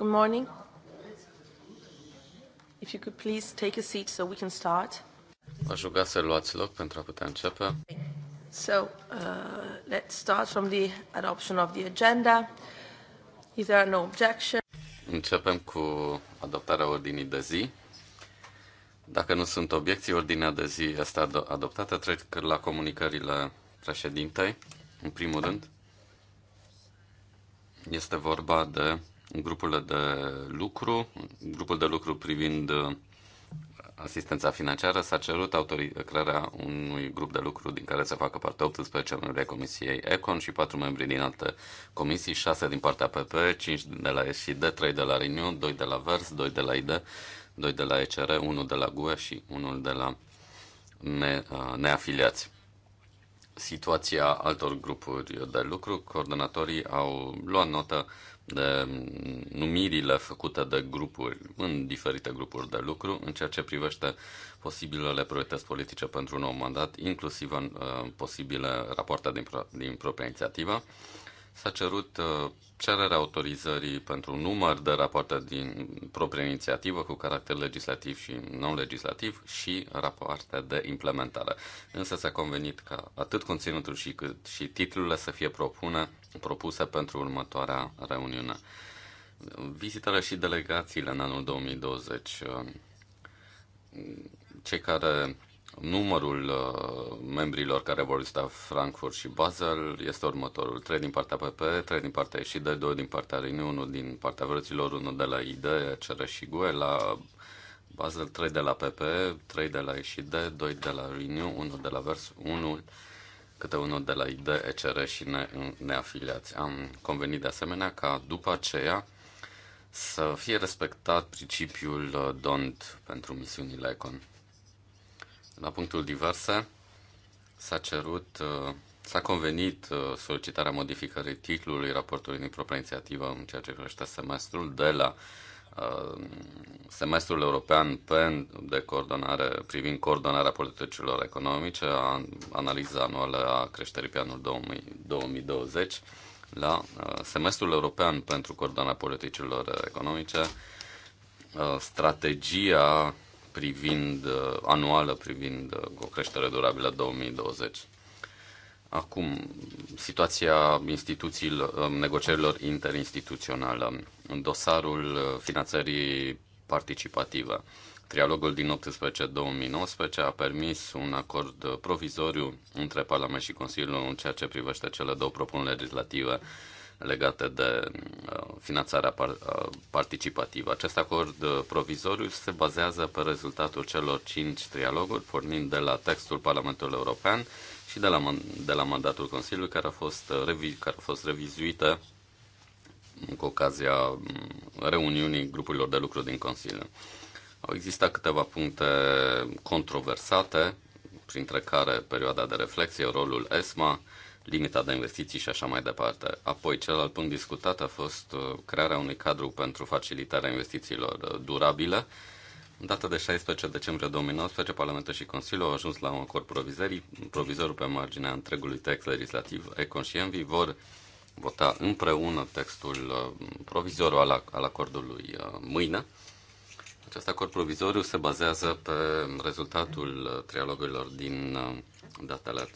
Good morning. If you could please take a seat so we can start. Aș ruga să luați loc pentru a putea începe. So, uh, let's start from the adoption of the agenda. If there are no objections. Începem cu adoptarea ordinii de zi. Dacă nu sunt obiecții, ordinea de zi este adoptată. Trec la comunicările președintei. În primul rând, este vorba de grupurile de lucru, grupul de lucru privind uh, asistența financiară s-a cerut crearea unui grup de lucru din care să facă parte 18 membri ai Comisiei Econ și 4 membri din alte comisii, 6 din partea PP, 5 de la SID, 3 de la Renew, 2 de la Vers, 2 de la ID, 2 de la ECR, 1 de la GUE și 1 de la ne, uh, neafiliați. Situația altor grupuri de lucru, coordonatorii au luat notă de mm, numirile făcute de grupuri, în diferite grupuri de lucru, în ceea ce privește posibilele priorități politice pentru un nou mandat, inclusiv în uh, posibile rapoarte din, pro- din propria inițiativă. S-a cerut uh, cererea autorizării pentru un număr de rapoarte din propria inițiativă cu caracter legislativ și non-legislativ și rapoarte de implementare. Însă s-a convenit ca atât conținutul și cât și titlurile să fie propune propuse pentru următoarea reuniune. Vizitele și delegațiile în anul 2020. Eh, cei care numărul eh, membrilor care vor vizita Frankfurt și Basel este următorul. trei din partea PP, trei din partea Ieșide, doi din partea Renew, unul din partea Vărților, unul de la ID, CR și GUE, la Basel 3 de la PP, 3 de la Ieșide, 2 de la Renew, 1 de la Vers, 1 câte unul de la ID, ECR și ne, neafiliați. Am convenit de asemenea ca după aceea să fie respectat principiul uh, DONT pentru misiunile ECON. La punctul diverse s-a cerut, uh, s-a convenit uh, solicitarea modificării titlului raportului din propria inițiativă în ceea ce privește semestrul de la Uh, semestrul european de coordonare, privind coordonarea politicilor economice, a, analiza anuală a creșterii pe anul 2000, 2020, la uh, semestrul european pentru coordonarea politicilor economice, uh, strategia privind anuală privind o creștere durabilă 2020. Acum, situația instituțiilor, um, negocierilor interinstituționale, în dosarul uh, finanțării participative. Trialogul din 18-2019 a permis un acord provizoriu între Parlament și Consiliul în ceea ce privește cele două propuneri legislative legate de uh, finanțarea uh, participativă. Acest acord provizoriu se bazează pe rezultatul celor cinci trialoguri, pornind de la textul Parlamentului European și de la, de la mandatul Consiliului care a fost, uh, revi, care a fost revizuită mm, cu ocazia mm, reuniunii grupurilor de lucru din Consiliu. Au existat câteva puncte controversate, printre care perioada de reflexie, rolul ESMA, limita de investiții și așa mai departe. Apoi, celălalt punct discutat a fost uh, crearea unui cadru pentru facilitarea investițiilor uh, durabile, în data de 16 decembrie 2019, Parlamentul și Consiliul au ajuns la un acord provizorii, Provizorul pe marginea întregului text legislativ. Econ și Envi vor vota împreună textul uh, provizoriu al, al acordului uh, mâine. Acest acord provizoriu se bazează pe rezultatul uh, trialogurilor din datele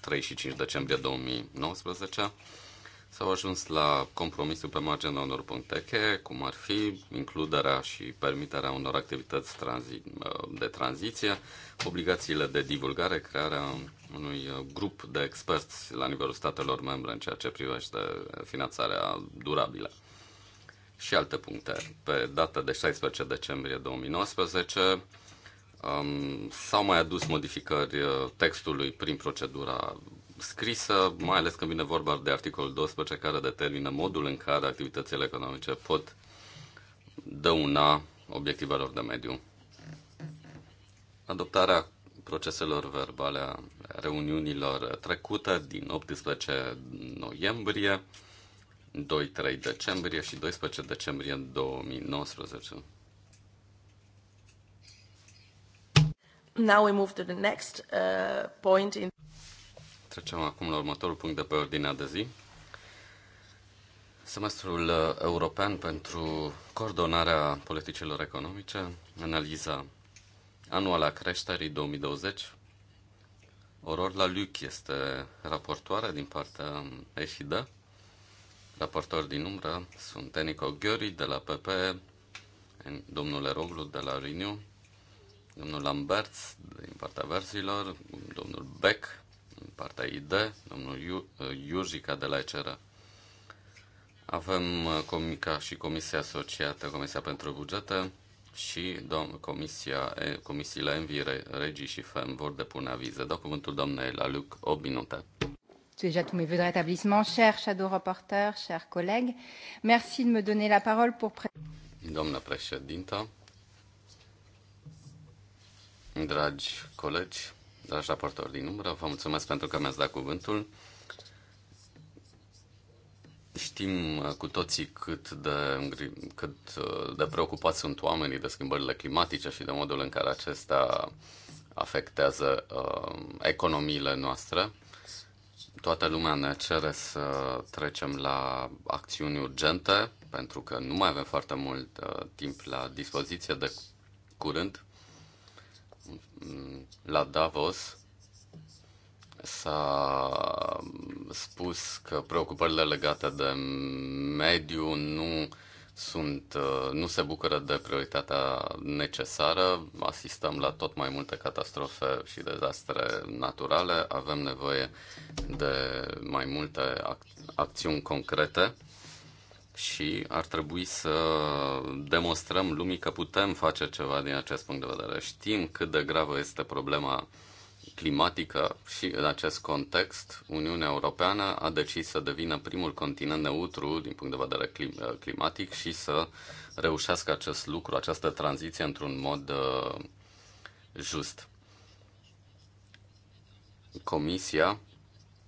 3 și 5 decembrie 2019 S-au ajuns la compromisul pe marginea unor puncte cheie, cum ar fi includerea și permiterea unor activități de tranziție, obligațiile de divulgare, crearea unui grup de experți la nivelul statelor membre în ceea ce privește finanțarea durabilă și alte puncte. Pe data de 16 decembrie 2019 um, s-au mai adus modificări uh, textului prin procedura scrisă, mai ales când vine vorba de articolul 12, care determină modul în care activitățile economice pot dăuna obiectivelor de mediu. Adoptarea proceselor verbale a reuniunilor trecute din 18 noiembrie, 2-3 decembrie și 12 decembrie 2019. Now we move to the next uh, point in Trecem acum la următorul punct de pe ordinea de zi. Semestrul uh, european pentru coordonarea politicilor economice, analiza anuală a creșterii 2020. Oror la Luc este raportoare din partea EFIDA. Raportori din umbră sunt Enico Gheori de la PP, domnul Eroglu de la Riniu, domnul Lamberts din partea verzilor, domnul Beck din partea ID, domnul uh, Iurgica de la ECR. Avem uh, comica și comisia asociată, Comisia pentru Bugete și dom- comisia, comisiile Envi, Regii și FEM vor depune avize. Dau cuvântul doamnei la Luc 8 minute. Déjà tous mes vœux de rétablissement, chers shadow reporters, chers collègues. Merci de me donner la parole pour... Doamna președintă, dragi colegi, dragi raportori din umbră, vă mulțumesc pentru că mi-ați dat cuvântul. Știm uh, cu toții cât de, cât uh, de preocupați sunt oamenii de schimbările climatice și de modul în care acestea afectează uh, economiile noastre. Toată lumea ne cere să trecem la acțiuni urgente, pentru că nu mai avem foarte mult uh, timp la dispoziție de curând la Davos s-a spus că preocupările legate de mediu nu sunt, nu se bucură de prioritatea necesară. Asistăm la tot mai multe catastrofe și dezastre naturale. Avem nevoie de mai multe ac- acțiuni concrete și ar trebui să demonstrăm lumii că putem face ceva din acest punct de vedere. Știm cât de gravă este problema climatică și în acest context Uniunea Europeană a decis să devină primul continent neutru din punct de vedere clim- climatic și să reușească acest lucru, această tranziție într-un mod uh, just. Comisia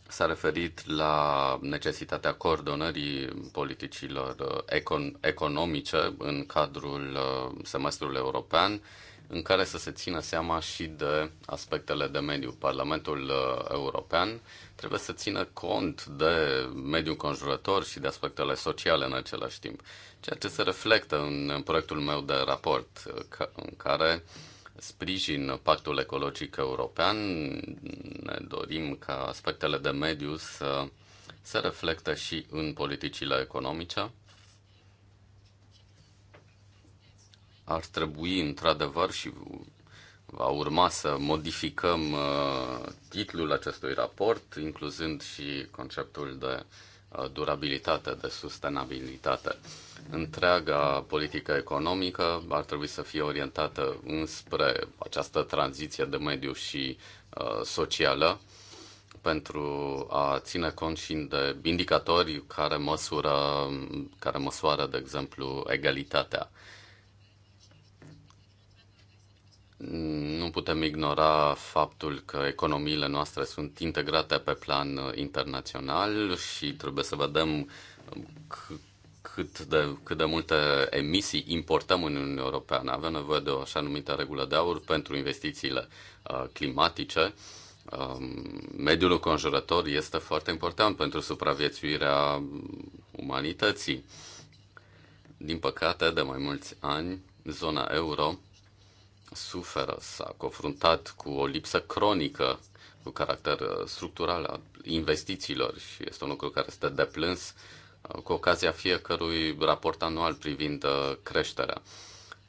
s-a referit la necesitatea coordonării politicilor uh, econ- economice în cadrul uh, semestrului european, în care să se țină seama și de aspectele de mediu. Parlamentul uh, European trebuie să țină cont de mediul conjurător și de aspectele sociale în același timp, ceea ce se reflectă în proiectul meu de raport, în care sprijin Pactul Ecologic European. Ne dorim ca aspectele de mediu să se reflectă și în politicile economice. Ar trebui, într-adevăr, și va urma să modificăm uh, titlul acestui raport, incluzând și conceptul de uh, durabilitate, de sustenabilitate. Întreaga politică economică ar trebui să fie orientată înspre această tranziție de mediu și uh, socială pentru a ține cont și de indicatori care, măsură, care măsoară, de exemplu, egalitatea nu putem ignora faptul că economiile noastre sunt integrate pe plan uh, internațional și trebuie să vedem um, cât de, cât de multe emisii importăm în Uniunea Europeană. Avem nevoie de o așa numită regulă de aur pentru investițiile uh, climatice. Um, mediul conjurător este foarte important pentru supraviețuirea um, umanității. Din păcate, de mai mulți ani, zona euro suferă, s-a confruntat cu o lipsă cronică cu caracter uh, structural a investițiilor și este un lucru care este plâns uh, cu ocazia fiecărui raport anual privind uh, creșterea.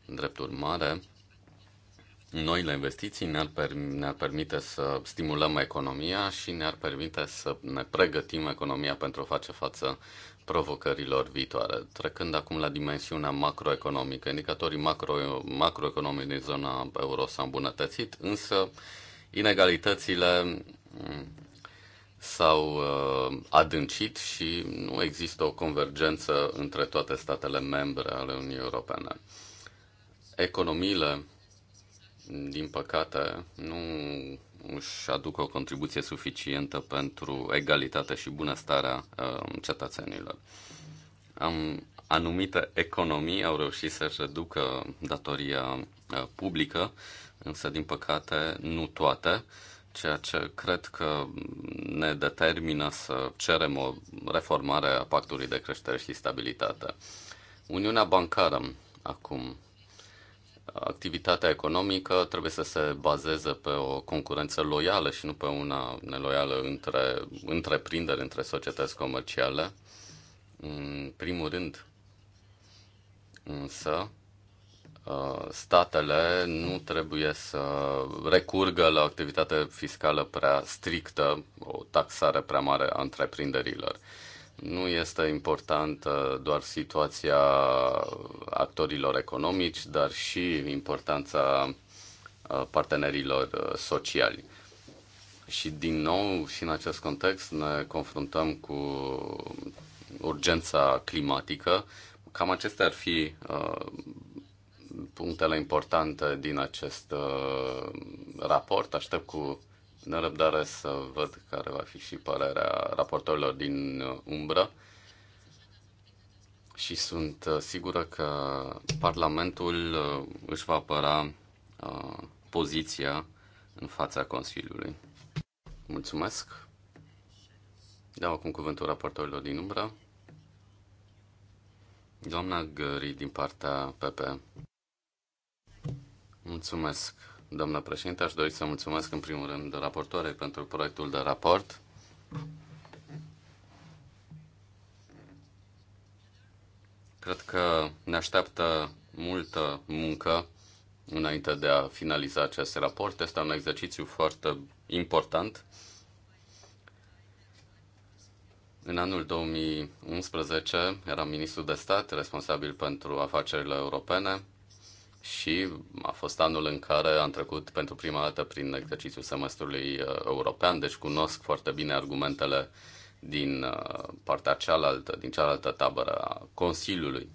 În drept urmare, noile investiții ne-ar, per- ne permite să stimulăm economia și ne-ar permite să ne pregătim economia pentru a face față provocărilor viitoare. Trecând acum la dimensiunea macroeconomică, indicatorii macro, macroeconomici din zona euro s-au îmbunătățit, însă inegalitățile mm, s-au uh, adâncit și nu există o convergență între toate statele membre ale Uniunii Europene. Economiile, din păcate, nu își aducă o contribuție suficientă pentru egalitate și bunăstarea uh, cetățenilor. Am, anumite economii au reușit să-și reducă datoria uh, publică, însă, din păcate, nu toate, ceea ce cred că ne determină să cerem o reformare a pactului de creștere și stabilitate. Uniunea bancară acum activitatea economică trebuie să se bazeze pe o concurență loială și nu pe una neloială între întreprinderi, între societăți comerciale. În primul rând, însă, statele nu trebuie să recurgă la activitate fiscală prea strictă, o taxare prea mare a întreprinderilor nu este importantă doar situația actorilor economici, dar și importanța uh, partenerilor uh, sociali. Și din nou, și în acest context, ne confruntăm cu urgența climatică. Cam acestea ar fi uh, punctele importante din acest uh, raport. Aștept cu nerăbdare să văd care va fi și părerea raportorilor din umbră și sunt uh, sigură că Parlamentul uh, își va apăra uh, poziția în fața Consiliului. Mulțumesc. Dau acum cuvântul raportorilor din umbră. Doamna Gări din partea PP. Mulțumesc, doamnă președinte. Aș dori să mulțumesc în primul rând de raportoare pentru proiectul de raport. Cred că ne așteaptă multă muncă înainte de a finaliza acest raport. Este un exercițiu foarte important. În anul 2011 eram ministru de stat responsabil pentru afacerile europene și a fost anul în care am trecut pentru prima dată prin exercițiul semestrului uh, european, deci cunosc foarte bine argumentele din uh, partea cealaltă, din cealaltă tabără a Consiliului.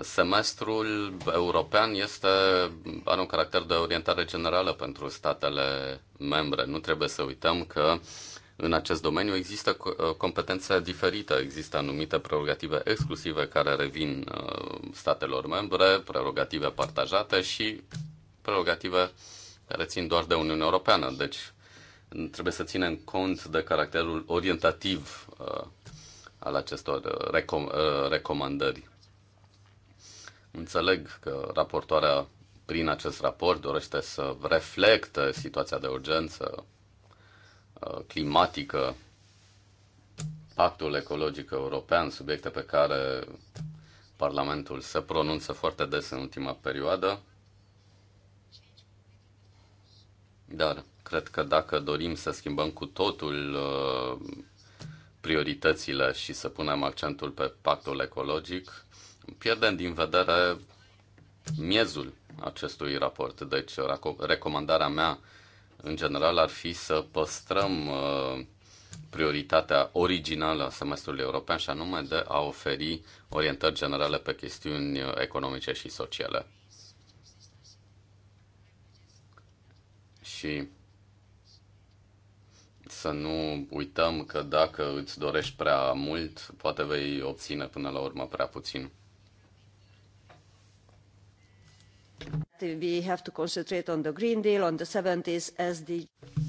Semestrul european este, are un caracter de orientare generală pentru statele membre. Nu trebuie să uităm că uh, în acest domeniu există uh, competențe diferite, există anumite prerogative exclusive care revin uh, statelor membre, prerogative partajate și prerogative care țin doar de Uniunea Europeană. Deci trebuie să ținem cont de caracterul orientativ uh, al acestor recom- recomandări. Înțeleg că raportoarea prin acest raport dorește să reflecte situația de urgență Uh, climatică, pactul ecologic european, subiecte pe care Parlamentul se pronunță foarte des în ultima perioadă. Dar cred că dacă dorim să schimbăm cu totul uh, prioritățile și să punem accentul pe pactul ecologic, pierdem din vedere miezul acestui raport. Deci, recomandarea mea în general, ar fi să păstrăm uh, prioritatea originală a semestrului european și anume de a oferi orientări generale pe chestiuni economice și sociale. Și să nu uităm că dacă îți dorești prea mult, poate vei obține până la urmă prea puțin. we have to concentrate on the Green Deal, on the 70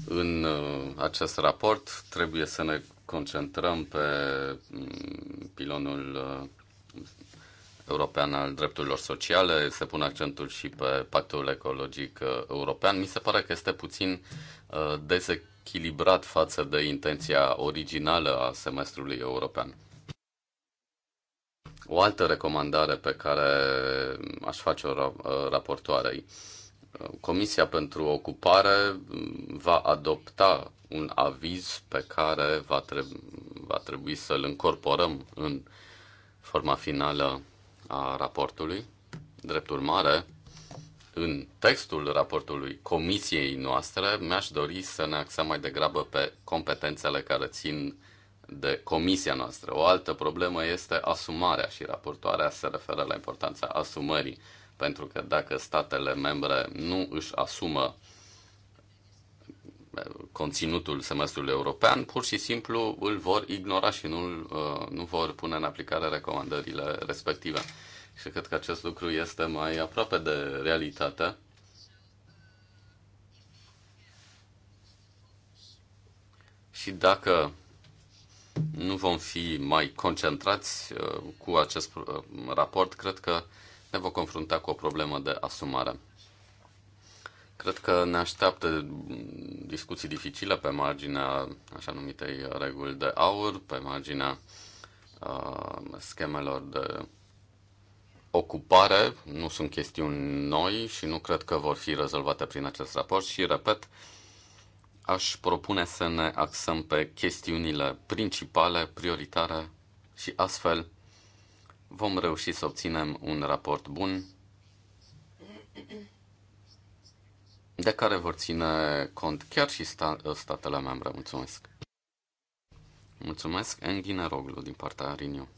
În uh, acest raport trebuie să ne concentrăm pe mm, pilonul uh, european al drepturilor sociale, se pune accentul și pe pactul ecologic uh, european. Mi se pare că este puțin dezechilibrat față de intenția originală a semestrului european. O altă recomandare pe care aș face-o ă, raportoarei. Comisia pentru Ocupare mm, va adopta un aviz pe care va, treb- va trebui să-l încorporăm în forma finală a raportului. Drept urmare, în textul raportului comisiei noastre, mi-aș dori să ne axăm mai degrabă pe competențele care țin de comisia noastră. O altă problemă este asumarea și raportoarea se referă la importanța asumării, pentru că dacă statele membre nu își asumă eh, conținutul semestrului european, pur și simplu îl vor ignora și nu, eh, nu vor pune în aplicare recomandările respective. Și cred că acest lucru este mai aproape de realitate. Și dacă nu vom fi mai concentrați uh, cu acest uh, raport, cred că ne vom confrunta cu o problemă de asumare. Cred că ne așteaptă discuții dificile pe marginea așa numitei reguli de aur, pe marginea uh, schemelor de ocupare. Nu sunt chestiuni noi și nu cred că vor fi rezolvate prin acest raport și, repet, uh, aș propune să ne axăm pe chestiunile principale, prioritare și astfel vom reuși să obținem un raport bun de care vor ține cont chiar și sta- statele membre. Mulțumesc! Mulțumesc, Enghine Roglu, din partea Riniu.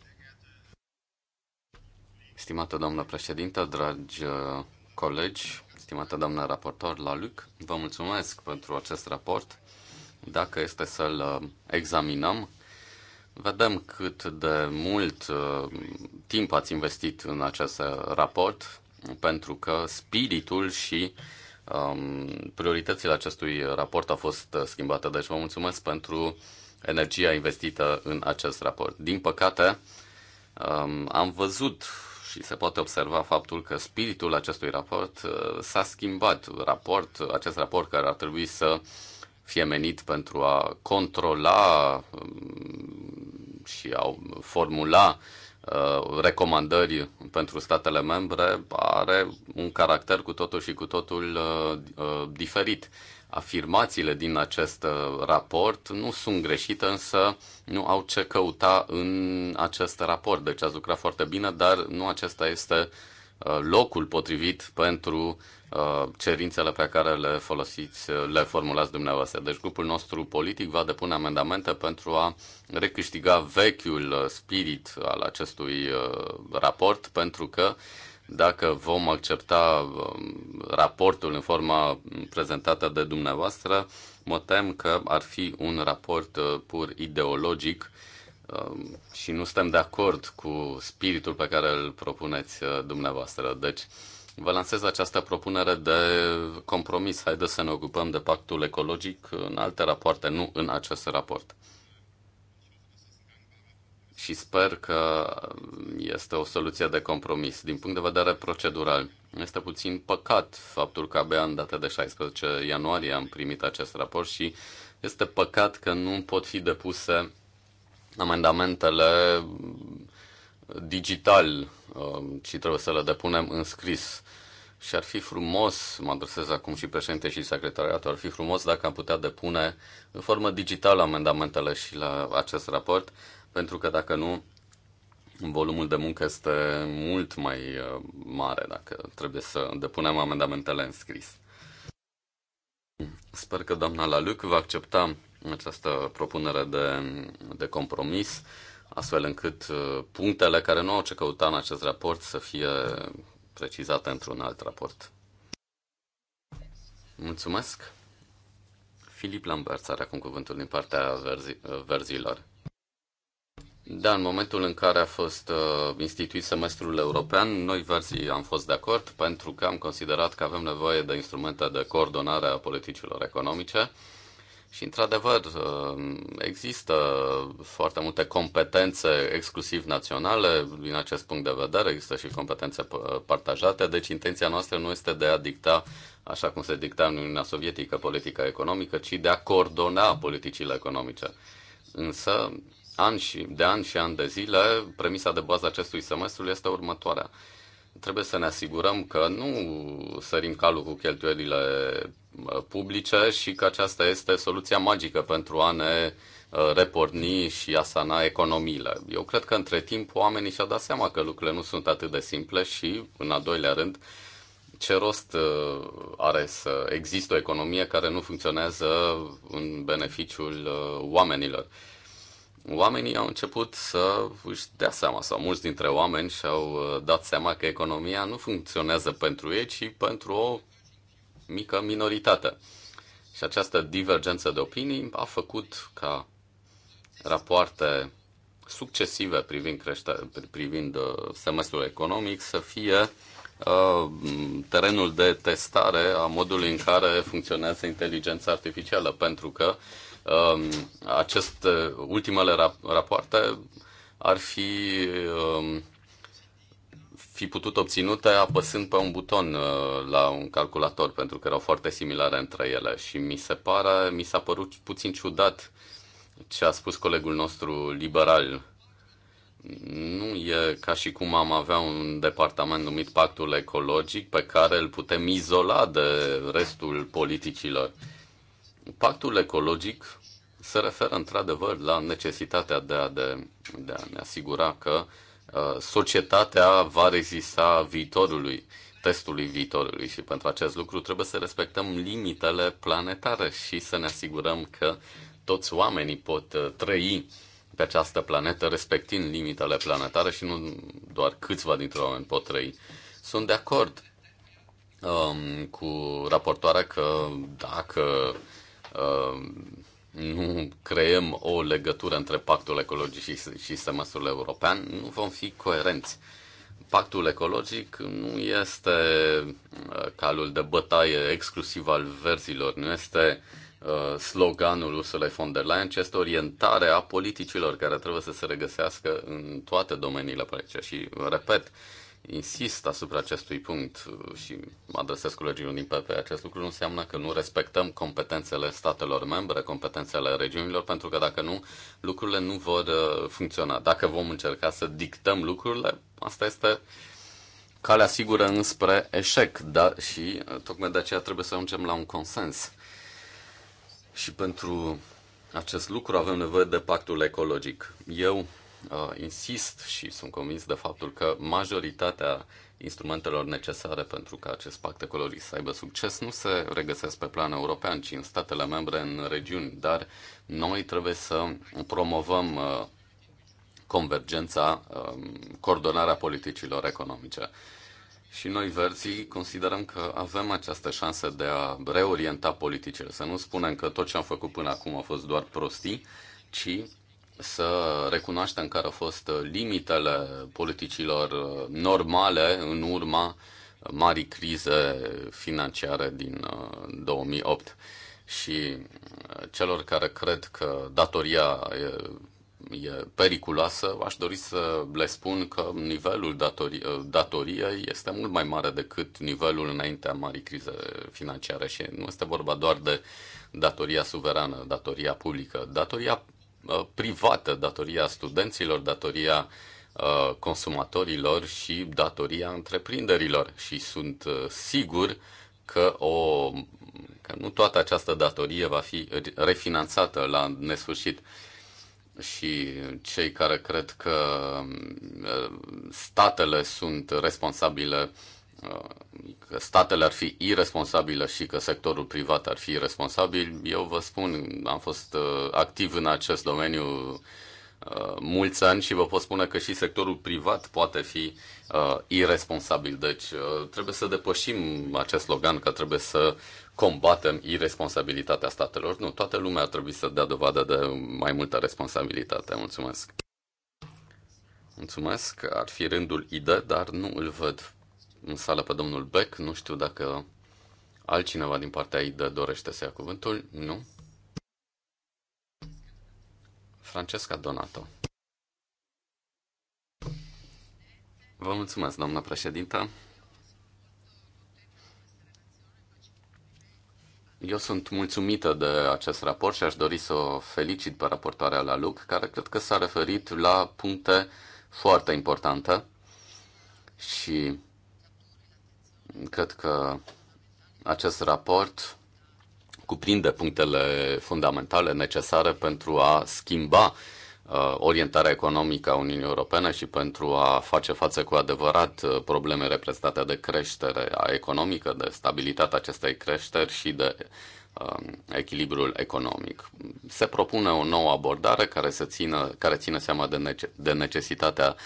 Stimată doamnă președintă, dragi uh, colegi, stimată doamnă raportor la Luc, Vă mulțumesc pentru acest raport. Dacă este să-l uh, examinăm, vedem cât de mult uh, timp ați investit în acest raport, pentru că spiritul și um, prioritățile acestui raport au fost uh, schimbate. Deci vă mulțumesc pentru energia investită în acest raport. Din păcate, um, am văzut și se poate observa faptul că spiritul acestui raport uh, s-a schimbat. Raport, acest raport care ar trebui să fie menit pentru a controla um, și a formula uh, recomandări pentru statele membre are un caracter cu totul și cu totul uh, diferit afirmațiile din acest uh, raport nu sunt greșite, însă nu au ce căuta în acest raport. Deci ați lucrat foarte bine, dar nu acesta este uh, locul potrivit pentru uh, cerințele pe care le folosiți, le formulați dumneavoastră. Deci grupul nostru politic va depune amendamente pentru a recâștiga vechiul spirit al acestui raport, pentru că dacă vom accepta um, raportul în forma prezentată de dumneavoastră, mă tem că ar fi un raport uh, pur ideologic um, și nu suntem de acord cu spiritul pe care îl propuneți uh, dumneavoastră. Deci, vă lansez această propunere de compromis. Haideți să ne ocupăm de pactul ecologic în alte rapoarte, nu în acest raport și sper că este o soluție de compromis. Din punct de vedere procedural, este puțin păcat faptul că abia în data de 16 ianuarie am primit acest raport și este păcat că nu pot fi depuse amendamentele digital, um, ci trebuie să le depunem în scris. Și ar fi frumos, mă adresez acum și președinte și secretariatul, ar fi frumos dacă am putea depune în formă digitală amendamentele și la acest raport, pentru că dacă nu, volumul de muncă este mult mai uh, mare dacă trebuie să depunem amendamentele în scris. Sper că doamna Laluc va accepta această propunere de, de compromis, astfel încât uh, punctele care nu au ce căuta în acest raport să fie precizate într-un alt raport. Mulțumesc! Filip Lambert are acum cuvântul din partea verzi, uh, verzilor. Da, în momentul în care a fost uh, instituit semestrul european, noi verzii am fost de acord pentru că am considerat că avem nevoie de instrumente de coordonare a politicilor economice și, într-adevăr, uh, există foarte multe competențe exclusiv naționale din acest punct de vedere, există și competențe uh, partajate, deci intenția noastră nu este de a dicta așa cum se dicta în Uniunea Sovietică politica economică, ci de a coordona politicile economice. Însă, an și, de an și an de zile, premisa de bază acestui semestru este următoarea. Trebuie să ne asigurăm că nu sărim calul cu cheltuielile uh, publice și că aceasta este soluția magică pentru a ne uh, reporni și a sana economiile. Eu cred că între timp oamenii și-au dat seama că lucrurile nu sunt atât de simple și, în al doilea rând, ce rost uh, are să există o economie care nu funcționează în beneficiul oamenilor oamenii au început să își dea seama, sau mulți dintre oameni și-au uh, dat seama că economia nu funcționează pentru ei, ci pentru o mică minoritate. Și această divergență de opinii a făcut ca rapoarte succesive privind, crește, privind uh, semestrul economic să fie uh, terenul de testare a modului în care funcționează inteligența artificială, pentru că um, aceste ultimele rap- rapoarte ar fi um, fi putut obținute apăsând pe un buton uh, la un calculator, pentru că erau foarte similare între ele și mi se pare, mi s-a părut puțin ciudat ce a spus colegul nostru liberal. Nu e ca și cum am avea un departament numit Pactul Ecologic pe care îl putem izola de restul politicilor. Pactul ecologic se referă într-adevăr la necesitatea de a, de, de a ne asigura că uh, societatea va rezista viitorului, testului viitorului și pentru acest lucru trebuie să respectăm limitele planetare și să ne asigurăm că toți oamenii pot uh, trăi pe această planetă respectind limitele planetare și nu doar câțiva dintre oameni pot trăi. Sunt de acord um, cu raportoarea că dacă Ehm, nu creăm o legătură între pactul ecologic și, și semestrul european, nu vom fi coerenți. Pactul ecologic nu este uh, calul de bătaie exclusiv al verzilor, nu este uh, sloganul Ursulei von der Leyen, ci este orientarea a politicilor care trebuie să se regăsească în toate domeniile politice. Și, repet, insist asupra acestui punct uh, și mă adresez colegilor din PP, acest lucru nu înseamnă că nu respectăm competențele statelor membre, competențele regiunilor, pentru că dacă nu, lucrurile nu vor uh, funcționa. Dacă vom încerca să dictăm lucrurile, asta este calea sigură înspre eșec da? și uh, tocmai de aceea trebuie să ajungem la un consens. Și pentru acest lucru avem nevoie de pactul ecologic. Eu Uh, insist și sunt convins de faptul că majoritatea instrumentelor necesare pentru ca acest pact ecologic să aibă succes nu se regăsesc pe plan european, ci în statele membre, în regiuni, dar noi trebuie să promovăm uh, convergența, um, coordonarea politicilor economice. Și noi, verzii, considerăm că avem această șansă de a reorienta politicile, să nu spunem că tot ce am făcut până acum a fost doar prostii, ci să recunoaștem care au fost limitele politicilor normale în urma marii crize financiare din 2008 uh, și uh, celor care cred că datoria e, e periculoasă, aș dori să le spun că nivelul datori, uh, datoriei este mult mai mare decât nivelul înaintea marii crize financiare și nu este vorba doar de datoria suverană, datoria publică. Datoria Uh, privată, datoria studenților, datoria uh, consumatorilor și datoria întreprinderilor. Și sunt uh, sigur că, o, că nu toată această datorie va fi refinanțată la nesfârșit și cei care cred că statele sunt responsabile că statele ar fi irresponsabile și că sectorul privat ar fi irresponsabil. Eu vă spun, am fost uh, activ în acest domeniu uh, mulți ani și vă pot spune că și sectorul privat poate fi uh, irresponsabil. Deci uh, trebuie să depășim acest slogan că trebuie să combatem irresponsabilitatea statelor. Nu, toată lumea ar trebui să dea dovadă de mai multă responsabilitate. Mulțumesc! Mulțumesc, ar fi rândul ID, dar nu îl văd în sală pe domnul Beck. Nu știu dacă altcineva din partea dă dorește să ia cuvântul. Nu? Francesca Donato. Vă mulțumesc, doamna președintă. Eu sunt mulțumită de acest raport și aș dori să o felicit pe raportoarea la Luc, care cred că s-a referit la puncte foarte importante și Cred că acest raport cuprinde punctele fundamentale necesare pentru a schimba uh, orientarea economică a Uniunii Europene și pentru a face față cu adevărat uh, probleme reprezentate de creștere economică, de stabilitatea acestei creșteri și de Um, echilibrul economic. Se propune o nouă abordare care, să țină, care ține seama de, nece- de necesitatea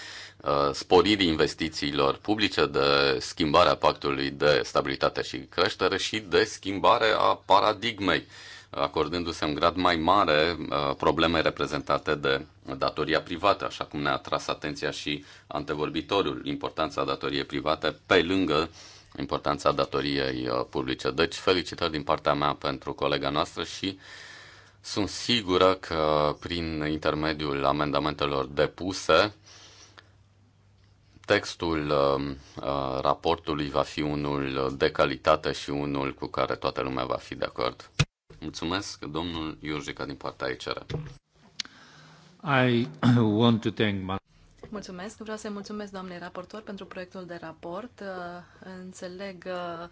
uh, sporirii investițiilor publice, de schimbarea pactului de stabilitate și creștere și de schimbare a paradigmei, acordându-se un grad mai mare uh, probleme reprezentate de datoria privată, așa cum ne-a tras atenția și antevorbitorul, importanța datoriei private pe lângă uh, importanța datoriei uh, publice. Deci, felicitări din partea mea pentru colega noastră și sunt sigură că prin intermediul amendamentelor depuse, textul uh, uh, raportului va fi unul de calitate și unul cu care toată lumea va fi de acord. Mulțumesc, domnul Iurgica, din partea ICR. I want to thank Mulțumesc. Vreau să-i mulțumesc doamnei raportor pentru proiectul de raport. Uh, înțeleg uh,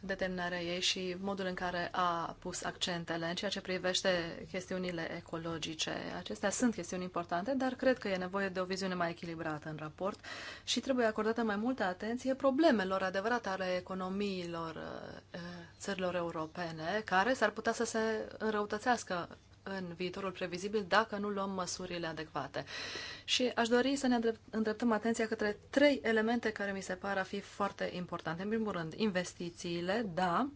determinarea ei și modul în care a pus accentele în ceea ce privește chestiunile ecologice. Acestea sunt chestiuni importante, dar cred că e nevoie de o viziune mai echilibrată în raport și trebuie acordată mai multă atenție problemelor adevărate ale economiilor uh, țărilor europene, care s-ar putea să se înrăutățească în viitorul previzibil dacă nu luăm măsurile adecvate. Și aș dori să ne îndreptăm atenția către trei elemente care mi se par a fi foarte importante. În primul rând, investițiile, da,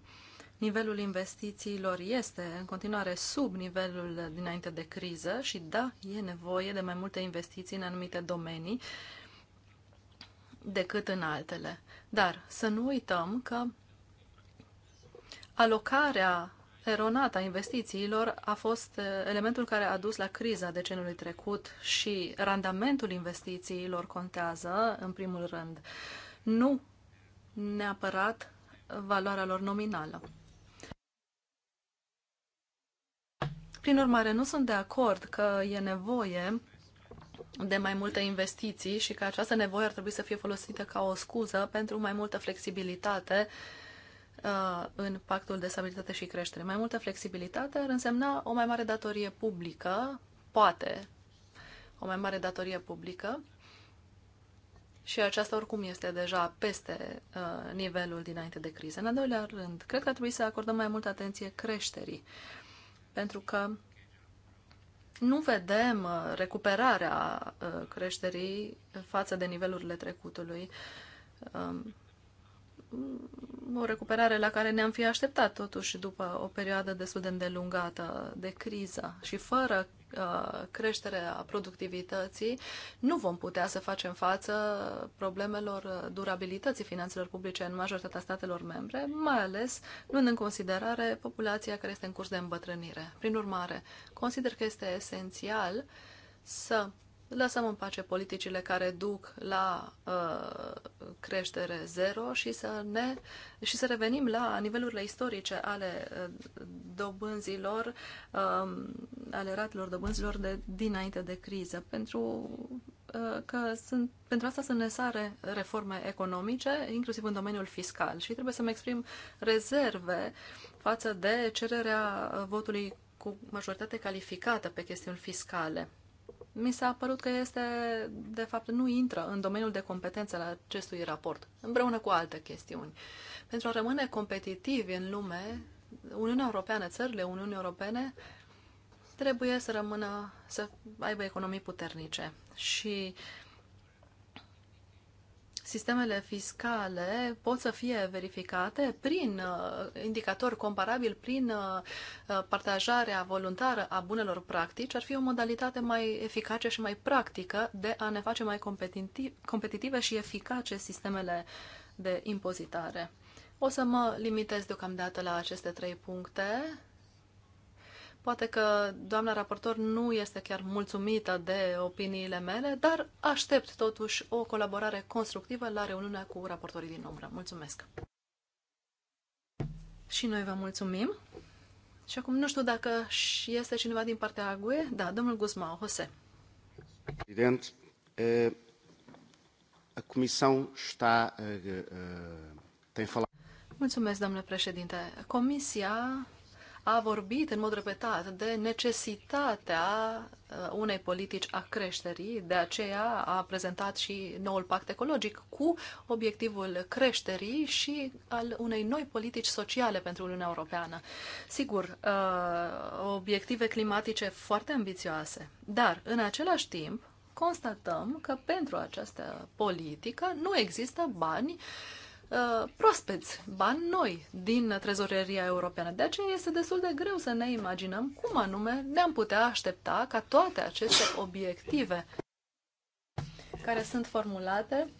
nivelul investițiilor este în continuare sub nivelul dinainte de criză și da, e nevoie de mai multe investiții în anumite domenii decât în altele. Dar să nu uităm că alocarea Eronata investițiilor a fost uh, elementul care a dus la criza decenului trecut și randamentul investițiilor contează în primul rând, nu neapărat valoarea lor nominală. Prin urmare, nu sunt de acord că e nevoie de mai multe investiții și că această nevoie ar trebui să fie folosită ca o scuză pentru mai multă flexibilitate uh, Uh, în pactul de stabilitate și creștere. Mai multă flexibilitate ar însemna o mai mare datorie publică, poate o mai mare datorie publică, și aceasta oricum este deja peste uh, nivelul dinainte de criză. În al doilea rând, cred că ar trebui să acordăm mai multă atenție creșterii, pentru că nu vedem uh, recuperarea uh, creșterii față de nivelurile trecutului. Um, Mm, o recuperare la care ne-am fi așteptat totuși după o perioadă destul de îndelungată de criză și fără uh, creșterea productivității, nu vom putea să facem față problemelor durabilității finanțelor publice în majoritatea statelor membre, mai ales luând în considerare populația care este în curs de îmbătrânire. Prin urmare, consider că este esențial să lăsăm în pace politicile care duc la uh, creștere zero și să, ne, și să revenim la nivelurile istorice ale uh, dobânzilor, uh, ale ratelor dobânzilor de dinainte de criză, pentru uh, că sunt, pentru asta sunt nesare reforme economice, inclusiv în domeniul fiscal. Și trebuie să-mi exprim rezerve față de cererea votului cu majoritate calificată pe chestiuni fiscale mi s-a părut că este, de fapt, nu intră în domeniul de competență la acestui raport, împreună cu alte chestiuni. Pentru a rămâne competitivi în lume, Uniunea Europeană, țările Uniunii Europene, trebuie să rămână, să aibă economii puternice. Și uh, sistemele fiscale pot să fie verificate prin uh, indicatori comparabil, prin uh, uh, partajarea voluntară a bunelor practici, ar fi o modalitate mai eficace și mai practică de a ne face mai competitive și eficace sistemele de impozitare. O să mă limitez deocamdată la aceste trei puncte Poate că doamna raportor nu este chiar mulțumită de opiniile mele, dar aștept totuși o colaborare constructivă la reuniunea cu raportorii din umbră. Mulțumesc! Și noi vă mulțumim. Și acum nu știu dacă este cineva din partea AGUE. Da, domnul Guzmau, Jose. Evident, eh, a comissão está, eh, eh, tem falado... Mulțumesc, domnule președinte. Comisia a vorbit în mod repetat de necesitatea uh, unei politici a creșterii, de aceea a prezentat și noul pact ecologic cu obiectivul creșterii și al unei noi politici sociale pentru Uniunea Europeană. Sigur, uh, obiective climatice foarte ambițioase, dar în același timp constatăm că pentru această politică nu există bani uh, Uh, proaspeți, bani noi din trezoreria europeană. De aceea este destul de greu să ne imaginăm cum anume ne-am putea aștepta ca toate aceste obiective care sunt formulate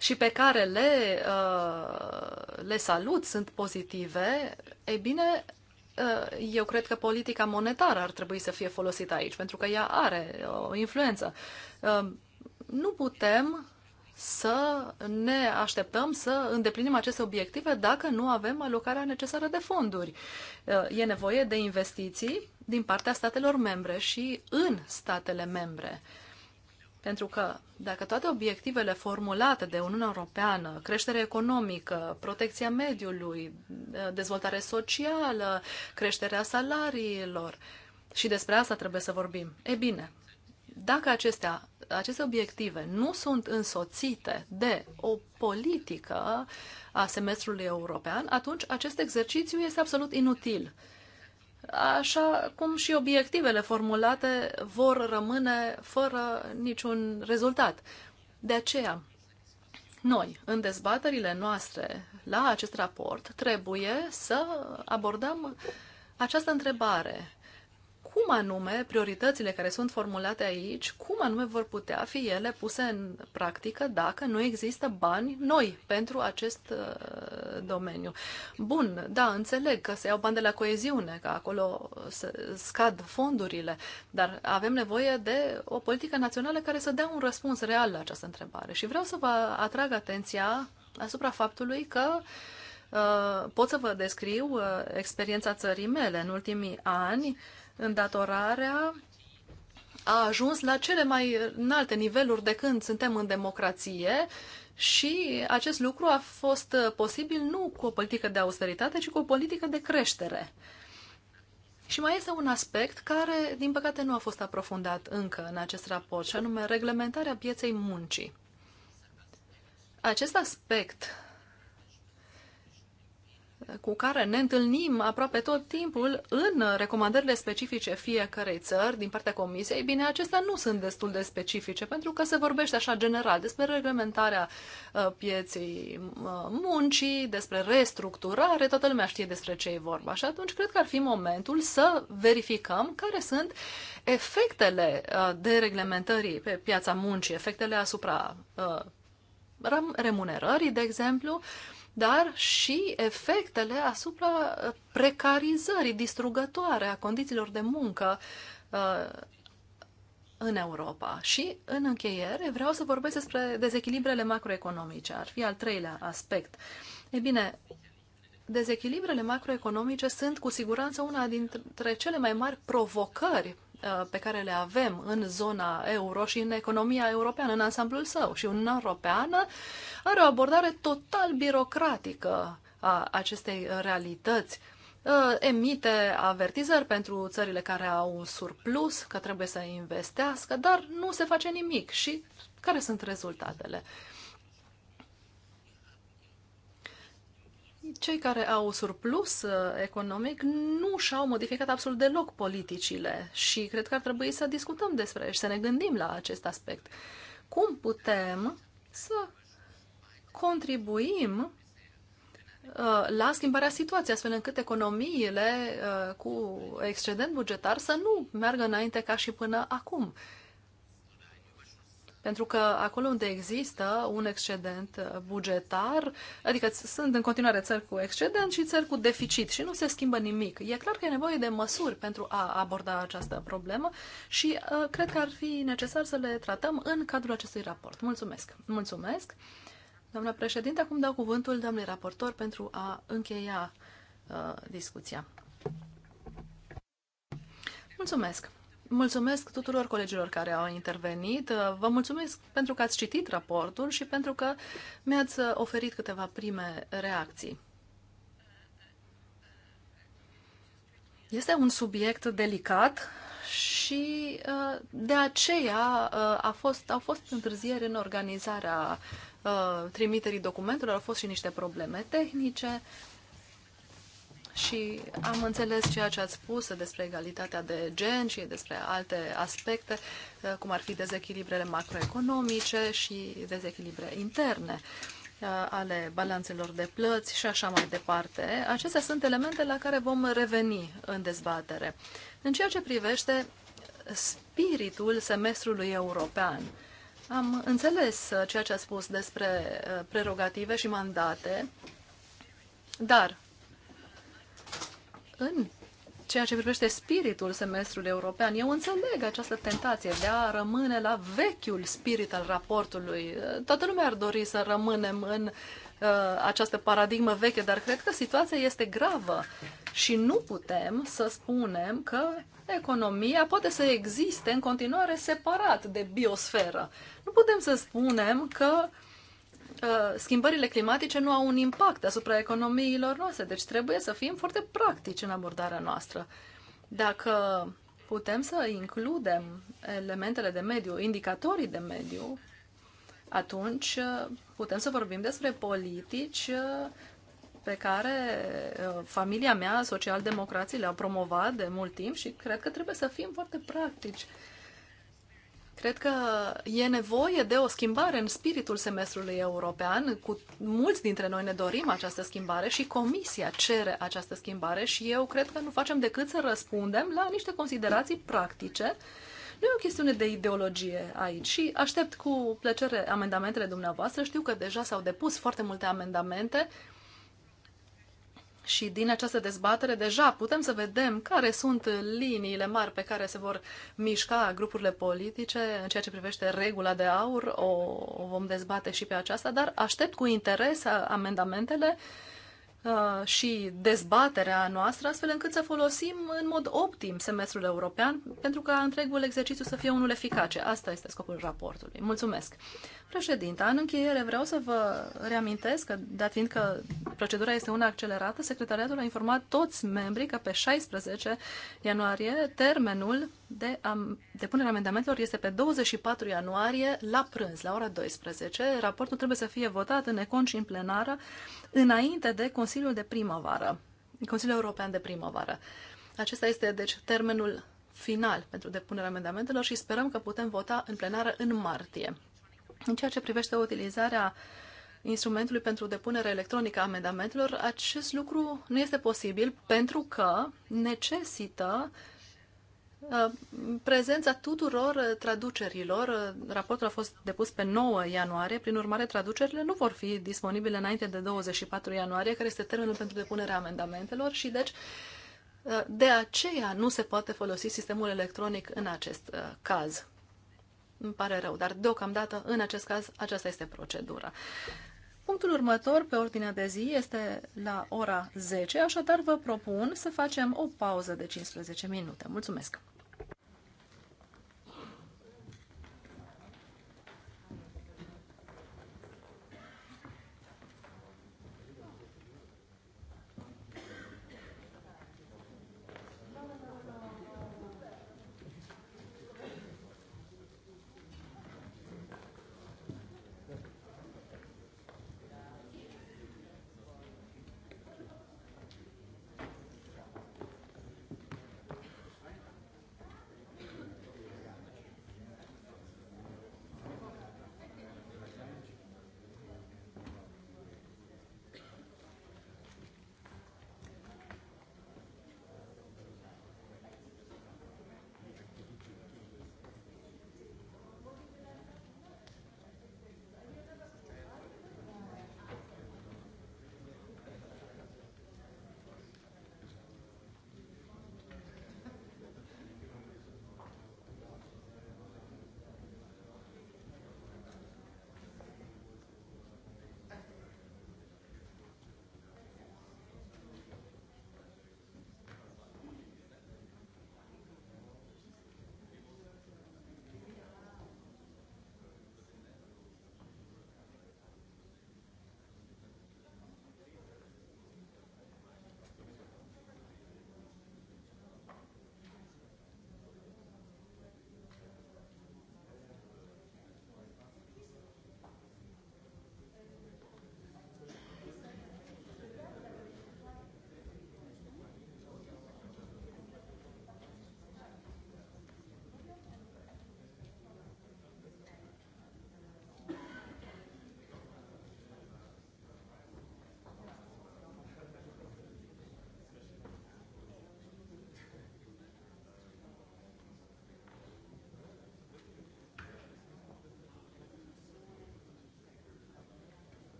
și pe care le, uh, le salut, sunt pozitive, E bine, uh, eu cred că politica monetară ar trebui să fie folosită aici, pentru că ea are o influență. Uh, nu putem să ne așteptăm să îndeplinim aceste obiective dacă nu avem alocarea necesară de fonduri. Uh, e nevoie de investiții din partea statelor membre și în statele membre. Pentru că dacă toate obiectivele formulate de Uniunea Europeană, creștere economică, protecția mediului, uh, dezvoltare socială, creșterea salariilor, și despre asta trebuie să vorbim. E bine, dacă acestea aceste obiective nu sunt însoțite de o politică a semestrului european, atunci acest exercițiu este absolut inutil. Așa cum și obiectivele formulate vor rămâne fără niciun rezultat. De aceea, noi, în dezbaterile noastre la acest raport, trebuie să abordăm această întrebare cum anume prioritățile care sunt formulate aici, cum anume vor putea fi ele puse în practică dacă nu există bani noi pentru acest uh, domeniu. Bun, da, înțeleg că se iau bani de la coeziune, că acolo se scad fondurile, dar avem nevoie de o politică națională care să dea un răspuns real la această întrebare. Și vreau să vă atrag atenția asupra faptului că uh, pot să vă descriu uh, experiența țării mele în ultimii ani îndatorarea a ajuns la cele mai înalte niveluri de când suntem în democrație și acest lucru a fost posibil nu cu o politică de austeritate, ci cu o politică de creștere. Și mai este un aspect care, din păcate, nu a fost aprofundat încă în acest raport, și anume reglementarea pieței muncii. Acest aspect cu care ne întâlnim aproape tot timpul în recomandările specifice fiecarei țări din partea Comisiei, bine, acestea nu sunt destul de specifice, pentru că se vorbește așa general despre reglementarea uh, pieței uh, muncii, despre restructurare, toată lumea știe despre ce e vorba. Și atunci cred că ar fi momentul să verificăm care sunt efectele uh, de reglementării pe piața muncii, efectele asupra remunerării, de exemplu, dar și efectele asupra precarizării distrugătoare a condițiilor de muncă uh, în Europa. Și, în încheiere, vreau să vorbesc despre dezechilibrele macroeconomice. Ar fi al treilea aspect. E bine, dezechilibrele macroeconomice sunt cu siguranță una dintre cele mai mari provocări Uh, pe care le avem în zona euro și în economia europeană în ansamblul său. Și Uniunea Europeană are o abordare total birocratică a acestei realități uh, emite avertizări pentru țările care au un surplus, că trebuie să investească, dar nu se face nimic. Și care sunt rezultatele? cei care au surplus uh, economic nu și-au modificat absolut deloc politicile și cred că ar trebui să discutăm despre și să ne gândim la acest aspect. Cum putem să contribuim uh, la schimbarea situației, astfel încât economiile uh, cu excedent bugetar să nu meargă înainte ca și până acum. Pentru că acolo unde există un excedent bugetar, adică sunt în continuare țări cu excedent și țări cu deficit și nu se schimbă nimic. E clar că e nevoie de măsuri pentru a aborda această problemă și uh, cred că ar fi necesar să le tratăm în cadrul acestui raport. Mulțumesc! Mulțumesc! Doamna președinte, acum dau cuvântul doamnei raportor pentru a încheia uh, discuția. Mulțumesc! Mulțumesc tuturor colegilor care au intervenit. Vă mulțumesc pentru că ați citit raportul și pentru că mi-ați oferit câteva prime reacții. Este un subiect delicat și uh, de aceea uh, a fost, au fost întârzieri în organizarea uh, trimiterii documentelor, au fost și niște probleme tehnice, și am înțeles ceea ce ați spus despre egalitatea de gen și despre alte aspecte, uh, cum ar fi dezechilibrele macroeconomice și dezechilibre interne uh, ale balanțelor de plăți și așa mai departe. Acestea sunt elemente la care vom reveni în dezbatere. În ceea ce privește spiritul semestrului european, am înțeles uh, ceea ce a spus despre prerogative și mandate, dar în ceea ce privește spiritul semestrului european, eu înțeleg această tentație de a rămâne la vechiul spirit al raportului. Toată lumea ar dori să rămânem în uh, această paradigmă veche, dar cred că situația este gravă și nu putem să spunem că economia poate să existe în continuare separat de biosferă. Nu putem să spunem că uh, Uh, schimbările climatice nu au un impact asupra economiilor noastre, deci trebuie să fim foarte practici în abordarea noastră. Dacă putem să includem elementele de mediu, indicatorii de mediu, atunci uh, putem să vorbim despre politici uh, pe care familia mea, socialdemocrații, le-au promovat de mult timp și cred că trebuie să fim foarte practici Cred că e nevoie de o schimbare în spiritul semestrului european. Cu mulți dintre noi ne dorim această schimbare și Comisia cere această schimbare și eu cred că nu facem decât să răspundem la niște considerații practice. Nu e o chestiune de ideologie aici și aștept cu plăcere amendamentele dumneavoastră. Știu că deja s-au depus foarte multe amendamente și din această dezbatere deja putem să vedem care sunt liniile mari pe care se vor mișca grupurile politice în ceea ce privește regula de aur. O, vom dezbate și pe aceasta, dar aștept cu interes amendamentele uh, și dezbaterea noastră, astfel încât să folosim în mod optim semestrul european pentru ca întregul exercițiu să fie unul eficace. Asta este scopul raportului. Mulțumesc! Președinte, în încheiere vreau să vă reamintesc că, dat fiind că procedura este una accelerată, secretariatul a informat toți membrii că pe 16 ianuarie termenul de am, depunere amendamentelor este pe 24 ianuarie la prânz, la ora 12. Raportul trebuie să fie votat în econ și în plenară înainte de Consiliul de primăvară, Consiliul European de primăvară. Acesta este, deci, termenul final pentru depunerea amendamentelor și sperăm că putem vota în plenară în martie. În ceea ce privește utilizarea instrumentului pentru depunere electronică a amendamentelor, acest lucru nu este posibil pentru că necesită uh, prezența tuturor traducerilor. Raportul a fost depus pe 9 ianuarie, prin urmare traducerile nu vor fi disponibile înainte de 24 ianuarie, care este termenul pentru depunerea amendamentelor și deci uh, de aceea nu se poate folosi sistemul electronic în acest uh, caz. Îmi pare rău, dar deocamdată, în acest caz, aceasta este procedura. Punctul următor pe ordinea de zi este la ora 10, așadar vă propun să facem o pauză de 15 minute. Mulțumesc!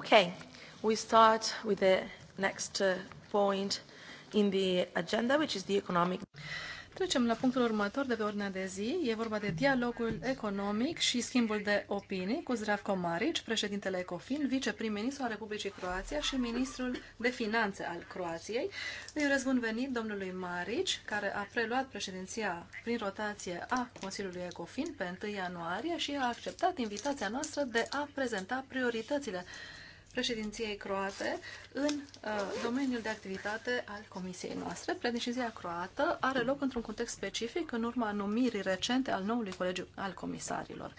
Okay, we start with the next uh, point in the agenda, which is the economic. Trecem la punctul următor de pe ordinea de zi. E vorba de dialogul economic și schimbul de opinii cu Zdravko Maric, președintele Ecofin, viceprim-ministru al Republicii Croația și ministrul de finanțe al Croației. Îi urez bun venit domnului Maric, care a preluat președinția prin rotație a Consiliului Ecofin pe 1 ianuarie și a acceptat invitația noastră de a prezenta prioritățile președinției croate în uh, domeniul de activitate al comisiei noastre. Președinția croată are loc într-un context specific în urma numirii recente al noului colegiu al comisarilor.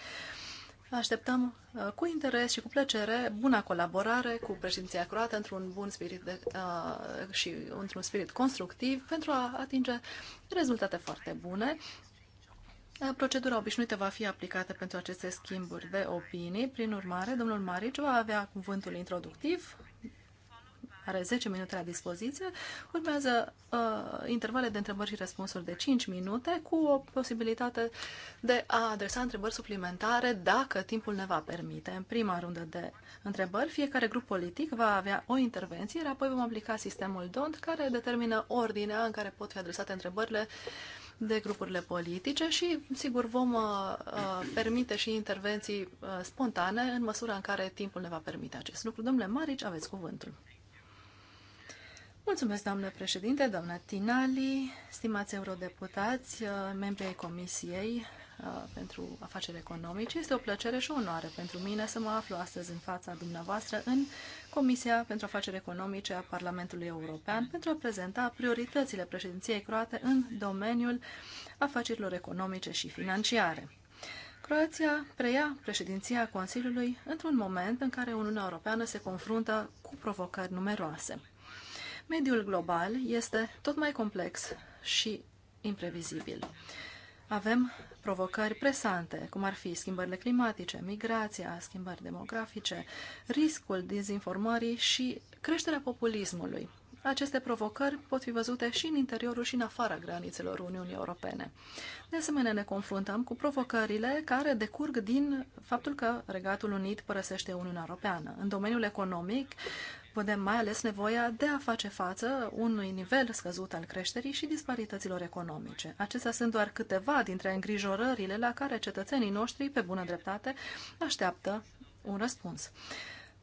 Așteptăm uh, cu interes și cu plăcere buna colaborare cu președinția croată într-un bun spirit de, uh, și într-un spirit constructiv pentru a atinge rezultate foarte bune Eh, procedura obișnuită va fi aplicată pentru aceste schimburi de opinii. Prin urmare, domnul Mariciu va avea cuvântul introductiv, are 10 minute la dispoziție. Urmează uh, intervale de întrebări și răspunsuri de 5 minute cu o posibilitate de a adresa întrebări suplimentare dacă timpul ne va permite. În prima rundă de întrebări, fiecare grup politic va avea o intervenție, iar apoi vom aplica sistemul DONT care determină ordinea în care pot fi adresate întrebările uh, de grupurile politice și, sigur, vom uh, uh, permite și intervenții uh, spontane în măsura în care timpul ne va permite acest lucru. Domnule Marici, aveți cuvântul. Mulțumesc, doamnă președinte, doamna Tinali, stimați eurodeputați, uh, membrii Comisiei Uh, pentru afaceri economice. Este o plăcere și o onoare pentru mine să mă aflu astăzi în fața dumneavoastră în Comisia pentru Afaceri Economice a Parlamentului European pentru a prezenta prioritățile președinției croate în domeniul afacerilor economice și financiare. Croația preia președinția Consiliului într-un moment în care Uniunea Europeană se confruntă cu provocări numeroase. Mediul global este tot mai complex și imprevizibil. Avem provocări presante, cum ar fi schimbările climatice, migrația, schimbări demografice, riscul dezinformării și creșterea populismului. Aceste provocări pot fi văzute și în interiorul și în afara granițelor Uniunii Europene. De asemenea, ne confruntăm cu provocările care decurg din faptul că Regatul Unit părăsește Uniunea Europeană. În domeniul economic, Vedem mai ales nevoia de a face față unui nivel scăzut al creșterii și disparităților economice. Acestea sunt doar câteva dintre îngrijorările la care cetățenii noștri, pe bună dreptate, așteaptă un răspuns.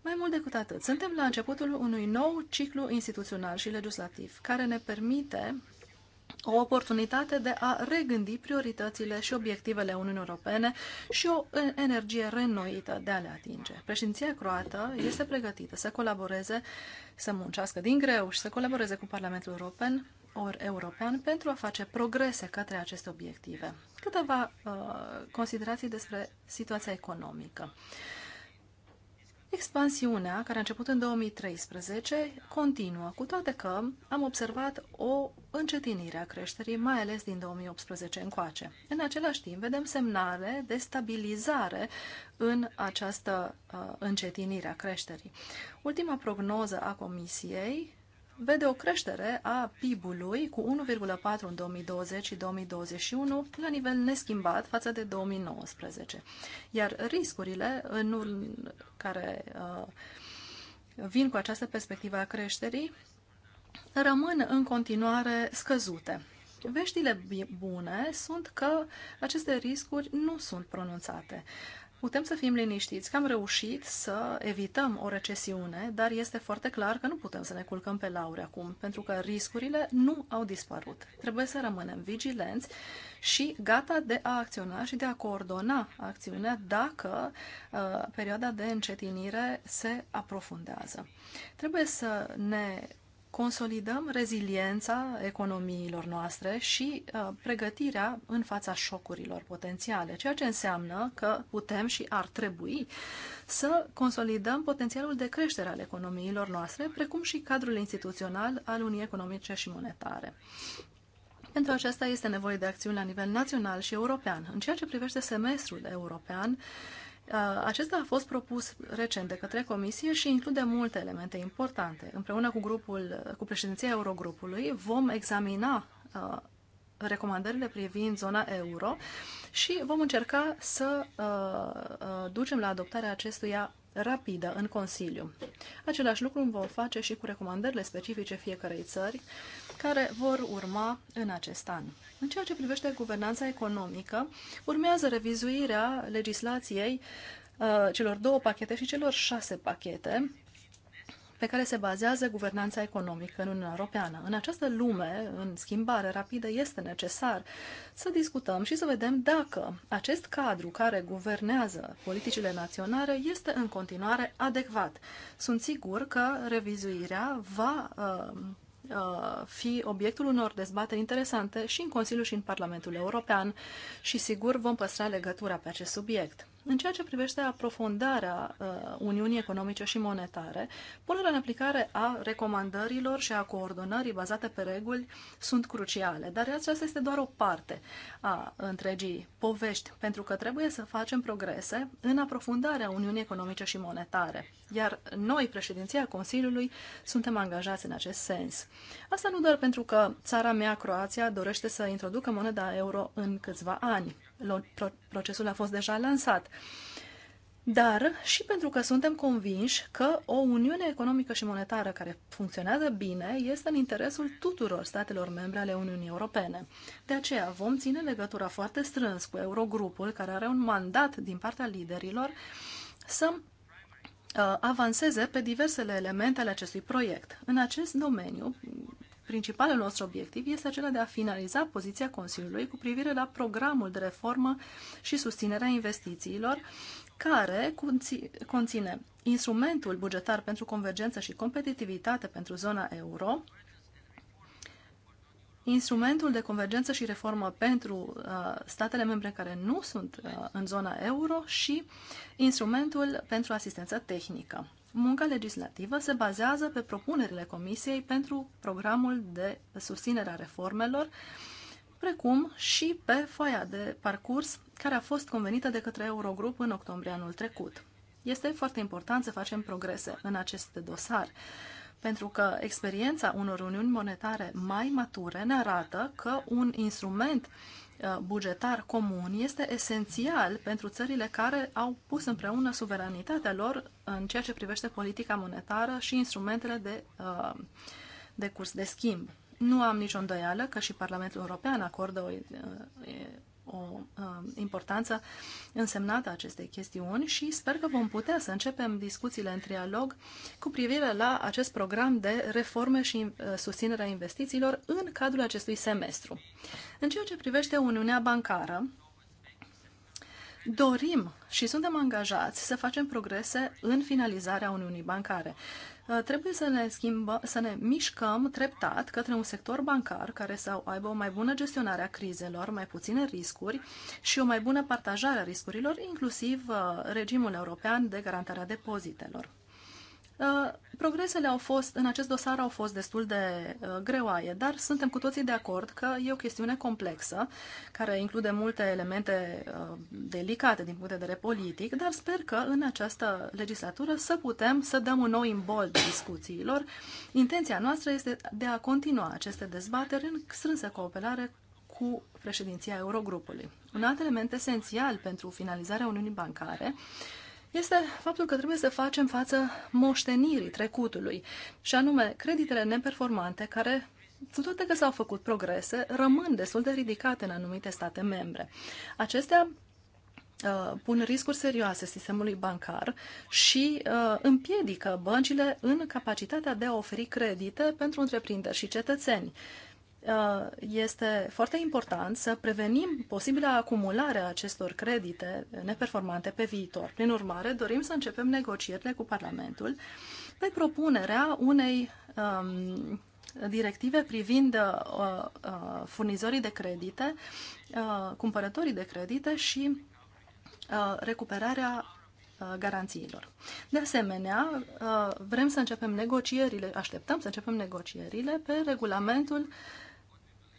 Mai mult decât atât, suntem la începutul unui nou ciclu instituțional și legislativ care ne permite o oportunitate de a regândi prioritățile și obiectivele Uniunii Europene și o energie renoită de a le atinge. Președinția croată este pregătită să colaboreze, să muncească din greu și să colaboreze cu Parlamentul European or european pentru a face progrese către aceste obiective. Câteva uh, considerații despre situația economică. Uh, Expansiunea, care a început în 2013, continuă, cu toate că am observat o încetinire a creșterii, mai ales din 2018 încoace. În același timp, vedem semnale de stabilizare în această uh, încetinire a creșterii. Ultima prognoză a Comisiei vede o creștere a PIB-ului cu 1,4 în 2020 și 2021 la nivel neschimbat față de 2019. Iar riscurile în care uh, vin cu această perspectivă a creșterii rămân în continuare scăzute. Veștile bune sunt că aceste riscuri nu sunt pronunțate. Uh, putem să fim liniștiți că am reușit să evităm o recesiune, dar este foarte clar că nu putem să ne culcăm pe lauri acum, pentru că riscurile nu au dispărut. Trebuie să rămânem vigilenți și gata de a acționa și de a coordona acțiunea dacă uh, perioada de încetinire se aprofundează. Trebuie să ne consolidăm reziliența economiilor noastre și uh, pregătirea în fața șocurilor potențiale, ceea ce înseamnă că putem și ar trebui să consolidăm potențialul de creștere al economiilor noastre, precum și cadrul instituțional al Uniunii Economice și Monetare. Pentru aceasta este nevoie de acțiuni la nivel național și european. În ceea ce privește semestrul european, uh, Uh, acesta a fost propus recent de către Comisie și include multe elemente importante. Împreună cu, grupul, uh, cu președinția Eurogrupului vom examina uh, recomandările privind zona euro și vom încerca să ducem la adoptarea acestuia rapidă în Consiliu. Același lucru vom face și cu recomandările specifice fiecarei țări, care vor urma în acest an. În ceea ce privește guvernanța economică, urmează revizuirea legislației uh, celor două pachete și celor șase pachete, pe care se bazează guvernanța economică în Uniunea Europeană. În această lume, în schimbare rapidă, este necesar să discutăm și să vedem dacă acest cadru care guvernează politicile naționale este în continuare adecvat. Sunt sigur că revizuirea va uh, uh fi obiectul unor dezbateri interesante și în Consiliu și în Parlamentul European și sigur vom păstra legătura pe acest subiect. În ceea ce privește aprofundarea uh, Uniunii Economice și Monetare, punerea în aplicare a recomandărilor și a coordonării bazate pe reguli sunt cruciale, dar aceasta este doar o parte a întregii povești, pentru că trebuie să facem progrese în aprofundarea Uniunii Economice și Monetare, iar noi, președinția Consiliului, suntem angajați în acest sens. Asta nu doar pentru că țara mea, Croația, dorește să introducă moneda euro în câțiva ani, procesul a fost deja lansat, dar și pentru că suntem convinși că o uniune economică și monetară care funcționează bine este în interesul tuturor statelor membre ale Uniunii Europene. De aceea vom ține legătura foarte strâns cu Eurogrupul, care are un mandat din partea liderilor să uh, avanseze pe diversele elemente ale acestui proiect. În acest domeniu, principalul nostru obiectiv este acela de a finaliza poziția Consiliului cu privire la programul de reformă și susținerea investițiilor, care conține instrumentul bugetar pentru convergență și competitivitate pentru zona euro, instrumentul de convergență și reformă pentru uh, statele membre care nu sunt uh, în zona euro și instrumentul pentru asistență tehnică. Munca legislativă se bazează pe propunerile Comisiei pentru programul de susținere a reformelor, precum și pe foaia de parcurs care a fost convenită de către Eurogrup în octombrie anul trecut. Este foarte important să facem progrese în acest dosar, pentru că experiența unor uniuni monetare mai mature ne arată că un instrument uh, Uh, bugetar comun este esențial pentru țările care au pus împreună suveranitatea lor în ceea ce privește politica monetară și instrumentele de, uh, de curs de schimb. Nu am nicio îndoială că și Parlamentul European acordă o uh, o um, importanță însemnată acestei chestiuni și sper că vom putea să începem discuțiile în trialog cu privire la acest program de reforme și uh, susținerea investițiilor în cadrul acestui semestru. În ceea ce privește Uniunea Bancară, dorim și suntem angajați să facem progrese în finalizarea Uniunii Bancare. Uh, trebuie să ne, schimbă, să ne mișcăm treptat către un sector bancar care să aibă o mai bună gestionare a crizelor, mai puține riscuri și o mai bună partajare a riscurilor, inclusiv uh, regimul european de garantare a depozitelor. Uh, progresele au fost, în acest dosar au fost destul de uh, greoaie, dar suntem cu toții de acord că e o chestiune complexă, care include multe elemente uh, delicate din punct de vedere politic, dar sper că în această legislatură să putem să dăm un nou de discuțiilor. Intenția noastră este de a continua aceste dezbateri în strânsă cooperare cu președinția Eurogrupului. Un alt element esențial pentru finalizarea Uniunii Bancare este faptul că trebuie să facem față moștenirii trecutului, și anume creditele neperformante care cu toate că s-au făcut progrese, rămân destul de ridicate în anumite state membre. Acestea uh, pun riscuri serioase sistemului bancar și uh, împiedică băncile în capacitatea de a oferi credite pentru întreprinderi și cetățeni. Uh, este foarte important să prevenim posibila acumulare a acestor credite neperformante pe viitor. Prin urmare, dorim să începem negocierile cu Parlamentul pe propunerea unei um, directive privind uh, uh, furnizorii de credite, uh, cumpărătorii de credite și uh, recuperarea uh, garanțiilor. De asemenea, uh, vrem să începem negocierile, așteptăm să începem negocierile pe regulamentul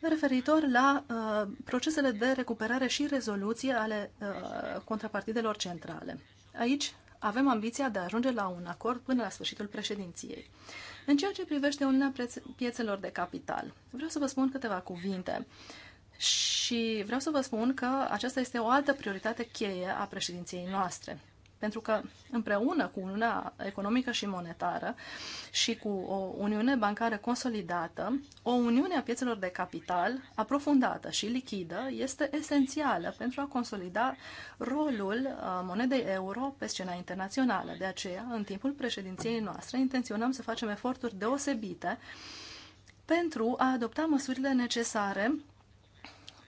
referitor la uh, procesele de recuperare și rezoluție ale uh, contrapartidelor centrale. Aici avem ambiția de a ajunge la un acord până la sfârșitul președinției. În ceea ce privește Uniunea Piețelor de Capital, vreau să vă spun câteva cuvinte și vreau să vă spun că aceasta este o altă prioritate cheie a președinției noastre pentru că împreună cu Uniunea Economică și Monetară și cu o Uniune Bancară consolidată, o Uniune a piețelor de capital aprofundată și lichidă este esențială pentru a consolida rolul uh, monedei euro pe scena internațională. De aceea, în timpul președinției noastre, intenționăm să facem eforturi deosebite pentru a adopta măsurile necesare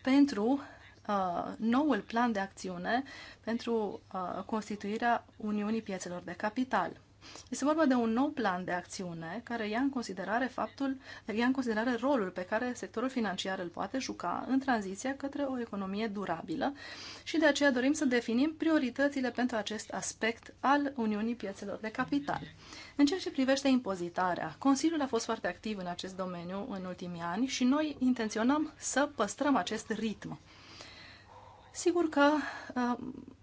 pentru Uh, noul plan de acțiune pentru uh, constituirea Uniunii Piețelor de Capital. Este vorba de un nou plan de acțiune care ia în considerare faptul, ia în considerare rolul pe care sectorul financiar îl poate juca în tranziția către o economie durabilă și de aceea dorim să definim prioritățile pentru acest aspect al Uniunii Piețelor de Capital. În ceea ce privește impozitarea, Consiliul a fost foarte activ în acest domeniu în ultimii ani și noi intenționăm să păstrăm acest ritm. Sigur că uh,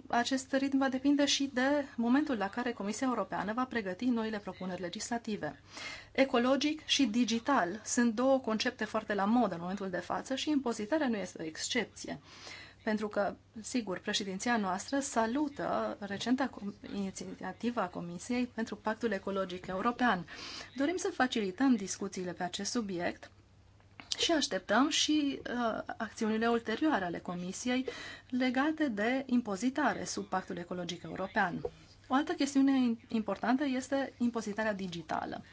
acest ritm va depinde și de momentul la care Comisia Europeană va pregăti noile propuneri legislative. Ecologic și digital sunt două concepte foarte la modă în momentul de față și impozitarea nu este o excepție. Pentru că, sigur, președinția noastră salută recenta inițiativă a Comisiei pentru Pactul Ecologic European. Dorim să facilităm discuțiile pe acest subiect și așteptăm și uh, acțiunile ulterioare ale Comisiei legate de impozitare sub Pactul Ecologic European. O altă chestiune importantă este impozitarea digitală. Uh,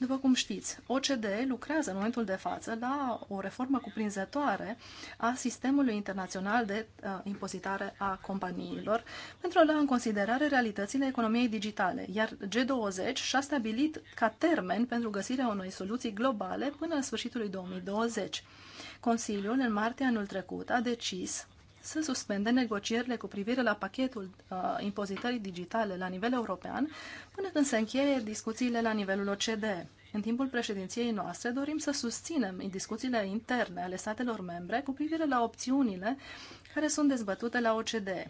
după cum știți, OCDE lucrează în momentul de față la o reformă cuprinzătoare a sistemului internațional de uh, impozitare a companiilor pentru a lua în considerare realitățile economiei digitale, iar G20 și-a stabilit ca termen pentru găsirea unei soluții globale până la sfârșitul 2020. Consiliul, în martie anul trecut, a decis să suspende negocierile cu privire la pachetul uh, impozitării digitale la nivel european până când se încheie discuțiile la nivelul OCDE. În timpul președinției noastre dorim să susținem discuțiile interne ale statelor membre cu privire la opțiunile care sunt dezbătute la OCDE.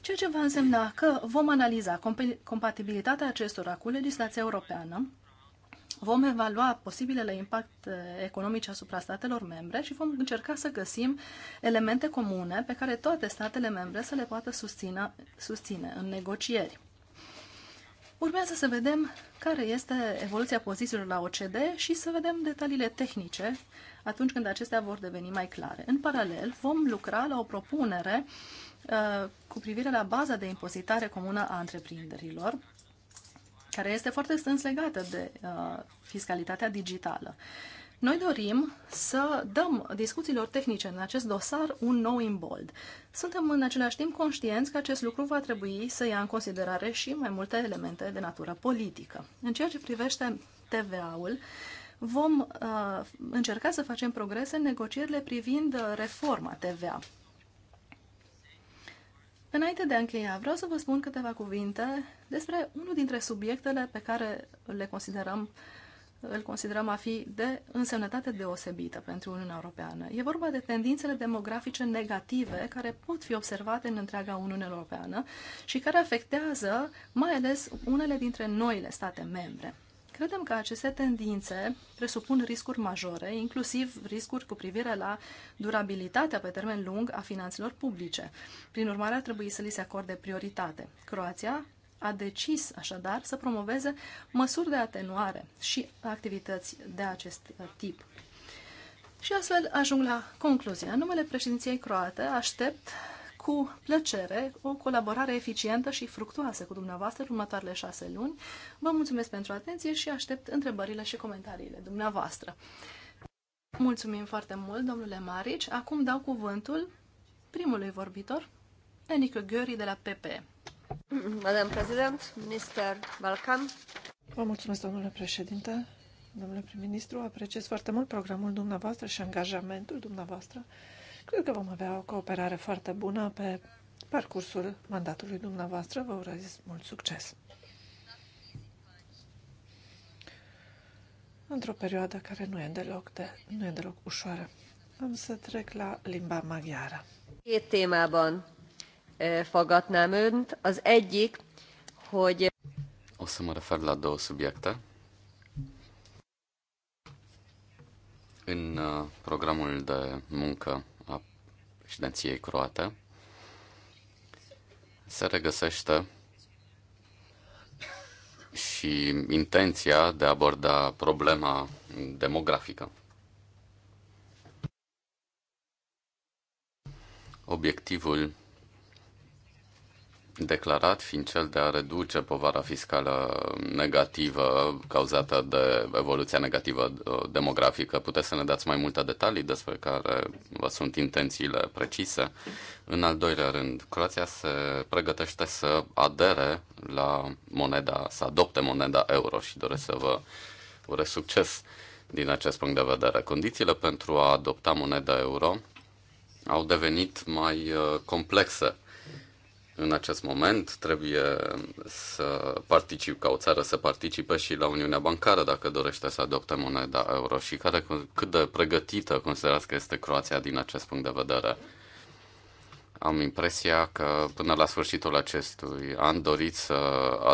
Ceea ce va însemna că vom analiza compatibilitatea acestora cu legislația europeană, vom evalua posibilele impact eh, economice asupra statelor membre și vom încerca să găsim elemente comune pe care toate statele membre să le poată susține, susține în negocieri. Urmează să vedem care este evoluția pozițiilor la OCD și să vedem detaliile tehnice atunci când acestea vor deveni mai clare. În paralel, vom lucra la o propunere uh, cu privire la baza de impozitare comună a întreprinderilor, care este foarte strâns legată de uh, fiscalitatea digitală. Noi dorim să dăm discuțiilor tehnice în acest dosar un nou imbold. Suntem în același timp conștienți că acest lucru va trebui să ia în considerare și mai multe elemente de natură politică. În ceea ce privește TVA-ul, vom uh, încerca să facem progrese în negocierile privind uh, reforma TVA. Înainte de a încheia, vreau să vă spun câteva cuvinte despre unul dintre subiectele pe care le considerăm, îl considerăm a fi de însemnătate deosebită pentru Uniunea Europeană. E vorba de tendințele demografice negative care pot fi observate în întreaga Uniune Europeană și care afectează mai ales unele dintre noile state membre. Credem că aceste tendințe presupun riscuri majore, inclusiv riscuri cu privire la durabilitatea pe termen lung a finanțelor publice. Prin urmare, ar trebui să li se acorde prioritate. Croația a decis așadar să promoveze măsuri de atenuare și activități de acest tip. Și astfel ajung la concluzie. În numele președinției croate aștept cu plăcere o colaborare eficientă și fructuoasă cu dumneavoastră în următoarele șase luni. Vă mulțumesc pentru atenție și aștept întrebările și comentariile dumneavoastră. Mulțumim foarte mult, domnule Marici. Acum dau cuvântul primului vorbitor, Enică Gheori de la PP. Madam President, Mr. Balkan. Vă mulțumesc, domnule președinte, domnule prim-ministru. Apreciez foarte mult programul dumneavoastră și angajamentul dumneavoastră Cred că vom avea o cooperare foarte bună pe parcursul mandatului dumneavoastră. Vă urez mult succes! Într-o perioadă care nu e deloc, de, nu e deloc ușoară. Am să trec la limba maghiară. Két témában fogadnám önt. Az egyik, hogy... O să mă refer la două subiecte. În uh, programul de muncă președinției croată, se regăsește și intenția de a aborda problema demografică. Obiectivul declarat fiind cel de a reduce povara fiscală negativă cauzată de evoluția negativă uh, demografică. Puteți să ne dați mai multe detalii despre care vă sunt intențiile precise? În al doilea rând, Croația se pregătește să adere la moneda, să adopte moneda euro și doresc să vă urez succes din acest punct de vedere. Condițiile pentru a adopta moneda euro au devenit mai uh, complexe în acest moment trebuie să particip ca o țară să participe și la Uniunea Bancară dacă dorește să adopte moneda euro și care, cât de pregătită considerați că este Croația din acest punct de vedere? Am impresia că până la sfârșitul acestui an doriți să,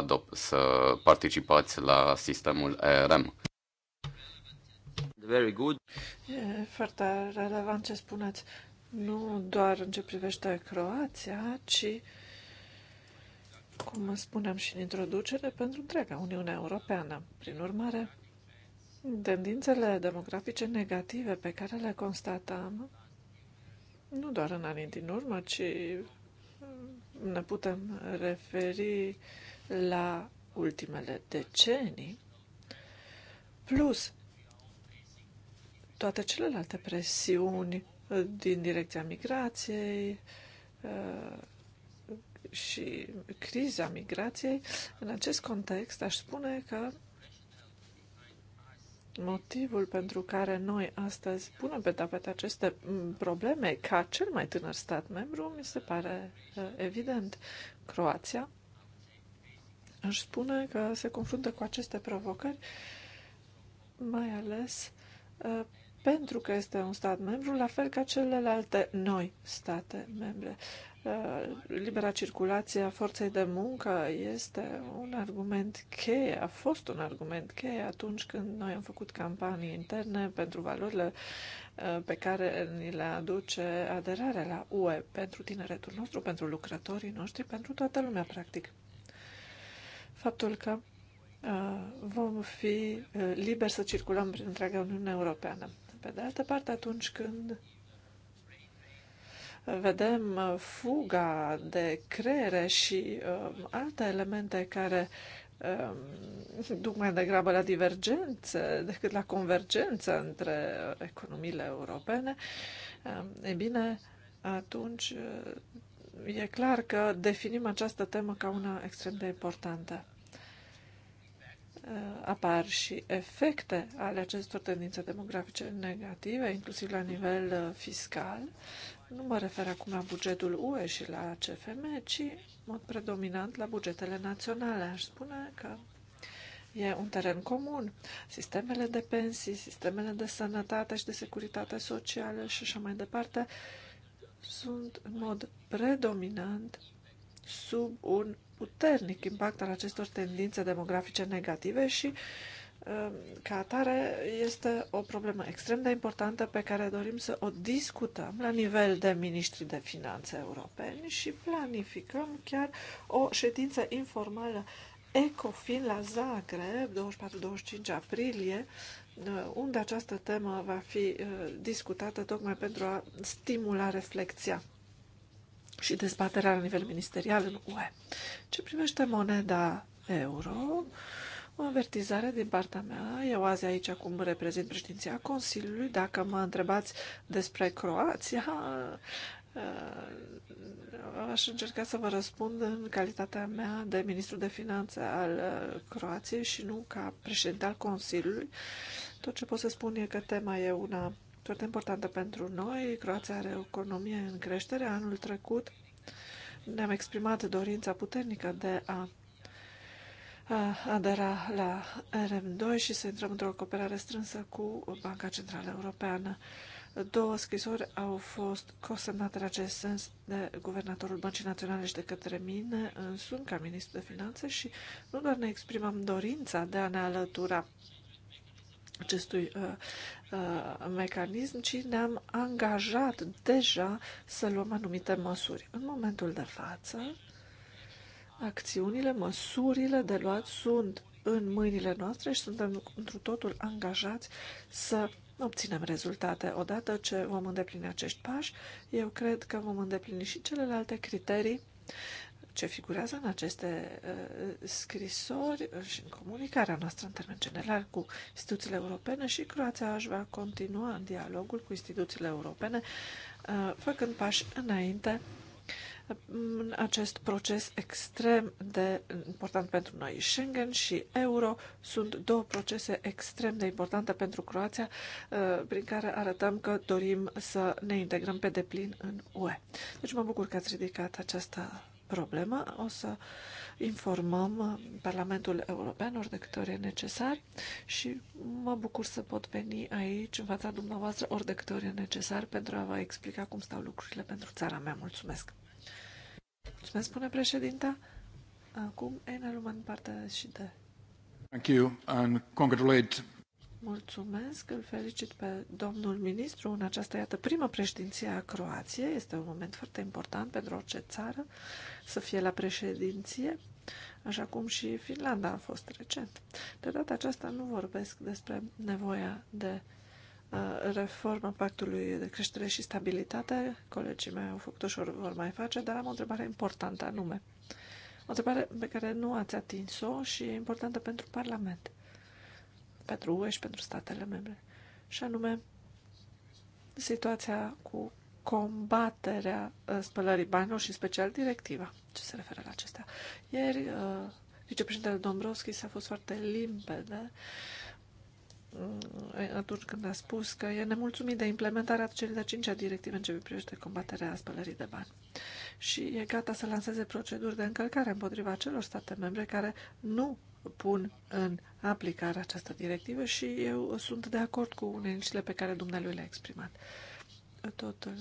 adop- să participați la sistemul ERM. Very good. E foarte relevant ce spuneți nu doar în ce privește Croația, ci cum spuneam și în introducere, pentru întreaga Uniunea Europeană. Prin urmare, tendințele demografice negative pe care le constatăm, nu doar în anii din urmă, ci ne putem referi la ultimele decenii, plus toate celelalte presiuni din direcția migrației, și criza migrației, în acest context aș spune că motivul pentru care noi astăzi punem pe tapet aceste probleme ca cel mai tânăr stat membru, mi se pare uh, evident. Croația, aș spune că se confruntă cu aceste provocări, mai ales uh, pentru că este un stat membru, la fel ca celelalte noi state membre. Uh, libera circulație a forței de muncă este un argument cheie, a fost un argument cheie atunci când noi am făcut campanii interne pentru valorile uh, pe care ni le aduce aderarea la UE pentru tineretul nostru, pentru lucrătorii noștri, pentru toată lumea, practic. Faptul că uh, vom fi liberi să circulăm prin întreaga Uniune Europeană. Pe de altă parte, atunci când vedem uh, fuga de creiere și um, alte elemente care um, duc mai degrabă la divergențe decât la convergență între economiile europene, um, e bine, atunci uh, e clar că definim această temă ca una extrem de importantă. Uh, apar și efecte ale acestor tendințe demografice negative, inclusiv la nivel fiscal, nu mă refer acum la bugetul UE și la CFM, ci, în mod predominant, la bugetele naționale. Aș spune că e un teren comun. Sistemele de pensii, sistemele de sănătate și de securitate socială și așa mai departe sunt, în mod predominant, sub un puternic impact al acestor tendințe demografice negative și uh, Ehm, ca atare este o problemă extrem de importantă pe care dorim să o discutăm la nivel de ministri de finanțe europeni și planificăm chiar o ședință informală ECOFIN la Zagreb, 24-25 aprilie, eh, unde această temă va fi eh, discutată tocmai pentru a stimula reflexia și dezbaterea la nivel ministerial în UE. Ce privește moneda euro, uh, o avertizare din partea mea. Eu azi aici acum reprezint președinția Consiliului. Dacă mă întrebați despre Croația, uh, aș încerca să vă răspund în calitatea mea de ministru de finanțe al uh, Croației și nu ca președinte al Consiliului. Tot ce pot să spun e că tema e una foarte importantă pentru noi. Croația are o economie în creștere. Anul trecut ne-am exprimat dorința puternică de a adera la RM2 și să intrăm într-o cooperare strânsă cu Banca Centrală Europeană. Două scrisori au fost consemnate în acest sens de guvernatorul Băncii Naționale și de către mine însumi ca ministru de finanțe și nu doar ne exprimăm dorința de a ne alătura acestui uh, uh, mecanism, ci ne-am angajat deja să luăm anumite măsuri. În momentul de față, Acțiunile, măsurile de luat sunt în mâinile noastre și suntem întru totul angajați să obținem rezultate. Odată ce vom îndeplini acești pași, eu cred că vom îndeplini și celelalte criterii ce figurează în aceste uh, scrisori și în comunicarea noastră în termen general cu instituțiile europene și Croația aș va continua dialogul cu instituțiile europene, uh, făcând pași înainte în acest proces extrem de important pentru noi. Schengen și euro sunt două procese extrem de importante pentru Croația, uh, prin care arătăm că dorim să ne integrăm pe deplin în UE. Deci mă bucur că ați ridicat această problemă. O să informăm Parlamentul European ori de câte ori e necesar și mă bucur să pot veni aici în fața dumneavoastră ori de câte ori e necesar pentru a vă explica cum stau lucrurile pentru țara mea. Mulțumesc! Mulțumesc, spune președinta. Acum, Ena Luman, partea și de. Thank you and congratulate. Mulțumesc, îl felicit pe domnul ministru în această, iată, primă președinție a Croației. Este un moment foarte important pentru orice țară să fie la președinție, așa cum și Finlanda a fost recent. De data aceasta nu vorbesc despre nevoia de reforma Pactului de Creștere și Stabilitate. Colegii mei au făcut-o și vor mai face, dar am o întrebare importantă anume. O întrebare pe care nu ați atins-o și e importantă pentru Parlament, pentru UE și pentru statele membre. Și anume, situația cu combaterea spălării banilor și în special directiva. Ce se referă la acestea? Ieri, vicepreședintele Dombrovski s-a fost foarte limpede Mm, atunci când a spus că e nemulțumit de implementarea celei de-a cincea directive în ce privește combaterea spălării de bani și e gata să lanseze proceduri de încălcare împotriva celor state membre care nu pun în aplicare această directivă și eu sunt de acord cu unele cele pe care dumnealui le-a exprimat. Tot uh,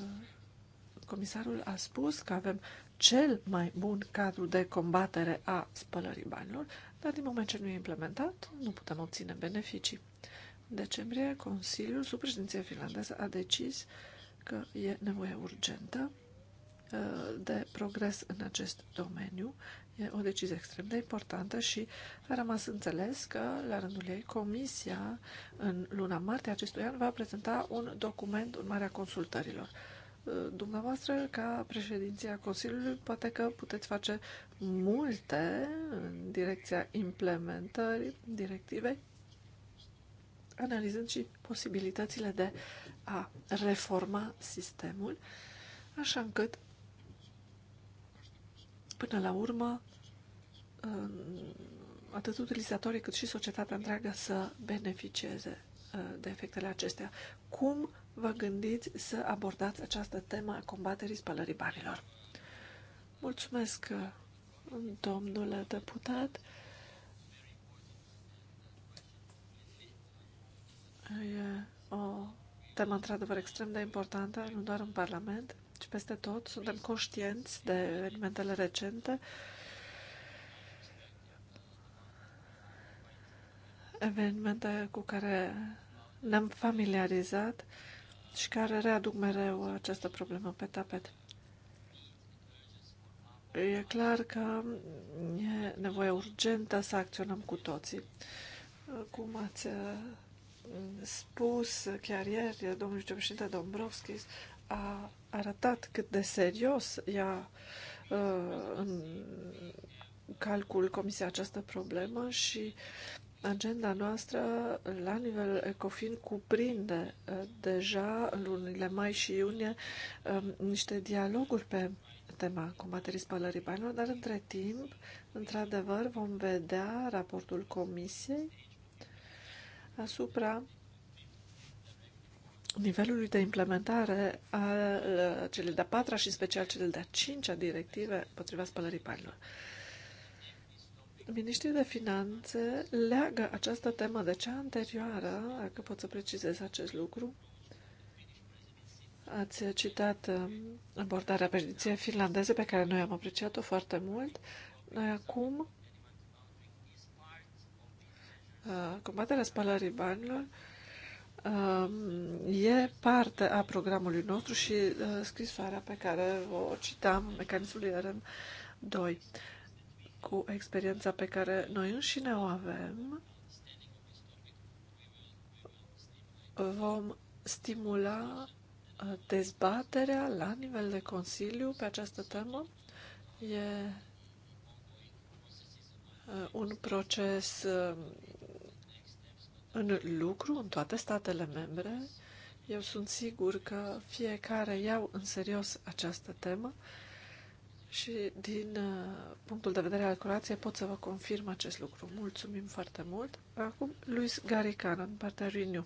comisarul a spus că avem cel mai bun cadru de combatere a spălării banilor, dar din moment ce nu e implementat, nu putem obține beneficii decembrie, Consiliul, sub președinția finlandeză, a decis că e nevoie urgentă uh, de progres în acest domeniu. E o decizie extrem de importantă și a rămas înțeles că, la rândul ei, Comisia, în luna martie acestui an, va prezenta un document, urmarea consultărilor. Uh, dumneavoastră, ca președinția Consiliului, poate că puteți face multe în direcția implementării directivei analizând și posibilitățile de a reforma sistemul, așa încât, până la urmă, atât utilizatorii cât și societatea întreagă să beneficieze uh, de efectele acestea. Cum vă gândiți să abordați această temă a combaterii spălării banilor? Mulțumesc, uh, domnule deputat. E o temă într-adevăr extrem de importantă, nu doar în Parlament, ci peste tot. Suntem conștienți de evenimentele recente, evenimente cu care ne-am familiarizat și care readuc mereu această problemă pe tapet. E clar că e nevoie urgentă să acționăm cu toții. Cum ați spus chiar ieri, domnul vicepreședinte Dombrovskis a arătat cât de serios ia uh, în calcul comisia această problemă și agenda noastră la nivel ECOFIN cuprinde uh, deja în lunile mai și iunie um, niște dialoguri pe tema combaterii spălării banilor, dar între timp, într-adevăr, vom vedea raportul comisiei asupra nivelului de implementare al uh, celei de-a patra și în special celei de-a cincea directive potriva spălării banilor. Ministrii de Finanțe leagă această temă de cea anterioară, dacă pot să precizez acest lucru. Ați citat um, abordarea președinției finlandeze pe care noi am apreciat-o foarte mult. Noi acum Uh, combaterea spălării banilor um, e parte a programului nostru și uh, scrisoarea pe care o citam, mecanismul IRM 2, cu experiența pe care noi înșine o avem, vom stimula uh, dezbaterea la nivel de Consiliu pe această temă. E Uh, un proces uh, în lucru în toate statele membre. Eu sunt sigur că fiecare iau în serios această temă și din uh, punctul de vedere al curației pot să vă confirm acest lucru. Mulțumim foarte mult. Acum, Luis Garicano, în partea Renew.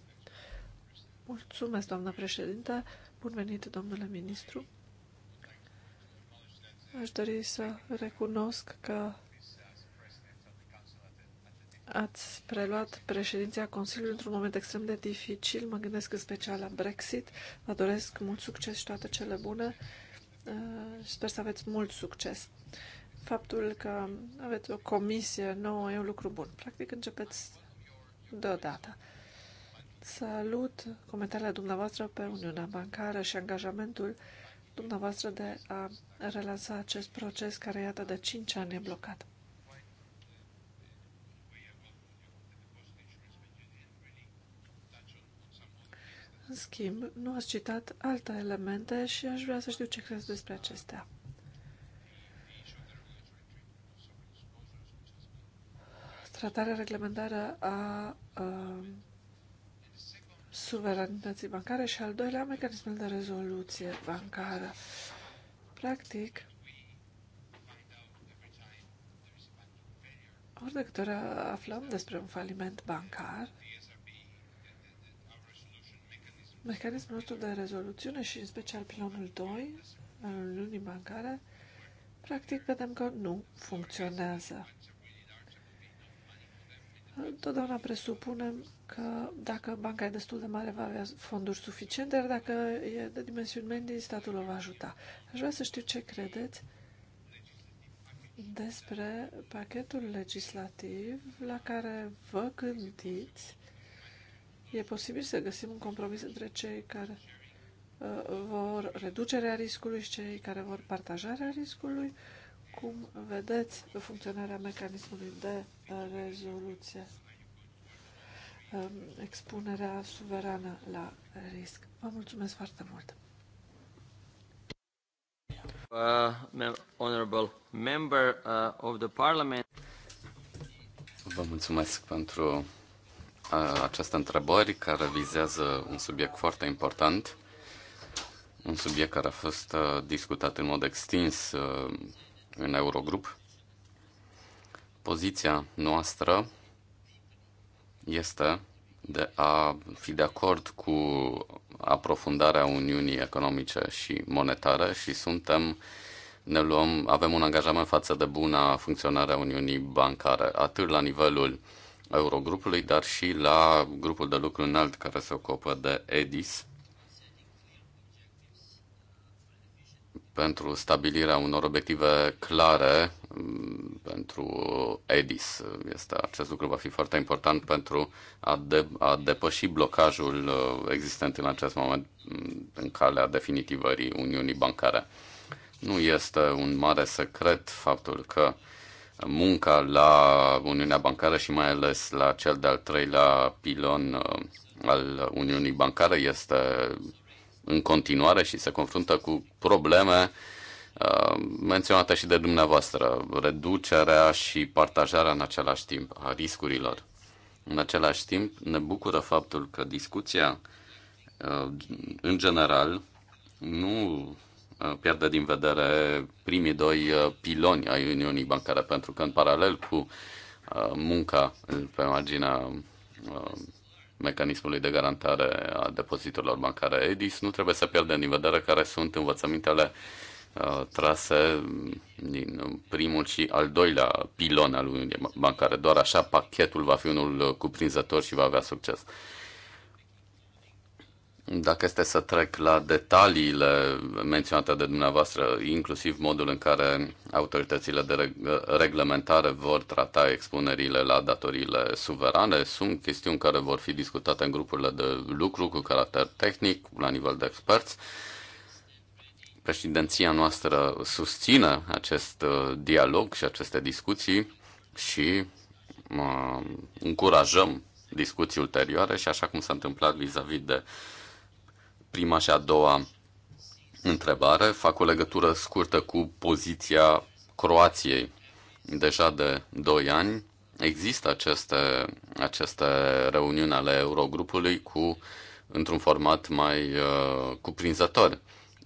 Mulțumesc, doamnă președinte. Bun venit, domnule ministru. Aș dori să recunosc că Ați preluat președinția Consiliului într-un moment extrem de dificil. Mă gândesc în special la Brexit. Vă doresc mult succes și toate cele bune. Uh, sper să aveți mult succes. Faptul că aveți o comisie nouă e un lucru bun. Practic începeți deodată. Salut comentariile dumneavoastră pe Uniunea Bancară și angajamentul dumneavoastră de a relansa acest proces care, iată, de 5 ani e blocat. În schimb, nu ați citat alte elemente și aș vrea să știu ce crezi despre acestea. Tratarea reglementară a, a suveranității bancare și al doilea mecanism de rezoluție bancară. Practic, ori de câte ori aflăm despre un faliment bancar, Mecanismul nostru de rezoluțiune și în special pilonul 2 al lunii bancare, practic vedem că nu funcționează. Întotdeauna presupunem că dacă banca e destul de mare, va avea fonduri suficiente, dar dacă e de dimensiuni medii, statul o va ajuta. Aș vrea să știu ce credeți despre pachetul legislativ la care vă gândiți E posibil să găsim un compromis între cei care uh, vor reducerea riscului și cei care vor partajarea riscului. Cum vedeți funcționarea mecanismului de uh, rezoluție? Um, expunerea suverană la risc. Vă mulțumesc foarte mult! Uh, honorable member uh, of the parliament. Vă mulțumesc pentru aceste întrebări care vizează un subiect foarte important, un subiect care a fost discutat în mod extins în Eurogrup. Poziția noastră este de a fi de acord cu aprofundarea Uniunii Economice și Monetare și suntem ne luăm, avem un angajament față de buna funcționare Uniunii Bancare, atât la nivelul uh, Eurogrupului, dar și la grupul de lucru înalt care se ocupă de EDIS pentru stabilirea unor obiective clare mm, pentru EDIS. Este, acest lucru va fi foarte important pentru a, de, a depăși blocajul uh, existent în acest moment mm, în calea definitivării Uniunii Bancare. Nu este un mare secret faptul că uh, munca la Uniunea Bancară și mai ales la cel de-al treilea pilon uh, al Uniunii Bancare este în continuare și se confruntă cu probleme uh, menționate și de dumneavoastră, reducerea și partajarea în același timp a riscurilor. În același timp, ne bucură faptul că discuția, uh, în general, nu Eh, pierde din vedere primii doi eh, piloni ai Uniunii Bancare, pentru că în paralel cu eh, munca pe marginea mecanismului de garantare a depozitelor bancare EDIS, nu trebuie să pierdem din vedere care sunt învățămintele trase din primul și al doilea pilon al Uniunii Bancare. Doar așa pachetul va fi unul cuprinzător și va avea succes. Dacă este să trec la detaliile menționate de dumneavoastră, inclusiv modul în care autoritățile de reglementare vor trata expunerile la datoriile suverane, sunt chestiuni care vor fi discutate în grupurile de lucru cu caracter tehnic, la nivel de experți. Președinția noastră susține acest uh, dialog și aceste discuții și uh, încurajăm discuții ulterioare și așa cum s-a întâmplat vis-a-vis -vis de uh, prima și a doua întrebare. Fac o legătură scurtă cu poziția Croației. Deja de 2 ani există aceste, aceste reuniuni ale Eurogrupului cu, într-un format mai uh, cuprinzător,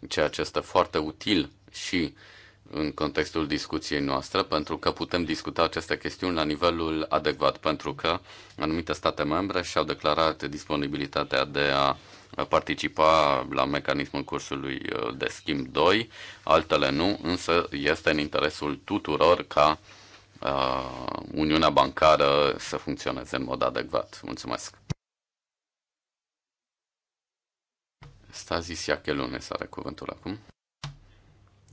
ceea ce este foarte util și în contextul discuției noastre, pentru că putem discuta aceste chestiuni la nivelul adecvat, pentru că anumite state membre și-au declarat disponibilitatea de a uh, participa la mecanismul cursului uh, de schimb 2, altele nu, însă este în interesul tuturor ca uh, Uniunea Bancară să funcționeze în mod adecvat. Mulțumesc! Stazis Iachelune s are cuvântul acum.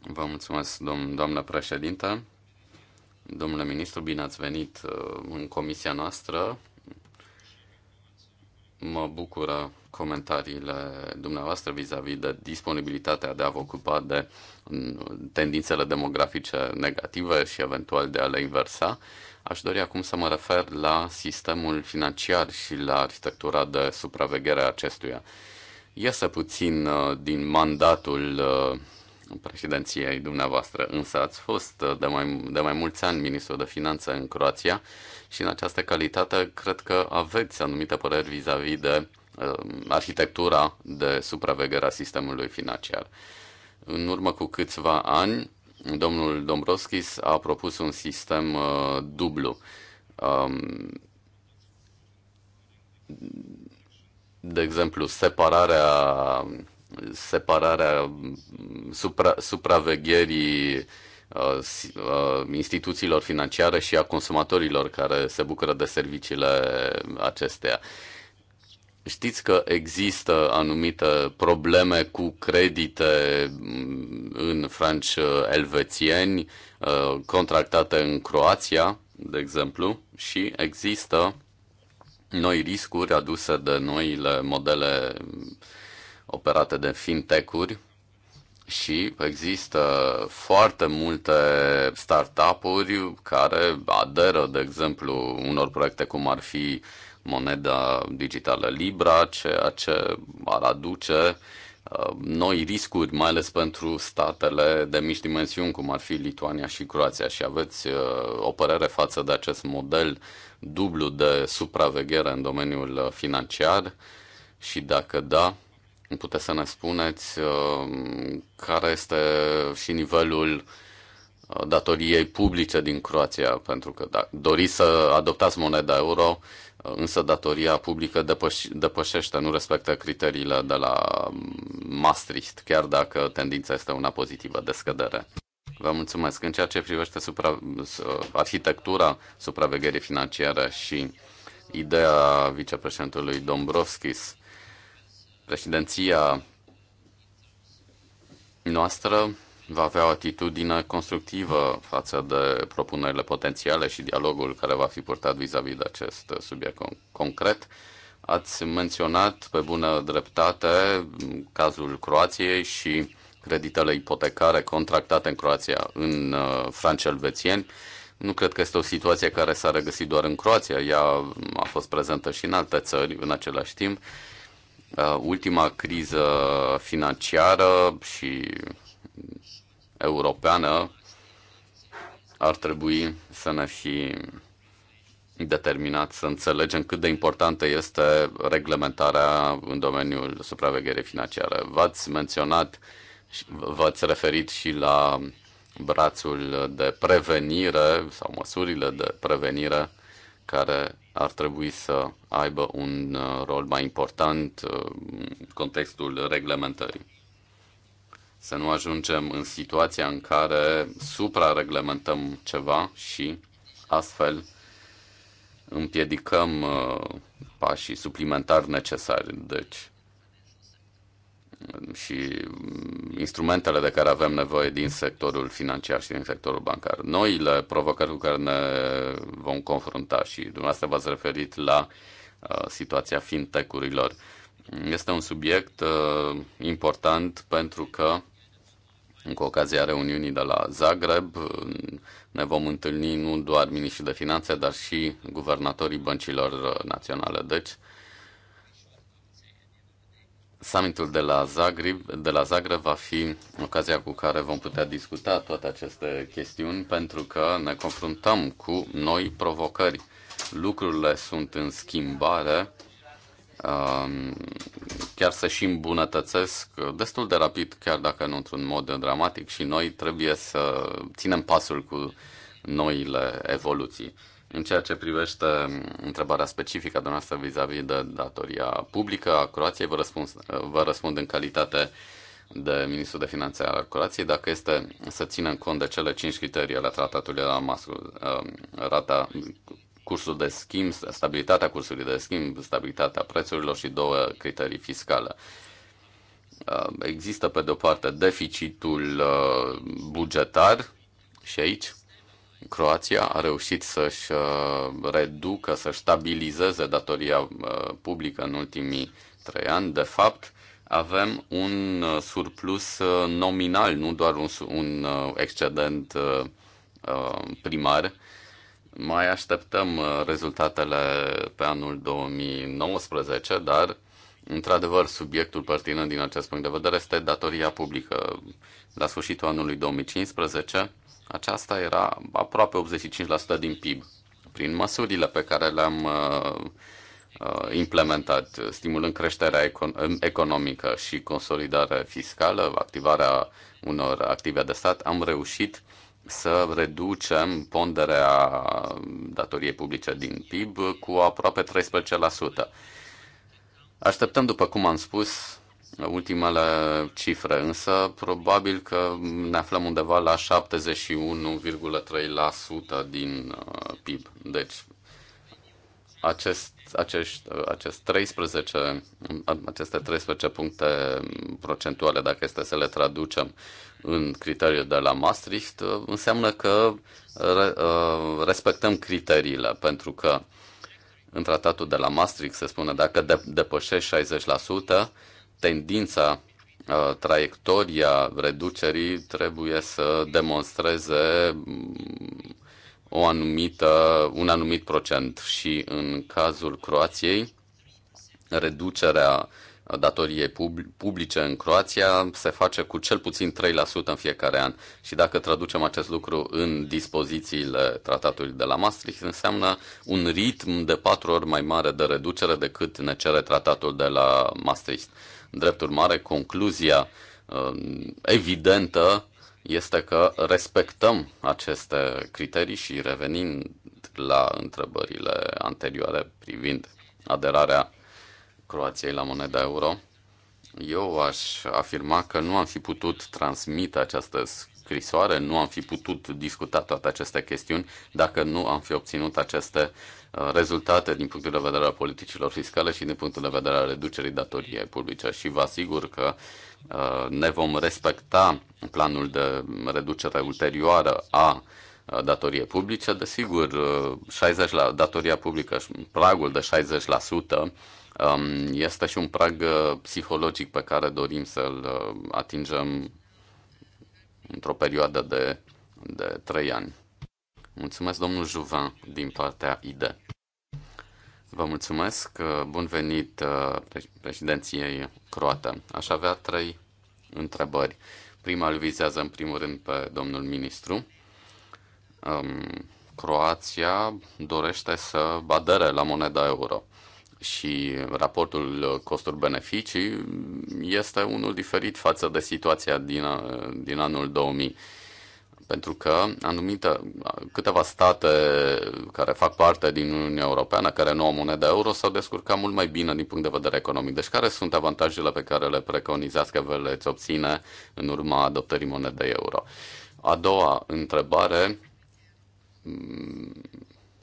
Vă mulțumesc, dom- doamnă președintă. Domnule ministru, bine ați venit uh, în comisia noastră. Mă bucură comentariile dumneavoastră vis-a-vis -vis de disponibilitatea de a vă ocupa de tendințele demografice negative și eventual de a le inversa. Aș dori acum să mă refer la sistemul financiar și la arhitectura de supraveghere a acestuia. Iese puțin uh, din mandatul uh, președinției dumneavoastră, însă ați fost uh, de mai, de mai mulți ani ministru de finanțe în Croația și în această calitate cred că aveți anumite păreri vis-a-vis -vis de uh, arhitectura de supraveghere a sistemului financiar. În urmă cu câțiva ani, domnul Dombrovskis a propus un sistem uh, dublu. Um, de exemplu, separarea separarea supra, supravegherii Uh, uh, instituțiilor financiare și a consumatorilor care se bucură de serviciile acesteia. Știți că există anumite probleme cu credite mm, în franci uh, elvețieni contractate în Croația, de exemplu, și există noi riscuri aduse de noile modele operate de fintech-uri și există foarte multe startup-uri care aderă, de exemplu, unor proiecte cum ar fi moneda digitală Libra, ceea ce ar aduce uh, noi riscuri, mai ales pentru statele de mici dimensiuni, cum ar fi Lituania și Croația. Și aveți uh, o părere față de acest model dublu de supraveghere în domeniul uh, financiar? Și dacă da, puteți să ne spuneți uh, care este și nivelul uh, datoriei publice din Croația, pentru că da, doriți să adoptați moneda euro, uh, însă datoria publică depăș- depășește, nu respectă criteriile de la um, Maastricht, chiar dacă tendința este una pozitivă de scădere. Vă mulțumesc. În ceea ce privește supra- arhitectura supravegherii financiare și ideea vicepreședintelui Dombrovskis, Președinția noastră va avea o atitudine constructivă față de propunerile potențiale și dialogul care va fi purtat vis-a-vis -vis de acest subiect concret. Ați menționat pe bună dreptate cazul Croației și creditele ipotecare contractate în Croația în uh, franci elvețieni. Nu cred că este o situație care s-a regăsit doar în Croația, ea a fost prezentă și în alte țări în același timp Uh, ultima criză financiară și europeană ar trebui să ne fi determinat să înțelegem cât de importantă este reglementarea în domeniul supravegherii financiare. V-ați menționat, v-ați referit și la brațul de prevenire sau măsurile de prevenire care ar trebui să aibă un uh, rol mai important uh, în contextul reglementării. Să nu ajungem în situația în care suprareglementăm ceva și astfel împiedicăm uh, pașii suplimentari necesari. Deci, și mm, instrumentele de care avem nevoie din sectorul financiar și din sectorul bancar. Noile provocări cu care ne vom confrunta și dumneavoastră v-ați referit la uh, situația fintech-urilor. Este un subiect uh, important pentru că cu ocazia reuniunii de la Zagreb ne vom întâlni nu doar miniștrii de finanțe, dar și guvernatorii băncilor uh, naționale. Deci, uh, Summitul de la, Zagreb, de la Zagreb va fi ocazia cu care vom putea discuta toate aceste chestiuni pentru că ne confruntăm cu noi provocări. Lucrurile sunt în schimbare, um, chiar să și îmbunătățesc destul de rapid, chiar dacă nu într-un mod dramatic și noi trebuie să ținem pasul cu noile evoluții. În ceea ce privește mm, întrebarea specifică a dumneavoastră vis-a-vis -vis de datoria publică a Croației, vă răspund, vă răspund în calitate de ministru de finanțe al Croației, dacă este să în cont de cele cinci criterii ale tratatului la Mascul, um, rata cursul de schimb, stabilitatea cursului de schimb, stabilitatea prețurilor și două criterii fiscale. Uh, există, pe de-o parte, deficitul uh, bugetar și aici Croația a reușit să-și uh, reducă, să stabilizeze datoria uh, publică în ultimii trei ani. De fapt, avem un uh, surplus nominal, nu doar un, un excedent primar. Mai așteptăm rezultatele pe anul 2019, dar Într-adevăr, subiectul pertinent din acest punct de vedere este datoria publică. La sfârșitul anului 2015, aceasta era aproape 85% din PIB. Prin măsurile pe care le-am uh, uh, implementat, stimulând creșterea econ- economică și consolidare fiscală, activarea unor active de stat, am reușit să reducem ponderea datoriei publice din PIB cu aproape 13%. Așteptăm, după cum am spus, ultimele cifre, însă probabil că ne aflăm undeva la 71,3% din uh, PIB. Deci, acest, uh, acest acest 13, uh, aceste 13 puncte procentuale, dacă este să le traducem în criteriul de la Maastricht, înseamnă că respectăm criteriile, pentru că în tratatul de la Maastricht se spune dacă depășești 60%, tendința, uh, traiectoria reducerii trebuie să demonstreze mm, o anumită, un anumit procent și în cazul Croației reducerea uh, datoriei publice în Croația se face cu cel puțin 3% în fiecare an. Și dacă traducem acest lucru în dispozițiile tratatului de la Maastricht, înseamnă un ritm de patru ori mai mare de reducere decât ne cere tratatul de la Maastricht. Drept urmare, concluzia uh, evidentă este că respectăm aceste criterii și revenind la întrebările anterioare privind aderarea Croației la moneda euro, eu aș afirma că nu am fi putut transmite această scrisoare, nu am fi putut discuta toate aceste chestiuni dacă nu am fi obținut aceste rezultate din punctul de vedere al politicilor fiscale și din punctul de vedere al reducerii datoriei publice și vă asigur că uh, ne vom respecta planul de reducere ulterioară a datoriei publice, desigur, 60 uh, la, datoria publică, pragul de 60% um, este și un prag uh, psihologic pe care dorim să-l atingem într-o perioadă de, de 3 ani. Mulțumesc, domnul Juvan, din partea IDE. Vă mulțumesc. Bun venit uh, președinției croată. Aș avea trei întrebări. Prima îl vizează în primul rând pe domnul ministru. Um, Croația dorește să badere la moneda euro și raportul costuri-beneficii este unul diferit față de situația din, din anul 2000 pentru că anumite, câteva state care fac parte din Uniunea Europeană, care nu au monedă euro, s-au descurcat mult mai bine din punct de vedere economic. Deci care sunt avantajele pe care le preconizați că vă le-ți obține în urma adoptării monedei euro? A doua întrebare mm,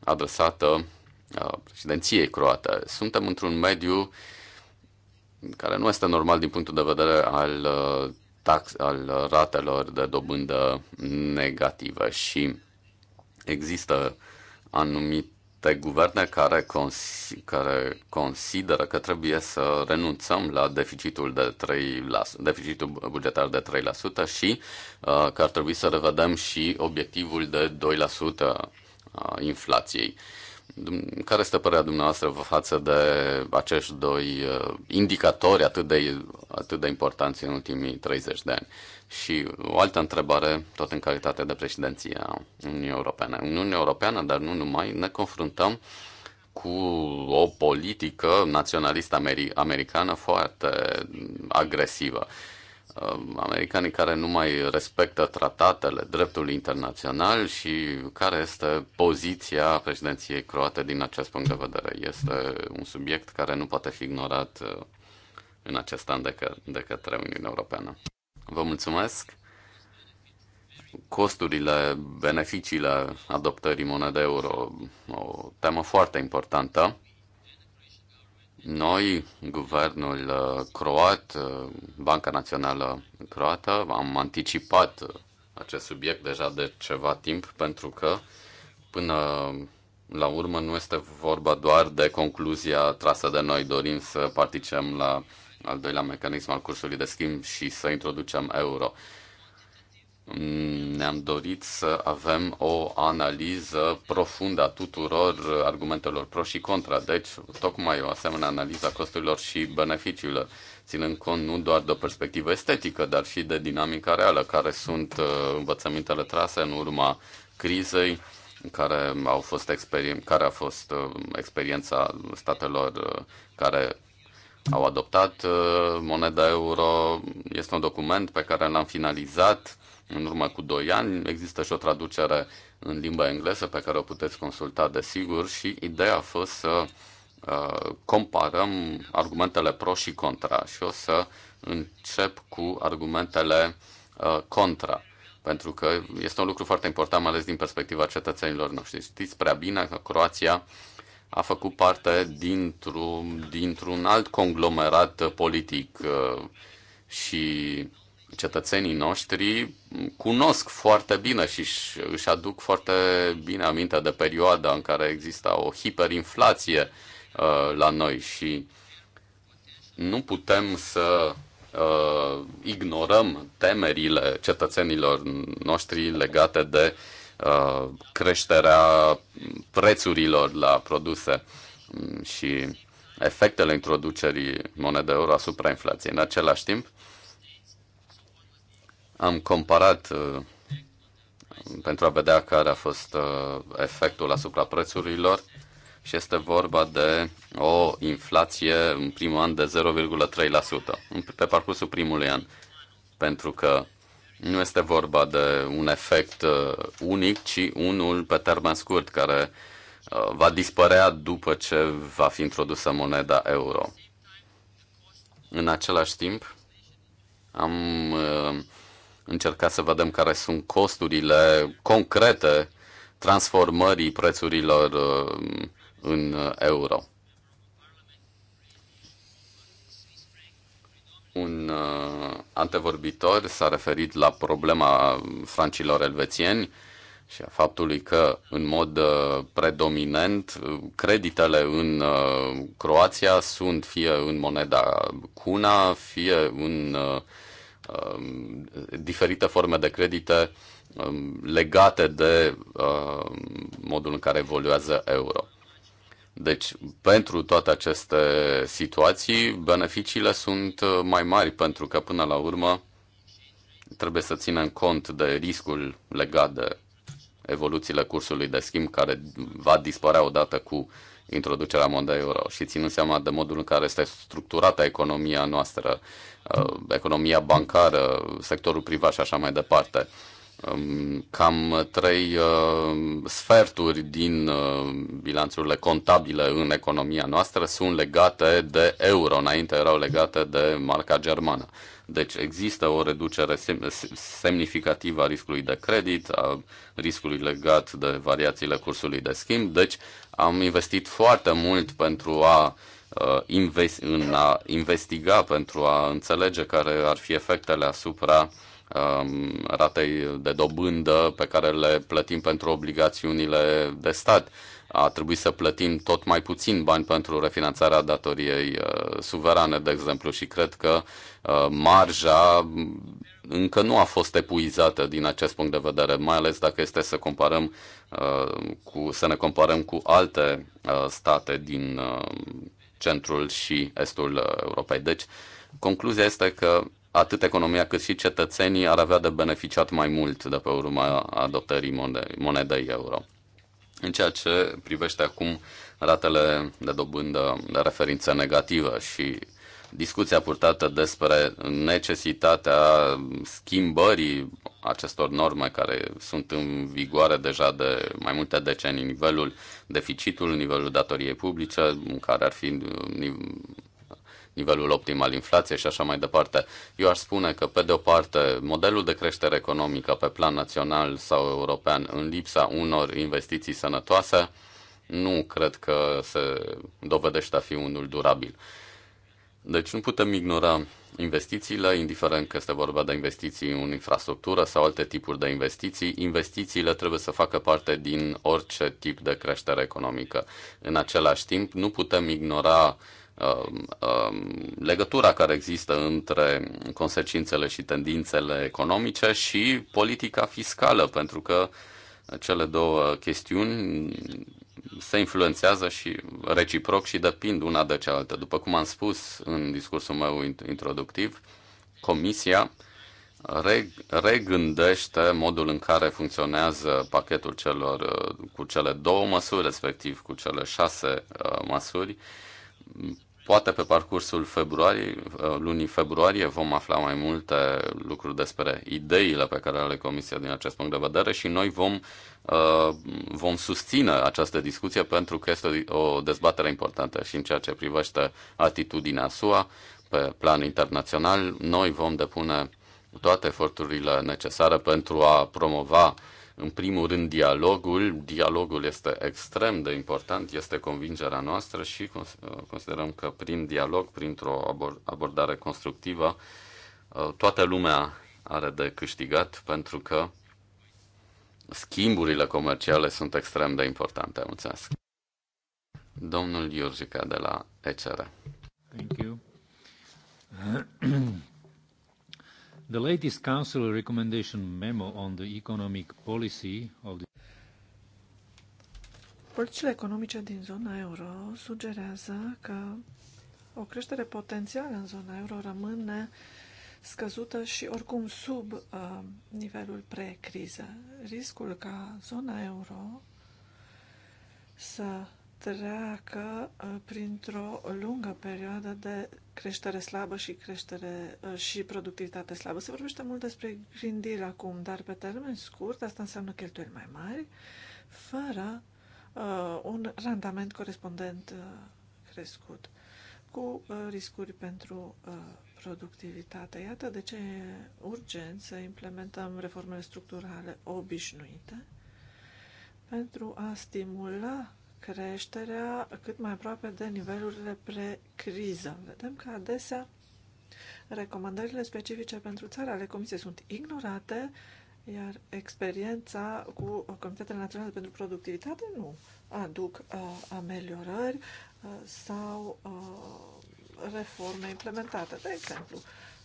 adresată președinției croate. Suntem într-un mediu care nu este normal din punctul de vedere al tax, al ratelor de dobândă negative și există anumite guverne care, cons- care consideră că trebuie să renunțăm la deficitul de 3%, deficitul bugetar de 3% și uh, că ar trebui să revedem și obiectivul de 2% a uh, inflației. Uh, care este părerea dumneavoastră față de acești doi uh, indicatori atât de, atât de importanți în ultimii 30 de ani? Și o altă întrebare, tot în calitate de președinție a Uniunii Europene. În Uniunea Europeană, dar nu numai, ne confruntăm cu o politică naționalistă americană foarte agresivă. Uh, Um, americanii care nu mai respectă tratatele, dreptul internațional și care este poziția președinției croate din acest punct de vedere. Este un subiect care nu poate fi ignorat uh, în acest an de, că- de către Uniunea Europeană. Vă mulțumesc! Costurile, beneficiile adoptării monede euro, o temă foarte importantă noi, guvernul uh, croat, uh, Banca Națională Croată, am anticipat uh, acest subiect deja de ceva timp pentru că până la urmă nu este vorba doar de concluzia trasă de noi. Dorim să participăm la al doilea mecanism al cursului de schimb și să introducem euro. Mm, ne-am dorit să avem o analiză profundă a tuturor argumentelor pro și contra. Deci, tocmai o asemenea analiză a costurilor și beneficiilor, ținând cont nu doar de o perspectivă estetică, dar și de dinamica reală, care sunt uh, învățămintele trase în urma crizei, care, au fost experien- care a fost uh, experiența statelor uh, care au adoptat moneda euro. Este un document pe care l-am finalizat în urmă cu 2 ani. Există și o traducere în limba engleză pe care o puteți consulta desigur și ideea a fost să uh, comparăm argumentele pro și contra și o să încep cu argumentele uh, contra pentru că este un lucru foarte important, mai ales din perspectiva cetățenilor noștri. Știți prea bine că Croația a făcut parte dintr-un, dintr-un alt conglomerat politic uh, și cetățenii noștri cunosc foarte bine și își aduc foarte bine aminte de perioada în care exista o hiperinflație uh, la noi și nu putem să uh, ignorăm temerile cetățenilor noștri legate de uh, creșterea prețurilor la produse mm, și efectele introducerii monedei euro asupra inflației. În același timp, uh, am comparat uh, pentru a vedea care a fost uh, efectul asupra prețurilor și este vorba de o inflație în primul an de 0,3% pe parcursul primului an. Pentru că nu este vorba de un efect uh, unic, ci unul pe termen scurt care va dispărea după ce va fi introdusă moneda euro. În același timp, am încercat să vedem care sunt costurile concrete transformării prețurilor uh, în euro. Un uh, antevorbitor s-a referit la problema francilor elvețieni și a faptului că, în mod uh, predominant, creditele în Croația sunt fie în moneda cuna, fie în uh, Um, diferite forme de credite um, legate de um, modul în care evoluează euro. Deci, pentru toate aceste situații, beneficiile sunt uh, mai mari, pentru că, până la urmă, trebuie să ținem cont de riscul legat de evoluțiile cursului de schimb, care va dispărea odată cu introducerea monedei euro și ținând seama de modul în care este structurată economia noastră, uh, economia bancară, sectorul privat și așa mai departe. Um, cam trei uh, sferturi din uh, bilanțurile contabile în economia noastră sunt legate de euro, înainte erau legate de marca germană. Deci există o reducere semnificativă a riscului de credit, a riscului legat de variațiile cursului de schimb, deci am investit foarte mult pentru a, uh, invest, în a investiga, pentru a înțelege care ar fi efectele asupra um, ratei de dobândă pe care le plătim pentru obligațiunile de stat. A trebuit să plătim tot mai puțin bani pentru refinanțarea datoriei uh, suverane, de exemplu, și cred că uh, marja încă nu a fost epuizată din acest punct de vedere, mai ales dacă este să comparăm uh, cu, să ne comparăm cu alte uh, state din uh, centrul și estul uh, Europei. Deci, concluzia este că atât economia cât și cetățenii ar avea de beneficiat mai mult de pe urma adoptării monedei euro. În ceea ce privește acum ratele de dobândă de referință negativă și discuția purtată despre necesitatea schimbării acestor norme care sunt în vigoare deja de mai multe decenii, nivelul deficitul, nivelul datoriei publice, care ar fi nivelul optim al inflației și așa mai departe. Eu aș spune că, pe de o parte, modelul de creștere economică pe plan național sau european, în lipsa unor investiții sănătoase, nu cred că se dovedește a fi unul durabil. Deci nu putem ignora investițiile, indiferent că este vorba de investiții în infrastructură sau alte tipuri de investiții, investițiile trebuie să facă parte din orice tip de creștere economică. În același timp, nu putem ignora um, um, legătura care există între consecințele și tendințele economice și politica fiscală, pentru că cele două chestiuni se influențează și reciproc și depind una de cealaltă. După cum am spus în discursul meu introductiv, Comisia regândește modul în care funcționează pachetul celor uh, cu cele două măsuri, respectiv cu cele șase uh, măsuri. Poate pe parcursul februarie, uh, lunii februarie vom afla mai multe lucruri despre ideile pe care le Comisia din acest punct de vedere și noi vom Uh, vom susține această discuție pentru că este o dezbatere importantă și în ceea ce privește atitudinea SUA pe plan internațional, noi vom depune toate eforturile necesare pentru a promova în primul rând dialogul. Dialogul este extrem de important, este convingerea noastră și uh, considerăm că prin dialog, printr-o abordare constructivă, uh, toată lumea are de câștigat pentru că schimburile comerciale sunt extrem de importante. Mulțumesc. Domnul Iurgica de la ECR. Thank you. The latest Council recommendation memo on the economic policy of the Politicile economice din zona euro sugerează că o creștere potențială în zona euro rămâne uh, scăzută și oricum sub uh, nivelul pre-criză. Riscul ca zona euro să treacă uh, printr-o lungă perioadă de creștere slabă și creștere uh, și productivitate slabă. Se vorbește mult despre Green Deal acum, dar pe termen scurt asta înseamnă cheltuieli mai mari, fără uh, un randament corespondent uh, crescut, cu uh, riscuri pentru uh, productivitate. Iată de ce e urgent să implementăm reformele structurale obișnuite pentru a stimula creșterea cât mai aproape de nivelurile pre-criză. Vedem că adesea recomandările specifice pentru țara ale Comisiei sunt ignorate, iar experiența cu Comitetele Naționale pentru Productivitate nu aduc uh, ameliorări uh, sau uh, reforme implementate. De exemplu,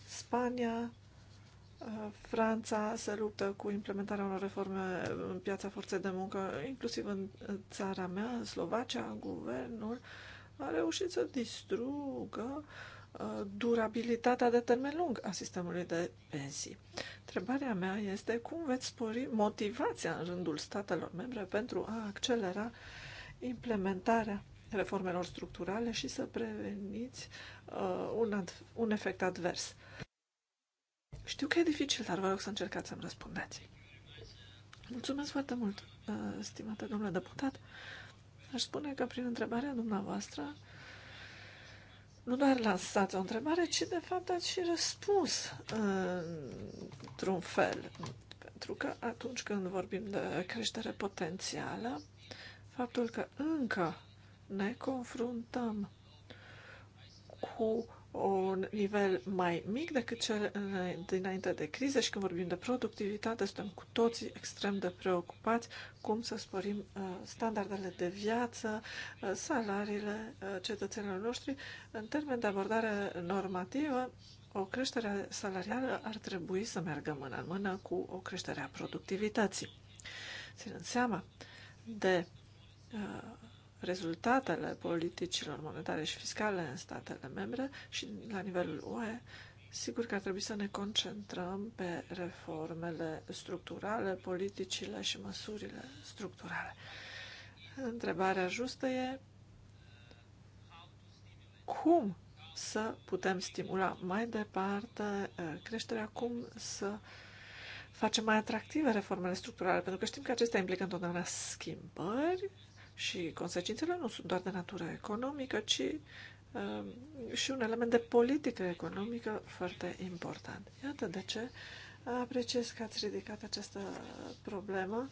Spania, uh, Franța se luptă cu implementarea unor reforme în piața forței de muncă, inclusiv în țara mea, în Slovacia, guvernul a reușit să distrugă uh, durabilitatea de termen lung a sistemului de pensii. Întrebarea mea este cum veți spori motivația în rândul statelor membre pentru a accelera implementarea reformelor structurale și să preveniți uh, un, un efect advers. Știu că e dificil, dar vă rog să încercați să-mi răspundeți. Mulțumesc foarte mult, uh, stimată domnule deputat. Aș spune că prin întrebarea dumneavoastră nu doar lansați o întrebare, ci de fapt ați și răspuns uh, într-un fel. Pentru că atunci când vorbim de creștere potențială, faptul că încă ne confruntăm cu un nivel mai mic decât cel dinainte de criză și când vorbim de productivitate, suntem cu toții extrem de preocupați cum să sporim uh, standardele de viață, uh, salariile uh, cetățenilor noștri. În termen de abordare normativă, o creștere salarială ar trebui să meargă mână în mână cu o creștere a productivității. Ținând seama de rezultatele politicilor monetare și fiscale în statele membre și la nivelul UE, sigur că ar trebui să ne concentrăm pe reformele structurale, politicile și măsurile structurale. Întrebarea justă e cum să putem stimula mai departe uh, creșterea, cum să facem mai atractive reformele structurale, pentru că știm că acestea implică întotdeauna schimbări și consecințele nu sunt doar de natură economică, ci um, și un element de politică economică foarte important. Iată de ce apreciez că ați ridicat această problemă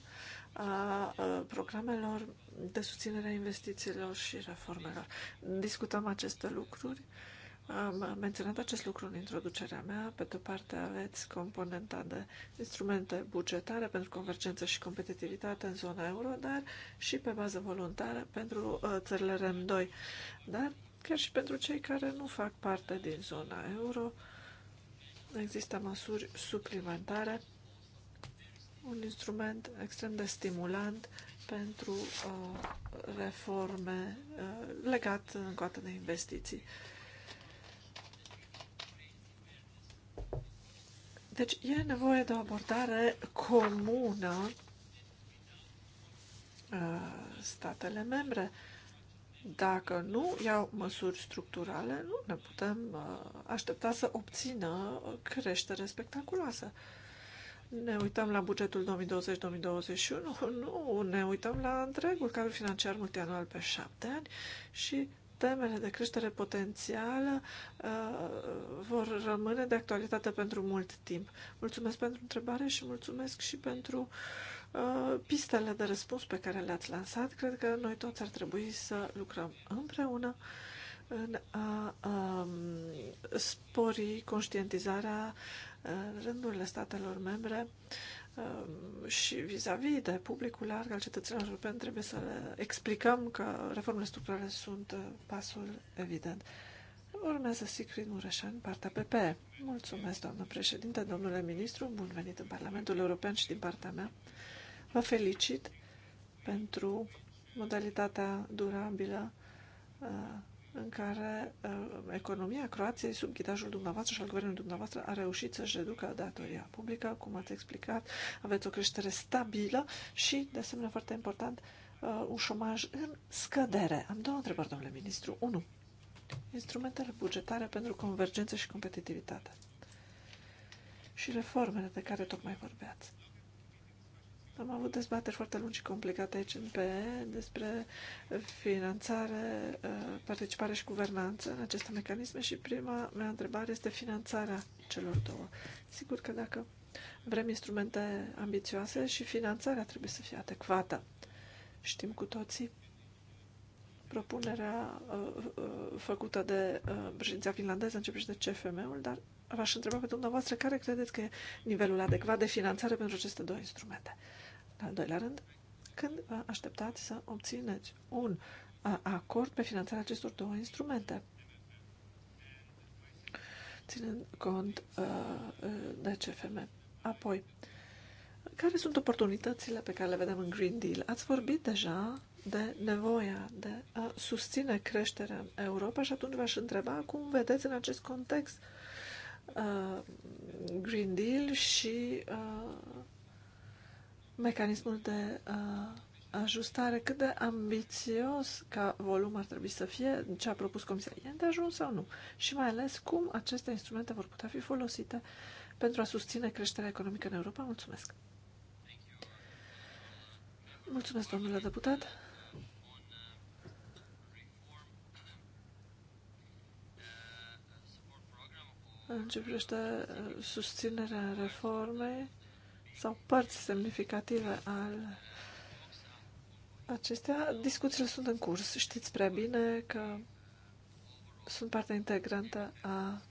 a programelor de susținere a investițiilor și reformelor. Discutăm aceste lucruri am menționat acest lucru în introducerea mea. Pe de-o parte aveți componenta de instrumente bugetare pentru convergență și competitivitate în zona euro, dar și pe bază voluntară pentru uh, țările REM2, dar chiar și pentru cei care nu fac parte din zona euro. Există măsuri suplimentare, un instrument extrem de stimulant pentru uh, reforme uh, legat coate de investiții. Uh, Deci e nevoie de o abordare comună uh, statele membre. Dacă nu iau măsuri structurale, nu ne putem uh, aștepta să obțină creștere spectaculoasă. Ne uităm la bugetul 2020-2021, nu, ne uităm la întregul cadru financiar multianual pe șapte ani și temele de creștere potențială uh, vor rămâne de actualitate pentru mult timp. Mulțumesc pentru întrebare și mulțumesc și pentru uh, pistele de răspuns pe care le-ați lansat. Cred că noi toți ar trebui să lucrăm împreună în a a um, spori conștientizarea uh, rândurile statelor membre Ehm, și vis-a-vis -vis de publicul larg al cetățenilor europeni trebuie să le explicăm că reformele structurale sunt eh, pasul evident. Urmează Sigrid Mureșan, partea PP. Mulțumesc, doamnă președinte, domnule ministru, bun venit în Parlamentul European și din partea mea. Vă felicit pentru modalitatea durabilă eh, în care uh, economia Croației, sub ghidajul dumneavoastră și al guvernului dumneavoastră, a reușit să-și reducă datoria publică, cum ați explicat, aveți o creștere stabilă și, de asemenea, foarte important, uh, un șomaj în scădere. Am două întrebări, domnule ministru. unu. Instrumentele bugetare pentru convergență și competitivitate și reformele de care tocmai vorbeați. Am avut dezbateri foarte lungi și complicate aici în PE despre finanțare, uh, participare și guvernanță în aceste mecanisme și prima mea întrebare este finanțarea celor două. Sigur că dacă vrem instrumente ambițioase și finanțarea trebuie să fie adecvată. Știm cu toții propunerea uh, uh, făcută de președinția finlandeză începe și de CFM-ul, dar v-aș întreba pe dumneavoastră care credeți că e nivelul adecvat de finanțare pentru aceste două instrumente. Al doilea rând, când vă așteptați să obțineți un acord pe finanțarea acestor două instrumente? Ținând cont de CFM. Apoi, care sunt oportunitățile pe care le vedem în Green Deal? Ați vorbit deja de nevoia de a susține creșterea în Europa și atunci v-aș întreba cum vedeți în acest context uh, Green Deal și uh, mecanismul de uh, ajustare, cât de ambițios ca volum ar trebui să fie, ce a propus Comisia, e de ajuns sau nu? Și mai ales cum aceste instrumente vor putea fi folosite pentru a susține creșterea economică în Europa? Mulțumesc! Mulțumesc, domnule deputat! În ce privește uh, susținerea reformei, sau părți semnificative al acestea. Discuțiile sunt în curs. Știți prea bine că sunt parte integrantă a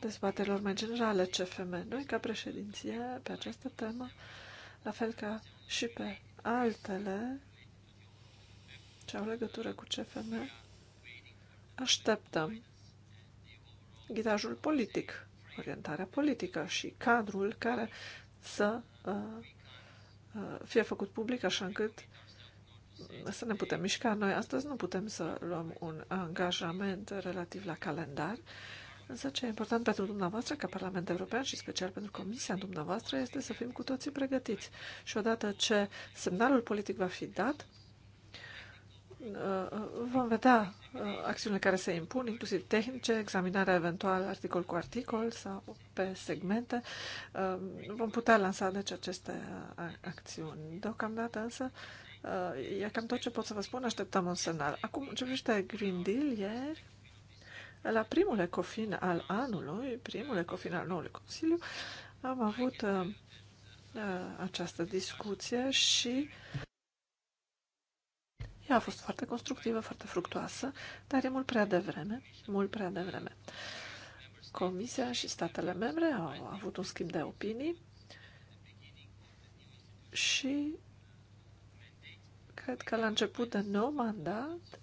dezbaterilor mai generale CFM. Noi, ca președinție, pe această temă, la fel ca și pe altele ce au legătură cu CFM, așteptăm ghidajul politic, orientarea politică și cadrul care să fie făcut public, așa încât să ne putem mișca. Noi astăzi nu putem să luăm un angajament relativ la calendar, însă ce e important pentru dumneavoastră ca Parlament European și special pentru Comisia dumneavoastră este să fim cu toții pregătiți. Și odată ce semnalul politic va fi dat, Uh, vom vedea uh, acțiunile care se impun, inclusiv tehnice, examinarea eventual articol cu articol sau pe segmente. Uh, vom putea lansa deci aceste acțiuni. Deocamdată însă e cam tot ce pot să vă spun, așteptăm un semnal. Acum, ce privește Green Deal, ieri, la primul ecofin al anului, primul ecofin al noului Consiliu, am avut această discuție și ea a fost foarte constructivă, foarte fructuoasă, dar e mult prea devreme, mult prea devreme. Comisia și statele membre au avut un schimb de opinii și cred că la început de nou mandat,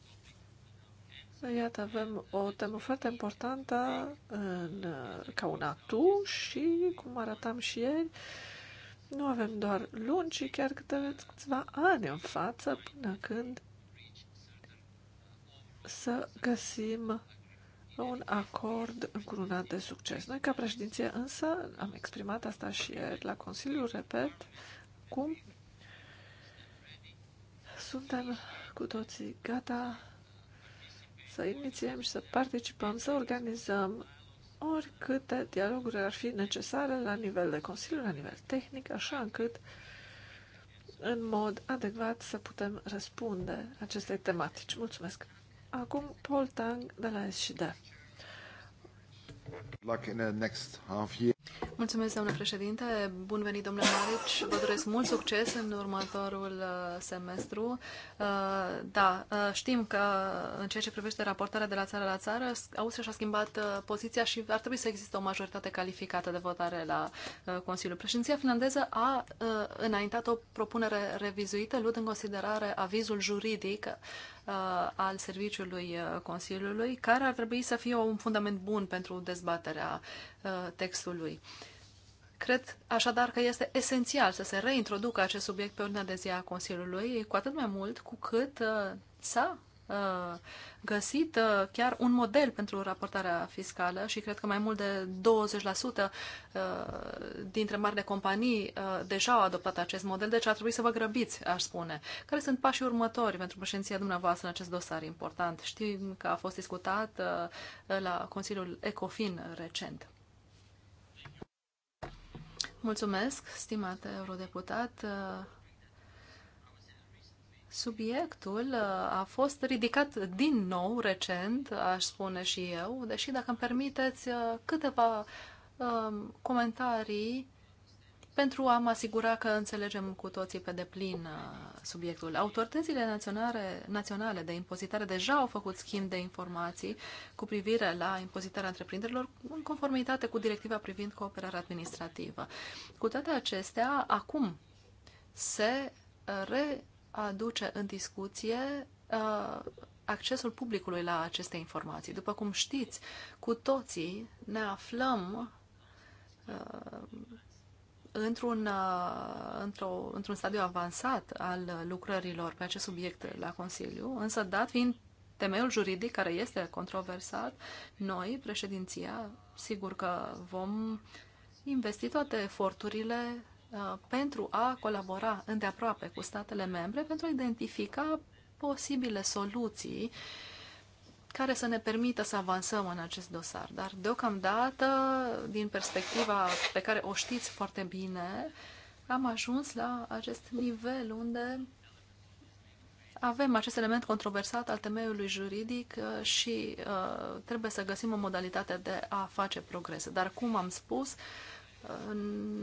iată, avem o temă foarte importantă în, ca un atu și, cum arătam și ieri, nu avem doar luni, ci chiar câteva ani în față până când să găsim un acord încurunat de succes. Noi, ca președinție, însă, am exprimat asta și ieri la Consiliu, repet, cum suntem cu toții gata să inițiem și să participăm, să organizăm oricâte dialoguri ar fi necesare la nivel de Consiliu, la nivel tehnic, așa încât în mod adecvat să putem răspunde acestei tematici. Mulțumesc! Acum Paul Tang de la SCD. Luck in the next half year. Mulțumesc, domnule președinte. Bun venit, domnule Marici. Vă doresc mult succes în următorul uh, semestru. Uh, da, uh, știm că în ceea ce privește raportarea de la țară la țară, Austria și-a schimbat poziția și ar trebui să existe o majoritate calificată de votare la Consiliu. Președinția finlandeză a înaintat o propunere revizuită, luând în considerare avizul juridic Uh, al serviciului uh, Consiliului, care ar trebui să fie un fundament bun pentru dezbaterea uh, textului. Cred așadar că este esențial să se reintroducă acest subiect pe ordinea de zi a Consiliului, cu atât mai mult cu cât s-a Uh, găsit uh, chiar un model pentru raportarea fiscală și cred că mai mult de 20% uh, dintre marile companii deja au adoptat acest model, deci ar trebui să vă grăbiți, aș spune. Care sunt pașii următori pentru președinția dumneavoastră în acest dosar important? Știm că a fost discutat la Consiliul ECOFIN recent. Mulțumesc, stimate eurodeputat. Subiectul uh, a fost ridicat din nou recent, aș spune și eu, deși dacă îmi permiteți uh, câteva um, comentarii pentru a mă asigura că înțelegem cu toții pe deplin uh, subiectul. Autoritățile naționale, naționale de impozitare deja au făcut schimb de informații cu privire la impozitarea întreprinderilor în conformitate cu directiva privind cooperarea administrativă. Cu toate acestea, acum se re aduce în discuție uh, accesul publicului la aceste informații. După cum știți, cu toții ne aflăm uh, într-un, uh, într într-un stadiu avansat al lucrărilor pe acest subiect la Consiliu, însă dat fiind temeiul juridic care este controversat, noi, președinția, sigur că vom investi toate eforturile Uh, pentru a colabora îndeaproape cu statele membre pentru a identifica posibile soluții care să ne permită să avansăm în acest dosar. Dar deocamdată, din perspectiva pe care o știți foarte bine, am ajuns la acest nivel unde avem acest element controversat al temeiului juridic uh, și uh, trebuie să găsim o modalitate de a face progrese. Dar, cum am spus,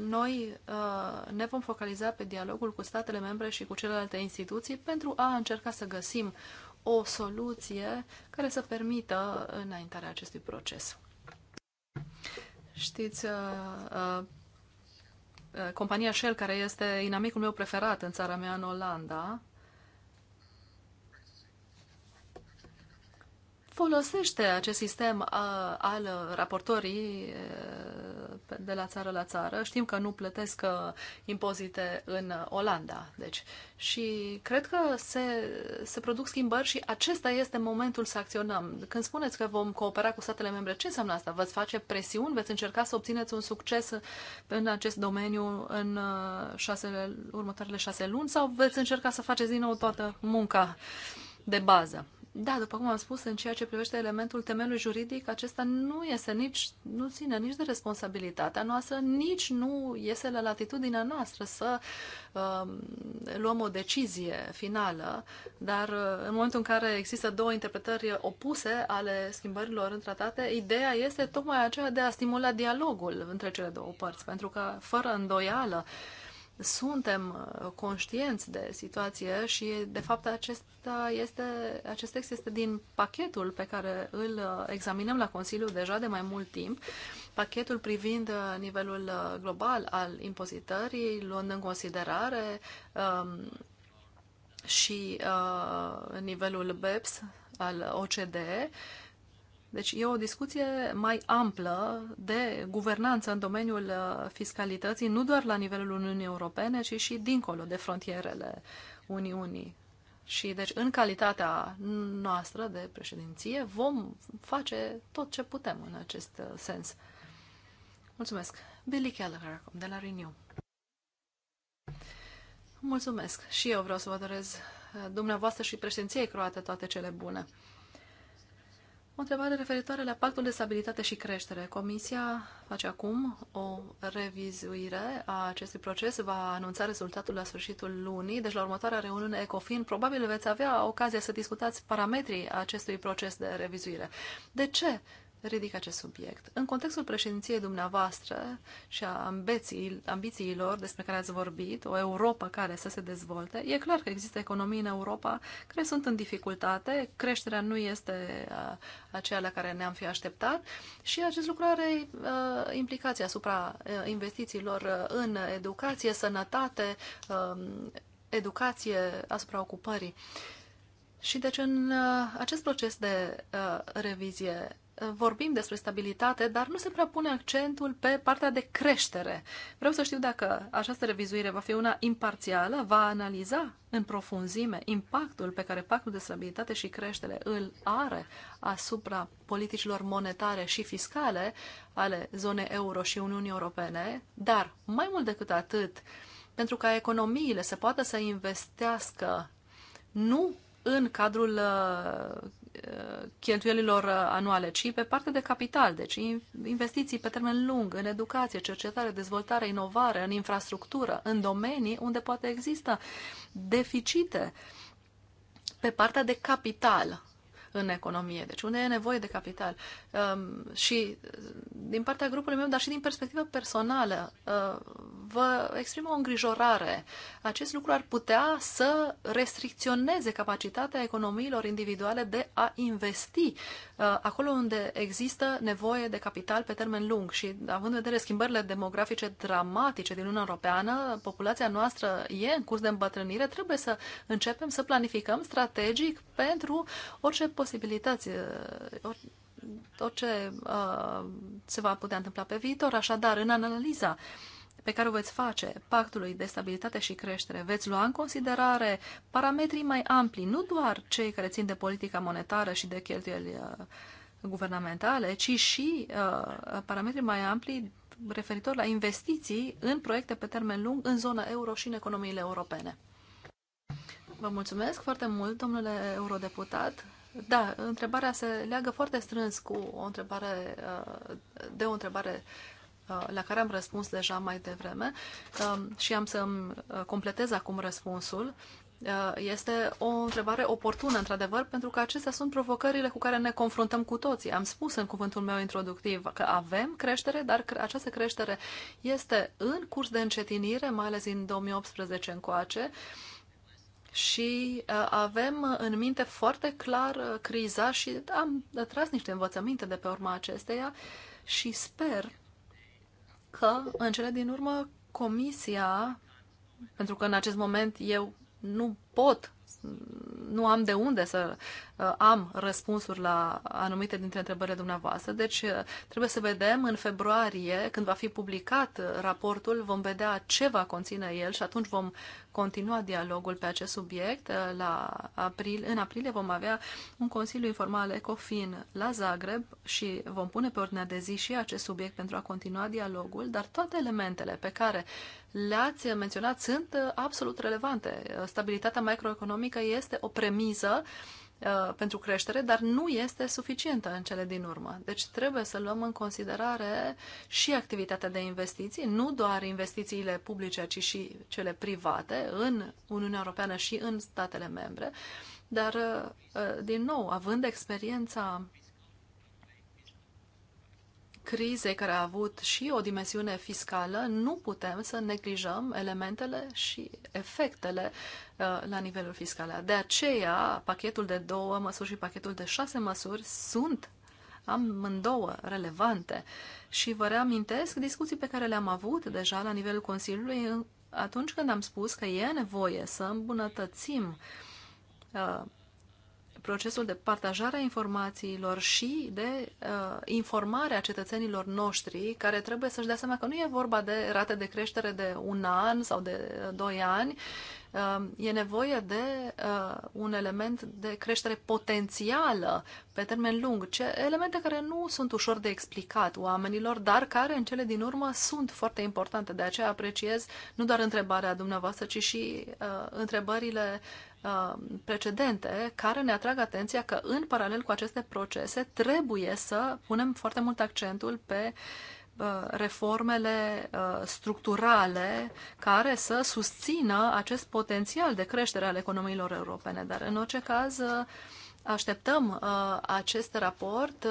noi uh, ne vom focaliza pe dialogul cu statele membre și cu celelalte instituții pentru a încerca să găsim o soluție care să permită înaintarea acestui proces. Știți, uh, uh, compania Shell, care este inamicul meu preferat în țara mea, în Olanda, folosește acest sistem uh, al raportorii uh, de la țară la țară. Știm că nu plătesc uh, impozite în Olanda. Deci, și cred că se, se produc schimbări și acesta este momentul să acționăm. Când spuneți că vom coopera cu statele membre, ce înseamnă asta? Veți face presiuni? Veți încerca să obțineți un succes în acest domeniu în șase, următoarele șase luni? Sau veți încerca să faceți din nou toată munca de bază? Da, după cum am spus, în ceea ce privește elementul temelului juridic, acesta nu iese nici, nu ține nici de responsabilitatea noastră, nici nu iese la latitudinea noastră să uh, luăm o decizie finală, dar uh, în momentul în care există două interpretări opuse ale schimbărilor în tratate, ideea este tocmai aceea de a stimula dialogul între cele două părți, pentru că, fără îndoială, uh, suntem uh, conștienți de situație și, de fapt, acesta este, acest text este din pachetul pe care îl uh, examinăm la Consiliu deja de mai mult timp, pachetul privind uh, nivelul global al impozitării, luând în considerare um, și uh, nivelul BEPS al OCDE, uh, deci e o discuție mai amplă de guvernanță în domeniul uh, fiscalității, nu doar la nivelul Uniunii Europene, ci și dincolo de frontierele Uniunii. Și deci în calitatea noastră de președinție vom face tot ce putem în acest uh, sens. Mulțumesc. Billy Kelleher de la Renew. Mulțumesc. Și eu vreau să vă doresc uh, dumneavoastră și președinției croate toate cele bune. O întrebare referitoare la Pactul de Stabilitate și Creștere. Comisia face acum o revizuire a acestui proces, va anunța rezultatul la sfârșitul lunii, deci la următoarea reuniune ECOFIN probabil veți avea ocazia să discutați parametrii acestui proces de revizuire. De ce ridic acest subiect. În contextul președinției dumneavoastră și a ambiții, ambițiilor despre care ați vorbit, o Europa care să se dezvolte, e clar că există economii în Europa care sunt în dificultate, creșterea nu este uh, aceea la care ne-am fi așteptat și acest lucru are uh, implicații asupra uh, investițiilor în educație, sănătate, um, educație asupra ocupării. Și deci în acest proces de revizie vorbim despre stabilitate, dar nu se prea pune accentul pe partea de creștere. Vreau să știu dacă această revizuire va fi una imparțială, va analiza în profunzime impactul pe care pactul de stabilitate și creștere îl are asupra politicilor monetare și fiscale ale zonei euro și Uniunii Europene, dar mai mult decât atât, pentru ca economiile să poată să investească nu în cadrul uh, Uh, cheltuielilor uh, anuale, ci pe partea de capital, deci investiții pe termen lung în educație, cercetare, dezvoltare, inovare, în infrastructură, în domenii unde poate există deficite pe partea de capital în economie, deci unde e nevoie de capital. Um, și uh, din partea grupului meu, dar și din perspectivă personală, uh, vă exprim o îngrijorare. Acest lucru ar putea să restricționeze capacitatea economiilor individuale de a investi uh, acolo unde există nevoie de capital pe termen lung. Și având în vedere schimbările demografice dramatice din Uniunea Europeană, populația noastră e în curs de îmbătrânire, trebuie să începem să planificăm strategic pentru orice posibilitate posibilități, uh, orice uh, se va putea întâmpla pe viitor. Așadar, în analiza pe care o veți face pactului de stabilitate și creștere, veți lua în considerare parametrii mai ampli, nu doar cei care țin de politica monetară și de cheltuieli uh, guvernamentale, ci și uh, parametrii mai ampli referitor la investiții în proiecte pe termen lung în zona euro și în economiile europene. Vă mulțumesc foarte mult, domnule eurodeputat. Da, întrebarea se leagă foarte strâns cu o întrebare, uh, de o întrebare uh, la care am răspuns deja mai devreme um, și am să-mi uh, completez acum răspunsul. Este o întrebare oportună, într-adevăr, pentru că acestea sunt provocările cu care ne confruntăm cu toții. Am spus în cuvântul meu introductiv că avem creștere, dar această creștere este în curs de încetinire, mai ales în 2018 încoace și uh, avem în minte foarte clar uh, criza și am tras niște învățăminte de pe urma acesteia și sper că în cele din urmă Comisia, pentru că în acest moment eu nu pot, nu am de unde să uh, am răspunsuri la anumite dintre întrebările dumneavoastră, deci trebuie să vedem în februarie, când va fi publicat raportul, vom vedea ce va conține el și atunci vom continua dialogul pe acest subiect. Uh, la april, în aprilie vom avea un consiliu informal ECOFIN la Zagreb și vom pune pe ordinea de zi și acest subiect pentru a continua dialogul, dar toate elementele pe care le-ați menționat sunt uh, absolut relevante. Uh, stabilitatea macroeconomică este o premiză uh, Uh, pentru creștere, dar nu este suficientă în cele din urmă. Deci trebuie să luăm în considerare și activitatea de investiții, nu doar investițiile publice, ci și cele private în Uniunea Europeană și în statele membre. Dar, uh, uh, din nou, având experiența crizei care a avut și o dimensiune fiscală, nu putem să neglijăm elementele și efectele uh, la nivelul fiscal. De aceea, pachetul de două măsuri și pachetul de șase măsuri sunt amândouă relevante. Și vă reamintesc discuții pe care le-am avut deja la nivelul Consiliului atunci când am spus că e nevoie să îmbunătățim uh, procesul de partajare a informațiilor și de uh, informare a cetățenilor noștri, care trebuie să-și dea seama că nu e vorba de rate de creștere de un an sau de uh, doi ani, uh, e nevoie de uh, un element de creștere potențială pe termen lung, ce, elemente care nu sunt ușor de explicat oamenilor, dar care în cele din urmă sunt foarte importante. De aceea apreciez nu doar întrebarea dumneavoastră, ci și uh, întrebările uh, Um, precedente care ne atrag atenția că în paralel cu aceste procese trebuie să punem foarte mult accentul pe uh, reformele uh, structurale care să susțină acest potențial de creștere al economiilor europene. Dar în orice caz uh, așteptăm acest raport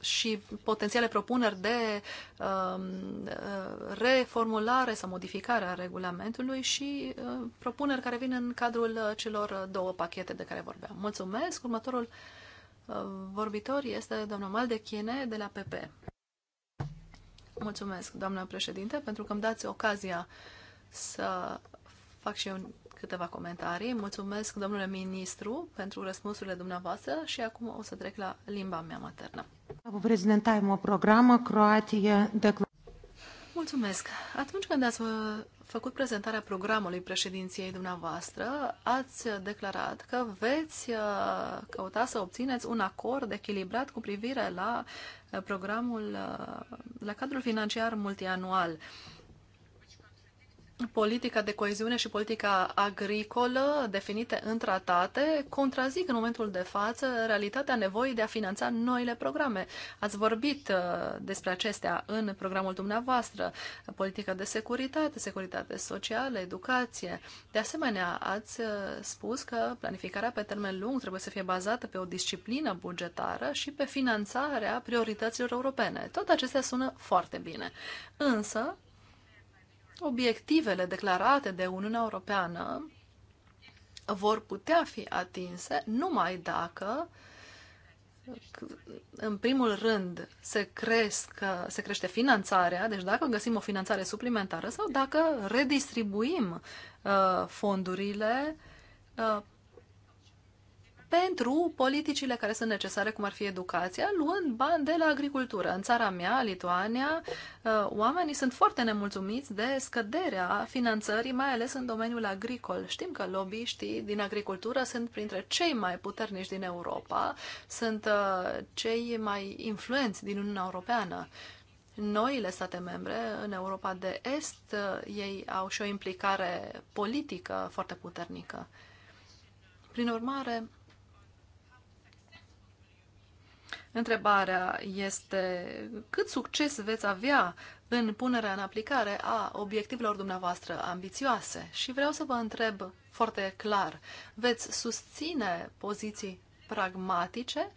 și potențiale propuneri de um, uh, reformulare sau modificare a regulamentului și uh, propuneri care vin în cadrul uh, celor două pachete de care vorbeam. Mulțumesc! Următorul uh, vorbitor este domnul Maldechine de la PP. Mulțumesc, doamna președinte, pentru că îmi dați ocazia să fac și eu câteva comentarii. Mulțumesc, domnule ministru, pentru răspunsurile dumneavoastră și acum o să trec la limba mea maternă. programă Mulțumesc. Atunci când ați făcut prezentarea programului președinției dumneavoastră, ați declarat că veți uh, căuta să obțineți un acord echilibrat cu privire la uh, programul, uh, la cadrul financiar multianual politica de coeziune și politica agricolă definite în tratate contrazic în momentul de față realitatea nevoii de a finanța noile programe. Ați vorbit uh, despre acestea în programul dumneavoastră, politica de securitate, securitate socială, educație. De asemenea, ați uh, spus că planificarea pe termen lung trebuie să fie bazată pe o disciplină bugetară și pe finanțarea priorităților europene. Tot acestea sună foarte bine. Însă, obiectivele declarate de Uniunea Europeană vor putea fi atinse numai dacă în primul rând se, cresc, se crește finanțarea, deci dacă găsim o finanțare suplimentară sau dacă redistribuim uh, fondurile uh, pentru politicile care sunt necesare, cum ar fi educația, luând bani de la agricultură. În țara mea, Lituania, uh, oamenii sunt foarte nemulțumiți de scăderea finanțării, mai ales în domeniul agricol. Știm că lobbyștii din agricultură sunt printre cei mai puternici din Europa, sunt uh, cei mai influenți din Uniunea Europeană noile state membre, în Europa de Est, uh, ei au și o implicare politică foarte puternică. Prin urmare, Întrebarea este cât succes veți avea în punerea în aplicare a obiectivelor dumneavoastră ambițioase. Și vreau să vă întreb foarte clar, veți susține poziții pragmatice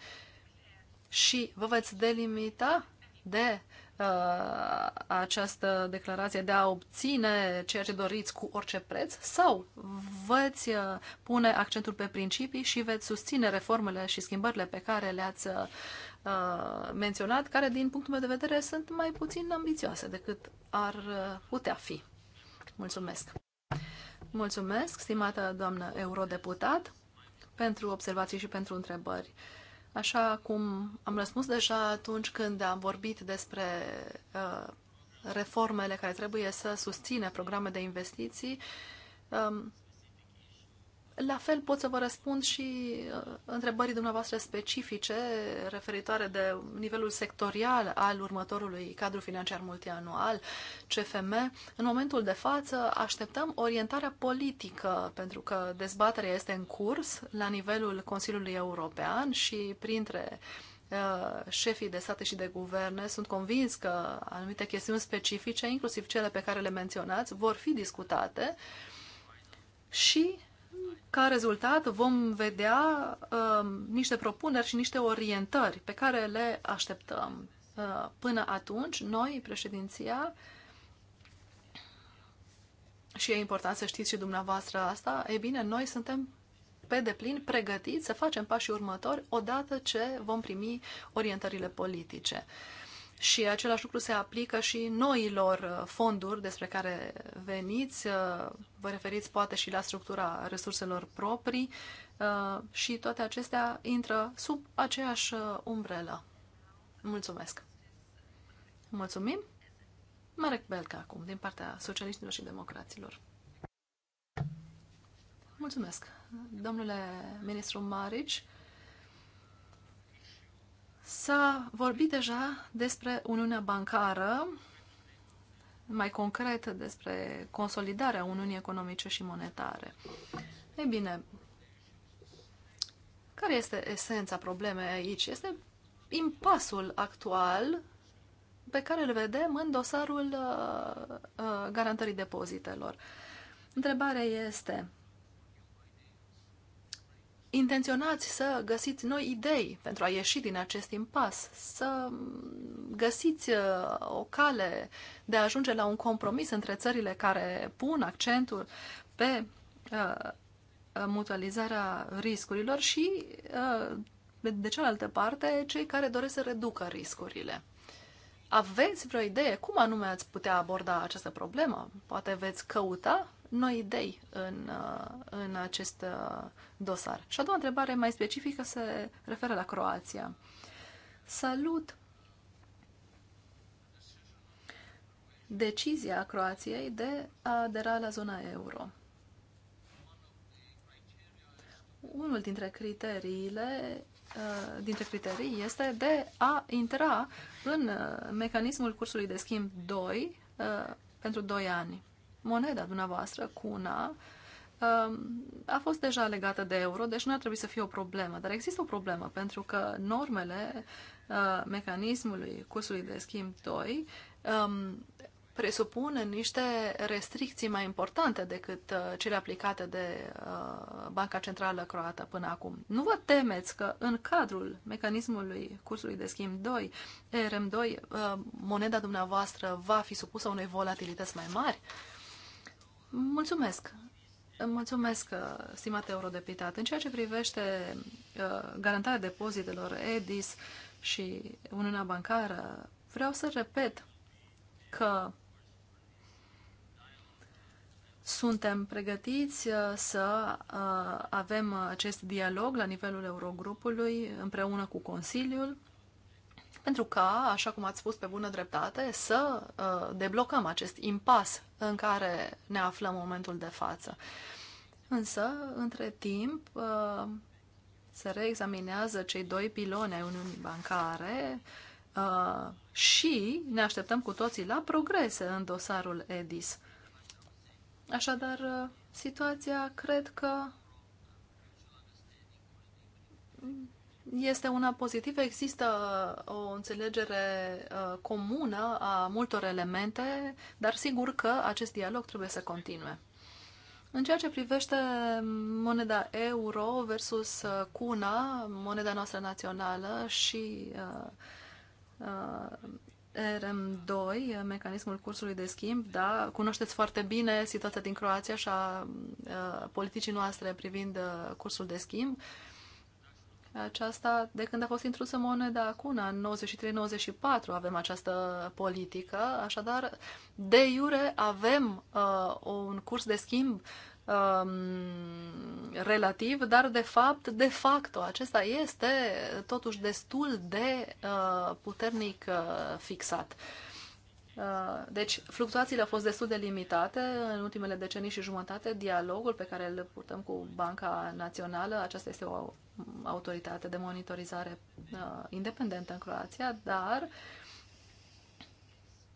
și vă veți delimita de Uh, această declarație de a obține ceea ce doriți cu orice preț sau veți uh, pune accentul pe principii și veți susține reformele și schimbările pe care le-ați uh, menționat, care din punctul meu de vedere sunt mai puțin ambițioase decât ar putea fi. Mulțumesc! Mulțumesc, stimată doamnă eurodeputat, pentru observații și pentru întrebări. Așa cum am răspuns deja atunci când am vorbit despre uh, reformele care trebuie să susține programe de investiții, um, la fel pot să vă răspund și uh, întrebării dumneavoastră specifice referitoare de nivelul sectorial al următorului cadru financiar multianual, CFM. În momentul de față așteptăm orientarea politică, pentru că dezbaterea este în curs la nivelul Consiliului European și printre uh, șefii de state și de guverne, sunt convins că anumite chestiuni specifice, inclusiv cele pe care le menționați, vor fi discutate și ca rezultat vom vedea uh, niște propuneri și niște orientări pe care le așteptăm. Uh, până atunci, noi, președinția, și e important să știți și dumneavoastră asta, e bine, noi suntem pe deplin pregătiți să facem pașii următori odată ce vom primi orientările politice. Uh, și același lucru se aplică și noilor uh, fonduri despre care veniți. Uh, vă referiți poate și la structura resurselor proprii uh, și toate acestea intră sub aceeași umbrelă. Mulțumesc! Mulțumim! Marek Belka acum, din partea socialiștilor și democraților. Mulțumesc! Domnule ministru Marici, S-a vorbit deja despre Uniunea Bancară, mai concret despre consolidarea Uniunii Economice și Monetare. Ei bine, care este esența problemei aici? Este impasul actual pe care îl vedem în dosarul uh, uh, garantării depozitelor. Întrebarea este, intenționați să găsiți noi idei pentru a ieși din acest impas, să găsiți uh, o cale de a ajunge la un compromis între țările care pun accentul pe uh, mutualizarea riscurilor și, uh, de cealaltă parte, cei care doresc să reducă riscurile. Aveți vreo idee cum anume ați putea aborda această problemă? Poate veți căuta noi idei în, uh, în acest uh, dosar. Și a doua întrebare mai specifică se referă la Croația. Salut decizia Croației de a adera la zona euro. Unul dintre criteriile uh, dintre criterii este de a intra în mecanismul cursului de schimb 2 pentru 2 ani moneda dumneavoastră, cuna, um, a fost deja legată de euro, deci nu ar trebui să fie o problemă. Dar există o problemă, pentru că normele uh, mecanismului cursului de schimb 2 um, presupune niște restricții mai importante decât uh, cele aplicate de uh, Banca Centrală Croată până acum. Nu vă temeți că în cadrul mecanismului cursului de schimb 2, RM 2 moneda dumneavoastră va fi supusă unei volatilități mai mari? Mulțumesc! Mulțumesc, uh, stimate eurodeputat. În ceea ce privește uh, garantarea depozitelor EDIS și Uniunea Bancară, vreau să repet că suntem pregătiți uh, să avem acest dialog la nivelul Eurogrupului împreună cu Consiliul pentru ca, așa cum ați spus pe bună dreptate, să uh, deblocăm acest impas în care ne aflăm în momentul de față. Însă, între timp, uh, se reexaminează cei doi piloni ai Uniunii Bancare uh, și ne așteptăm cu toții la progrese în dosarul EDIS. Așadar, situația cred că este una pozitivă. Există uh, o înțelegere uh, comună a multor elemente, dar sigur că acest dialog trebuie să continue. În ceea ce privește moneda euro versus cuna, uh, moneda noastră națională și uh, uh, RM2, mecanismul cursului de schimb, da, cunoașteți foarte bine situația din Croația și a uh, politicii noastre privind cursul de schimb. Uh, aceasta de când a fost intrusă moneda acuna, în 93-94 avem această politică, așadar de iure avem uh, un curs de schimb um, relativ, dar de fapt, de facto, acesta este totuși destul de uh, puternic uh, fixat. Uh, Uh, deci, fluctuațiile au fost destul de limitate în ultimele decenii și jumătate. Dialogul pe care îl purtăm cu Banca Națională, aceasta este o autoritate de monitorizare uh, independentă în Croația, dar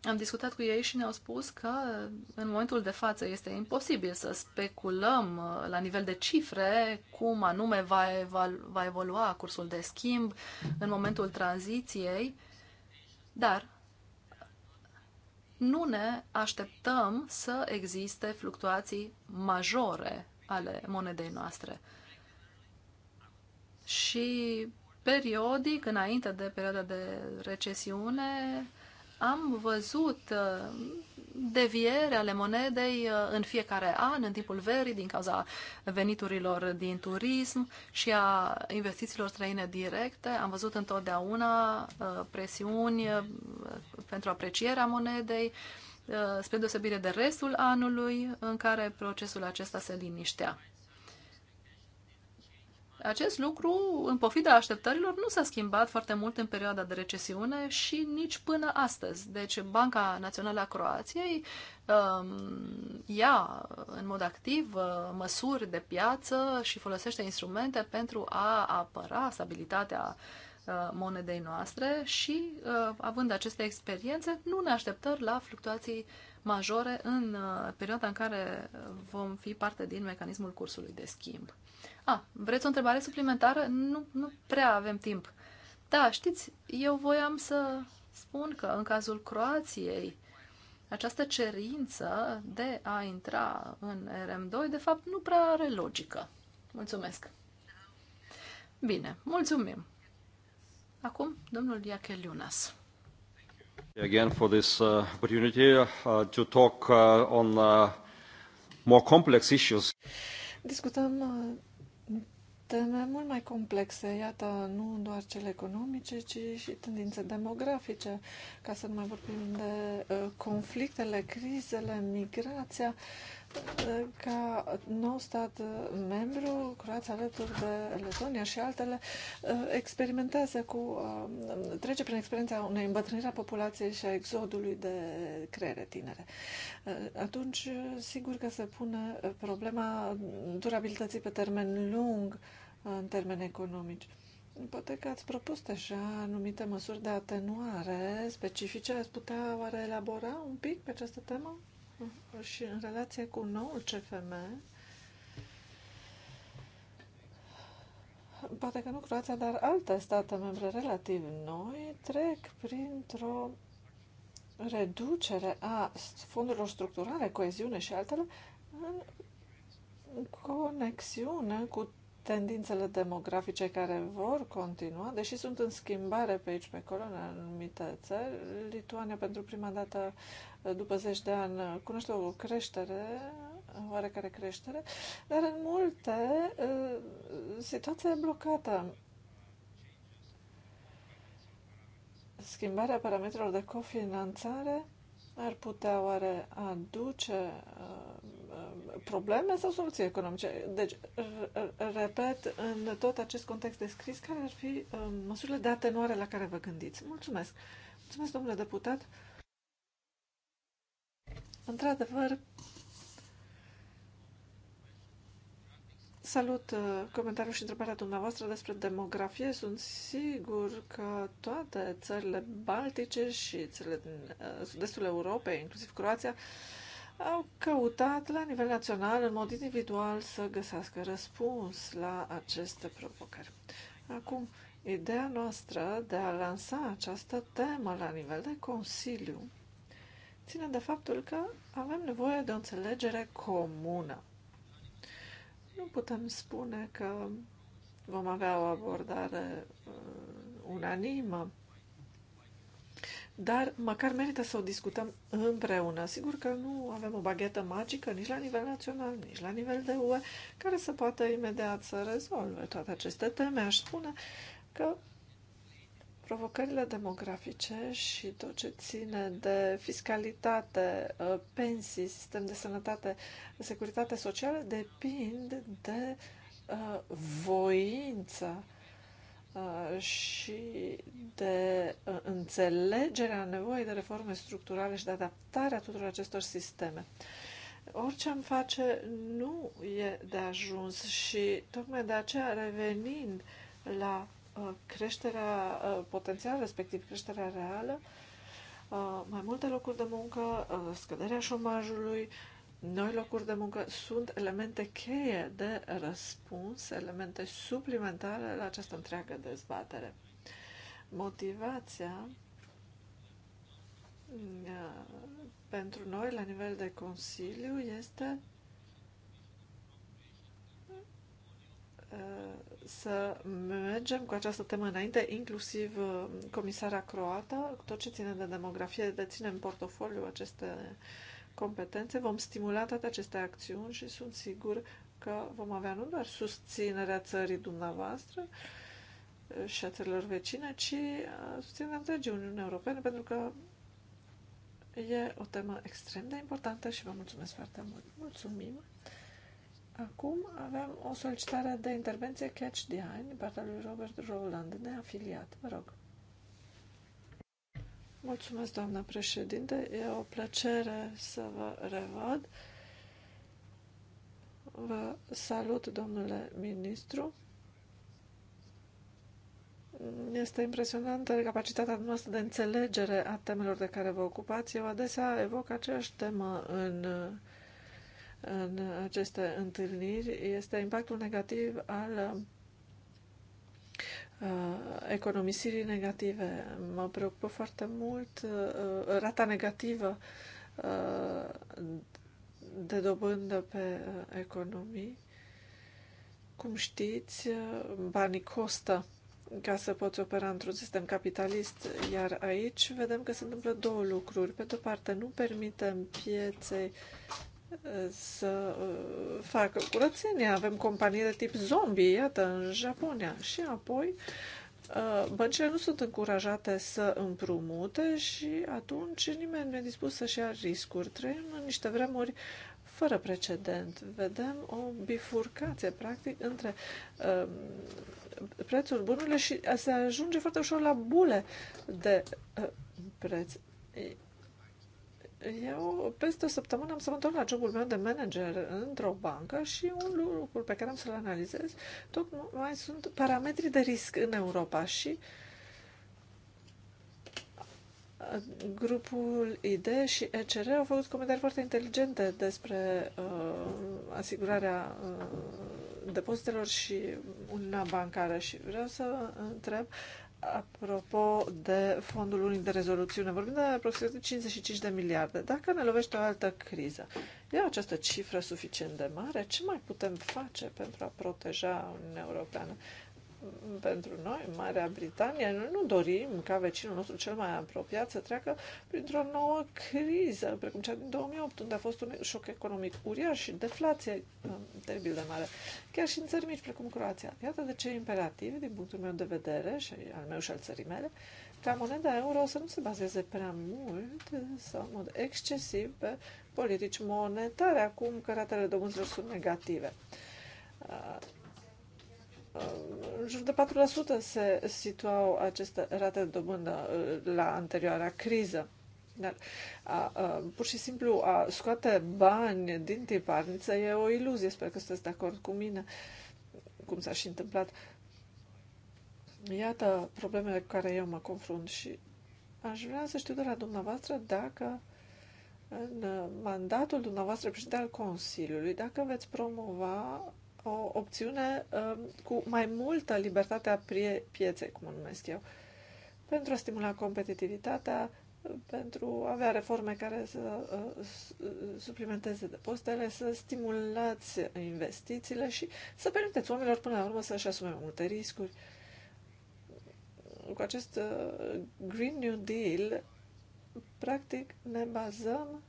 am discutat cu ei și ne-au spus că în momentul de față este imposibil să speculăm uh, la nivel de cifre cum anume va, va evolua cursul de schimb în momentul tranziției, dar nu ne așteptăm să existe fluctuații majore ale monedei noastre. Și periodic, înainte de perioada de recesiune, am văzut uh, deviere ale monedei uh, în fiecare an, în timpul verii, din cauza veniturilor din turism și a investițiilor străine directe. Am văzut întotdeauna uh, presiuni pentru aprecierea monedei, spre deosebire de restul anului în care procesul acesta se liniștea. Acest lucru, în pofida așteptărilor, nu s-a schimbat foarte mult în perioada de recesiune și nici până astăzi. Deci Banca Națională a Croației um, ia în mod activ uh, măsuri de piață și folosește instrumente pentru a apăra stabilitatea uh, monedei noastre și, uh, având aceste experiențe, nu ne așteptăm la fluctuații uh, majore în uh, perioada în care vom fi parte din mecanismul cursului de schimb. A, vreți o întrebare suplimentară? Nu, nu prea avem timp. Da, știți, eu voiam să spun că în cazul Croației, această cerință de a intra în RM2, de fapt, nu prea are logică. Mulțumesc. Bine, mulțumim. Acum, domnul Iacheliunas. Again for this uh, opportunity uh, to talk uh, on uh, more complex issues. Discutăm uh, teme mult mai complexe, iată, nu doar cele economice, ci și tendințe demografice, ca să nu mai vorbim de uh, conflictele, crizele, migrația ca nou stat membru, Croația alături de Letonia și altele, uh, experimentează cu, uh, trece prin experiența unei îmbătrâniri a populației și a exodului de creere tinere. Uh, atunci, sigur că se pune problema durabilității pe termen lung în termeni economici. Poate că ați propus deja anumite măsuri de atenuare specifice. Ați putea oare elabora un pic pe această temă? și în relație cu noul CFM, poate că nu Croația, dar alte state membre relativ noi trec printr-o reducere a fondurilor structurale, coeziune și altele în conexiune cu tendințele demografice care vor continua, deși sunt în schimbare pe aici, pe acolo, în anumite țări. Lituania, pentru prima dată după zeci de ani, cunoaște o creștere, oarecare creștere, dar în multe uh, situația e blocată. Schimbarea parametrilor de cofinanțare ar putea oare aduce uh, probleme sau soluții economice. Deci, repet, în tot acest context descris, care ar fi um, măsurile de atenuare la care vă gândiți? Mulțumesc! Mulțumesc, domnule deputat! Într-adevăr, Salut uh, comentariul și întrebarea dumneavoastră despre demografie. Sunt sigur că toate țările baltice și țările din uh, sud-estul Europei, inclusiv Croația, au căutat la nivel național, în mod individual, să găsească răspuns la aceste provocări. Acum, ideea noastră de a lansa această temă la nivel de Consiliu ține de faptul că avem nevoie de o înțelegere comună. Nu putem spune că vom avea o abordare uh, unanimă dar măcar merită să o discutăm împreună. Sigur că nu avem o baghetă magică nici la nivel național, nici la nivel de UE, care să poată imediat să rezolve toate aceste teme. Aș spune că provocările demografice și tot ce ține de fiscalitate, uh, pensii, sistem de sănătate, securitate socială depind de uh, voința Uh, și de uh, înțelegerea nevoii de reforme structurale și de adaptarea tuturor acestor sisteme. Orice am face nu e de ajuns și tocmai de aceea revenind la uh, creșterea potențială, respectiv creșterea reală, mai multe locuri de muncă, scăderea șomajului, noi locuri de muncă sunt elemente cheie de răspuns, elemente suplimentare la această întreagă dezbatere. Motivația uh, pentru noi, la nivel de Consiliu, este uh, să mergem cu această temă înainte, inclusiv uh, comisara croată, tot ce ține de demografie, deține în portofoliu aceste uh, competențe, vom stimula toate aceste acțiuni și sunt sigur că vom avea nu doar susținerea țării dumneavoastră și a țărilor vecine, ci susținerea întregii Uniunii Europene, pentru că e o temă extrem de importantă și vă mulțumesc foarte mult. Mulțumim! Acum avem o solicitare de intervenție catch the eye din partea lui Robert Rowland, neafiliat. Vă rog. Mulțumesc, doamnă președinte. E o plăcere să vă revăd. Vă salut, domnule ministru. Este impresionantă capacitatea noastră de înțelegere a temelor de care vă ocupați. Eu adesea evoc aceeași temă în, în aceste întâlniri. Este impactul negativ al Uh, economisirii negative. Mă preocupă foarte mult uh, uh, rata negativă de dobândă pe economii. Cum știți, banii costă ca să poți opera într-un sistem capitalist, iar aici vedem că se întâmplă două lucruri. Pe de-o parte, nu permitem pieței să uh, facă curățenie. Avem companii de tip zombie, iată, în Japonia. Și apoi uh, băncile nu sunt încurajate să împrumute și atunci nimeni nu e dispus să-și ia riscuri. Trăim în niște vremuri fără precedent. Vedem o bifurcație, practic, între uh, prețul bunurilor și se ajunge foarte ușor la bule de preț eu peste o săptămână am să mă întorc la jobul meu de manager într-o bancă și un lucru pe care am să-l analizez tocmai sunt parametrii de risc în Europa și uh, grupul ID și ECR au făcut comentarii foarte inteligente despre uh, asigurarea uh, depozitelor și una bancară și vreau să întreb uh, Apropo de fondul unic de rezoluțiune, vorbim de aproximativ 55 de miliarde. Dacă ne lovește o altă criză, e această cifră suficient de mare? Ce mai putem face pentru a proteja Uniunea Europeană? pentru noi, Marea Britanie, noi nu dorim ca vecinul nostru cel mai apropiat să treacă printr-o nouă criză, precum cea din 2008, unde a fost un șoc economic uriaș și deflație teribil de mare, chiar și în țări mici precum Croația. Iată de ce e imperativ, din punctul meu de vedere și al meu și al țării mele, ca moneda euro să nu se bazeze prea mult sau în mod excesiv pe politici monetare, acum că ratele dobânzilor sunt negative în jur de 4% se situau aceste rate de dobândă uh, la anterioara criză. Dar a, a, pur și simplu a scoate bani din tiparniță e o iluzie. Sper că sunteți de acord cu mine, cum s-a și întâmplat. Iată problemele cu care eu mă confrunt și aș vrea să știu de la dumneavoastră dacă în uh, mandatul dumneavoastră președinte al Consiliului, dacă veți promova o opțiune um, cu mai multă libertate a pieței, cum o numesc eu, pentru a stimula competitivitatea, um, pentru a avea reforme care să uh, uh, suplimenteze depozitele, să stimulați investițiile și să permiteți oamenilor până la urmă să-și asume mai multe riscuri. Cu acest uh, Green New Deal, practic, ne bazăm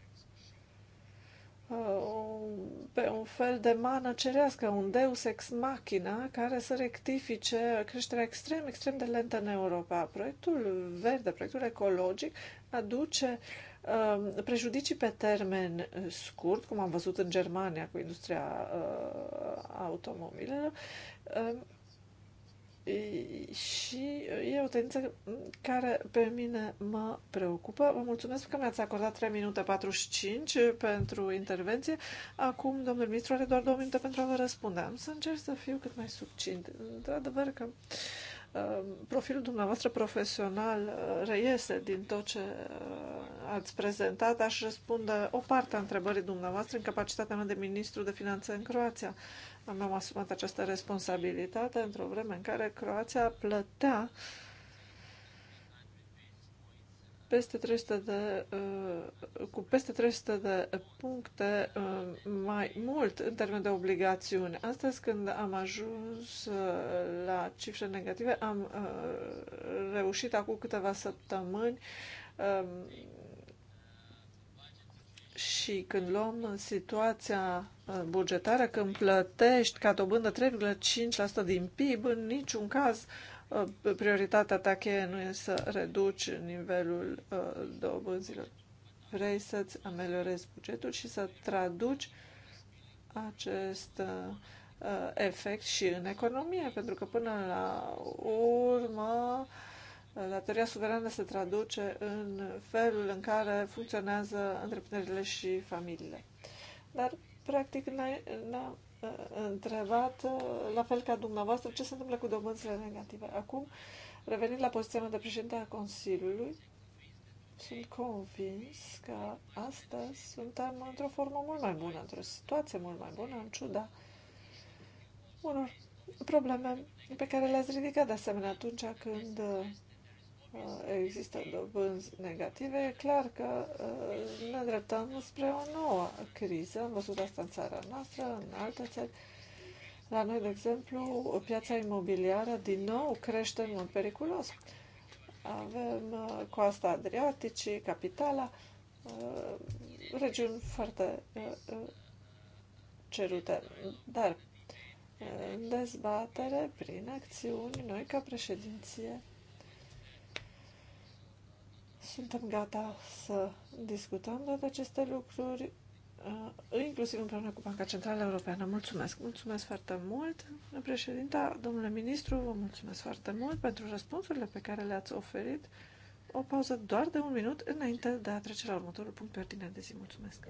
Uh, pe un fel de mană cerească, un deus ex machina care să rectifice creșterea extrem, extrem de lentă în Europa. Proiectul verde, proiectul ecologic, aduce uh, prejudicii pe termen scurt, cum am văzut în Germania cu industria uh, automobilelor, uh, și e o tendință care pe mine mă preocupă. Vă mulțumesc că mi-ați acordat 3 minute 45 pentru intervenție. Acum, domnul ministru, are doar 2 minute pentru a vă răspunde. Am să încerc să fiu cât mai succint. Într-adevăr că uh, profilul dumneavoastră profesional uh, reiese din tot ce uh, ați prezentat. Aș răspunde o parte a întrebării dumneavoastră în capacitatea mea de ministru de finanțe în Croația mi-am asumat această responsabilitate într-o vreme în care Croația plătea peste 300 de, uh, cu peste 300 de puncte uh, mai mult în termen de obligațiuni. Astăzi, când am ajuns uh, la cifre negative, am reușit acum câteva săptămâni um, și când luăm situația bugetară, când plătești ca dobândă 3,5% din PIB, în niciun caz uh, prioritatea ta cheie nu e să reduci nivelul uh, dobânzilor. Vrei să-ți ameliorezi bugetul și să traduci acest uh, efect și în economie, pentru că până la urmă datoria suverană se traduce în felul în care funcționează întreprinderile și familiile. Dar Practic, n a uh, întrebat, uh, la fel ca dumneavoastră, ce se întâmplă cu dobânzile negative. Acum, revenind la poziția mea de președinte a Consiliului, sunt convins că astăzi suntem într-o formă mult mai bună, într-o situație mult mai bună, în ciuda unor probleme pe care le-ați ridicat de asemenea atunci când uh, există dobânzi negative, e clar că ne îndreptăm spre o nouă criză. Am văzut asta în țara noastră, în alte țări. La noi, de exemplu, piața imobiliară din nou crește în mod periculos. Avem coasta Adriaticii, capitala, regiuni foarte cerute. Dar în dezbatere, prin acțiuni, noi ca președinție suntem gata să discutăm de aceste lucruri, uh, inclusiv împreună cu Banca Centrală Europeană. Mulțumesc! Mulțumesc foarte mult, președinte, domnule ministru, vă mulțumesc foarte mult pentru răspunsurile pe care le-ați oferit. O pauză doar de un minut înainte de a trece la următorul punct pe ordine de zi. Mulțumesc!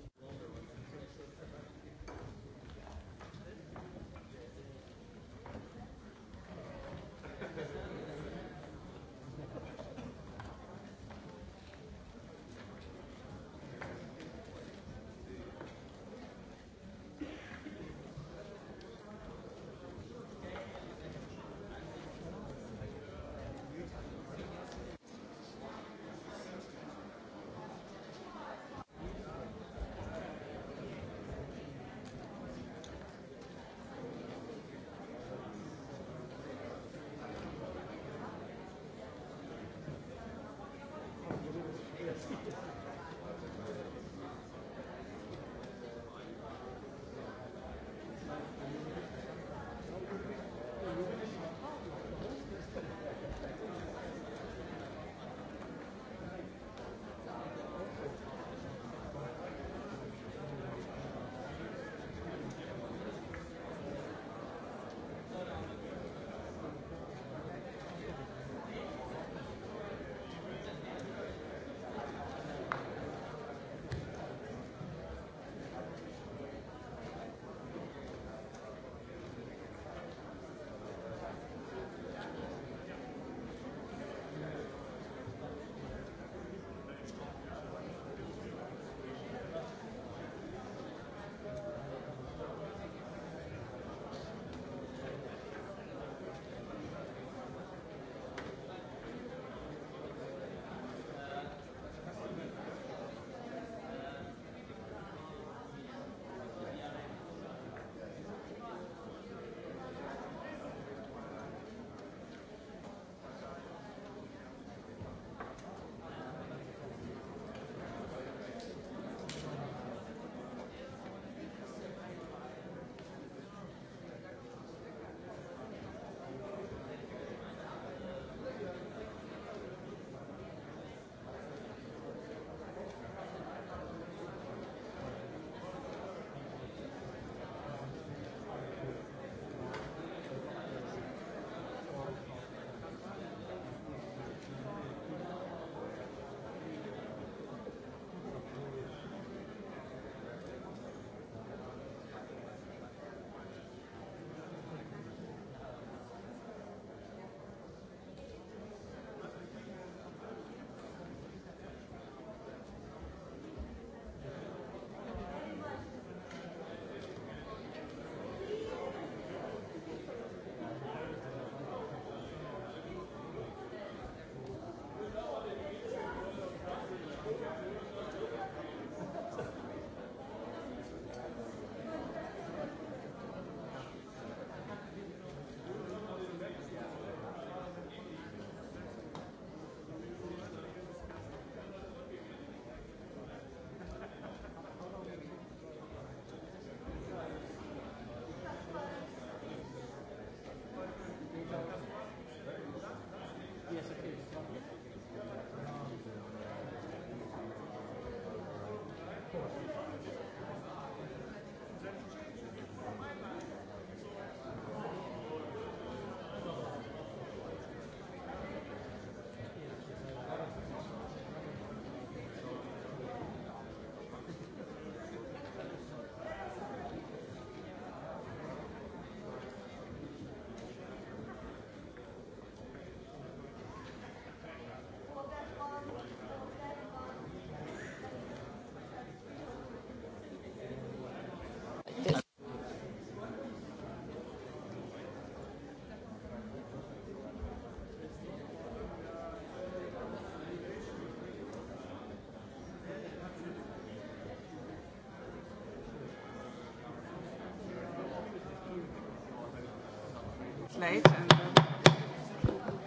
late. And, um,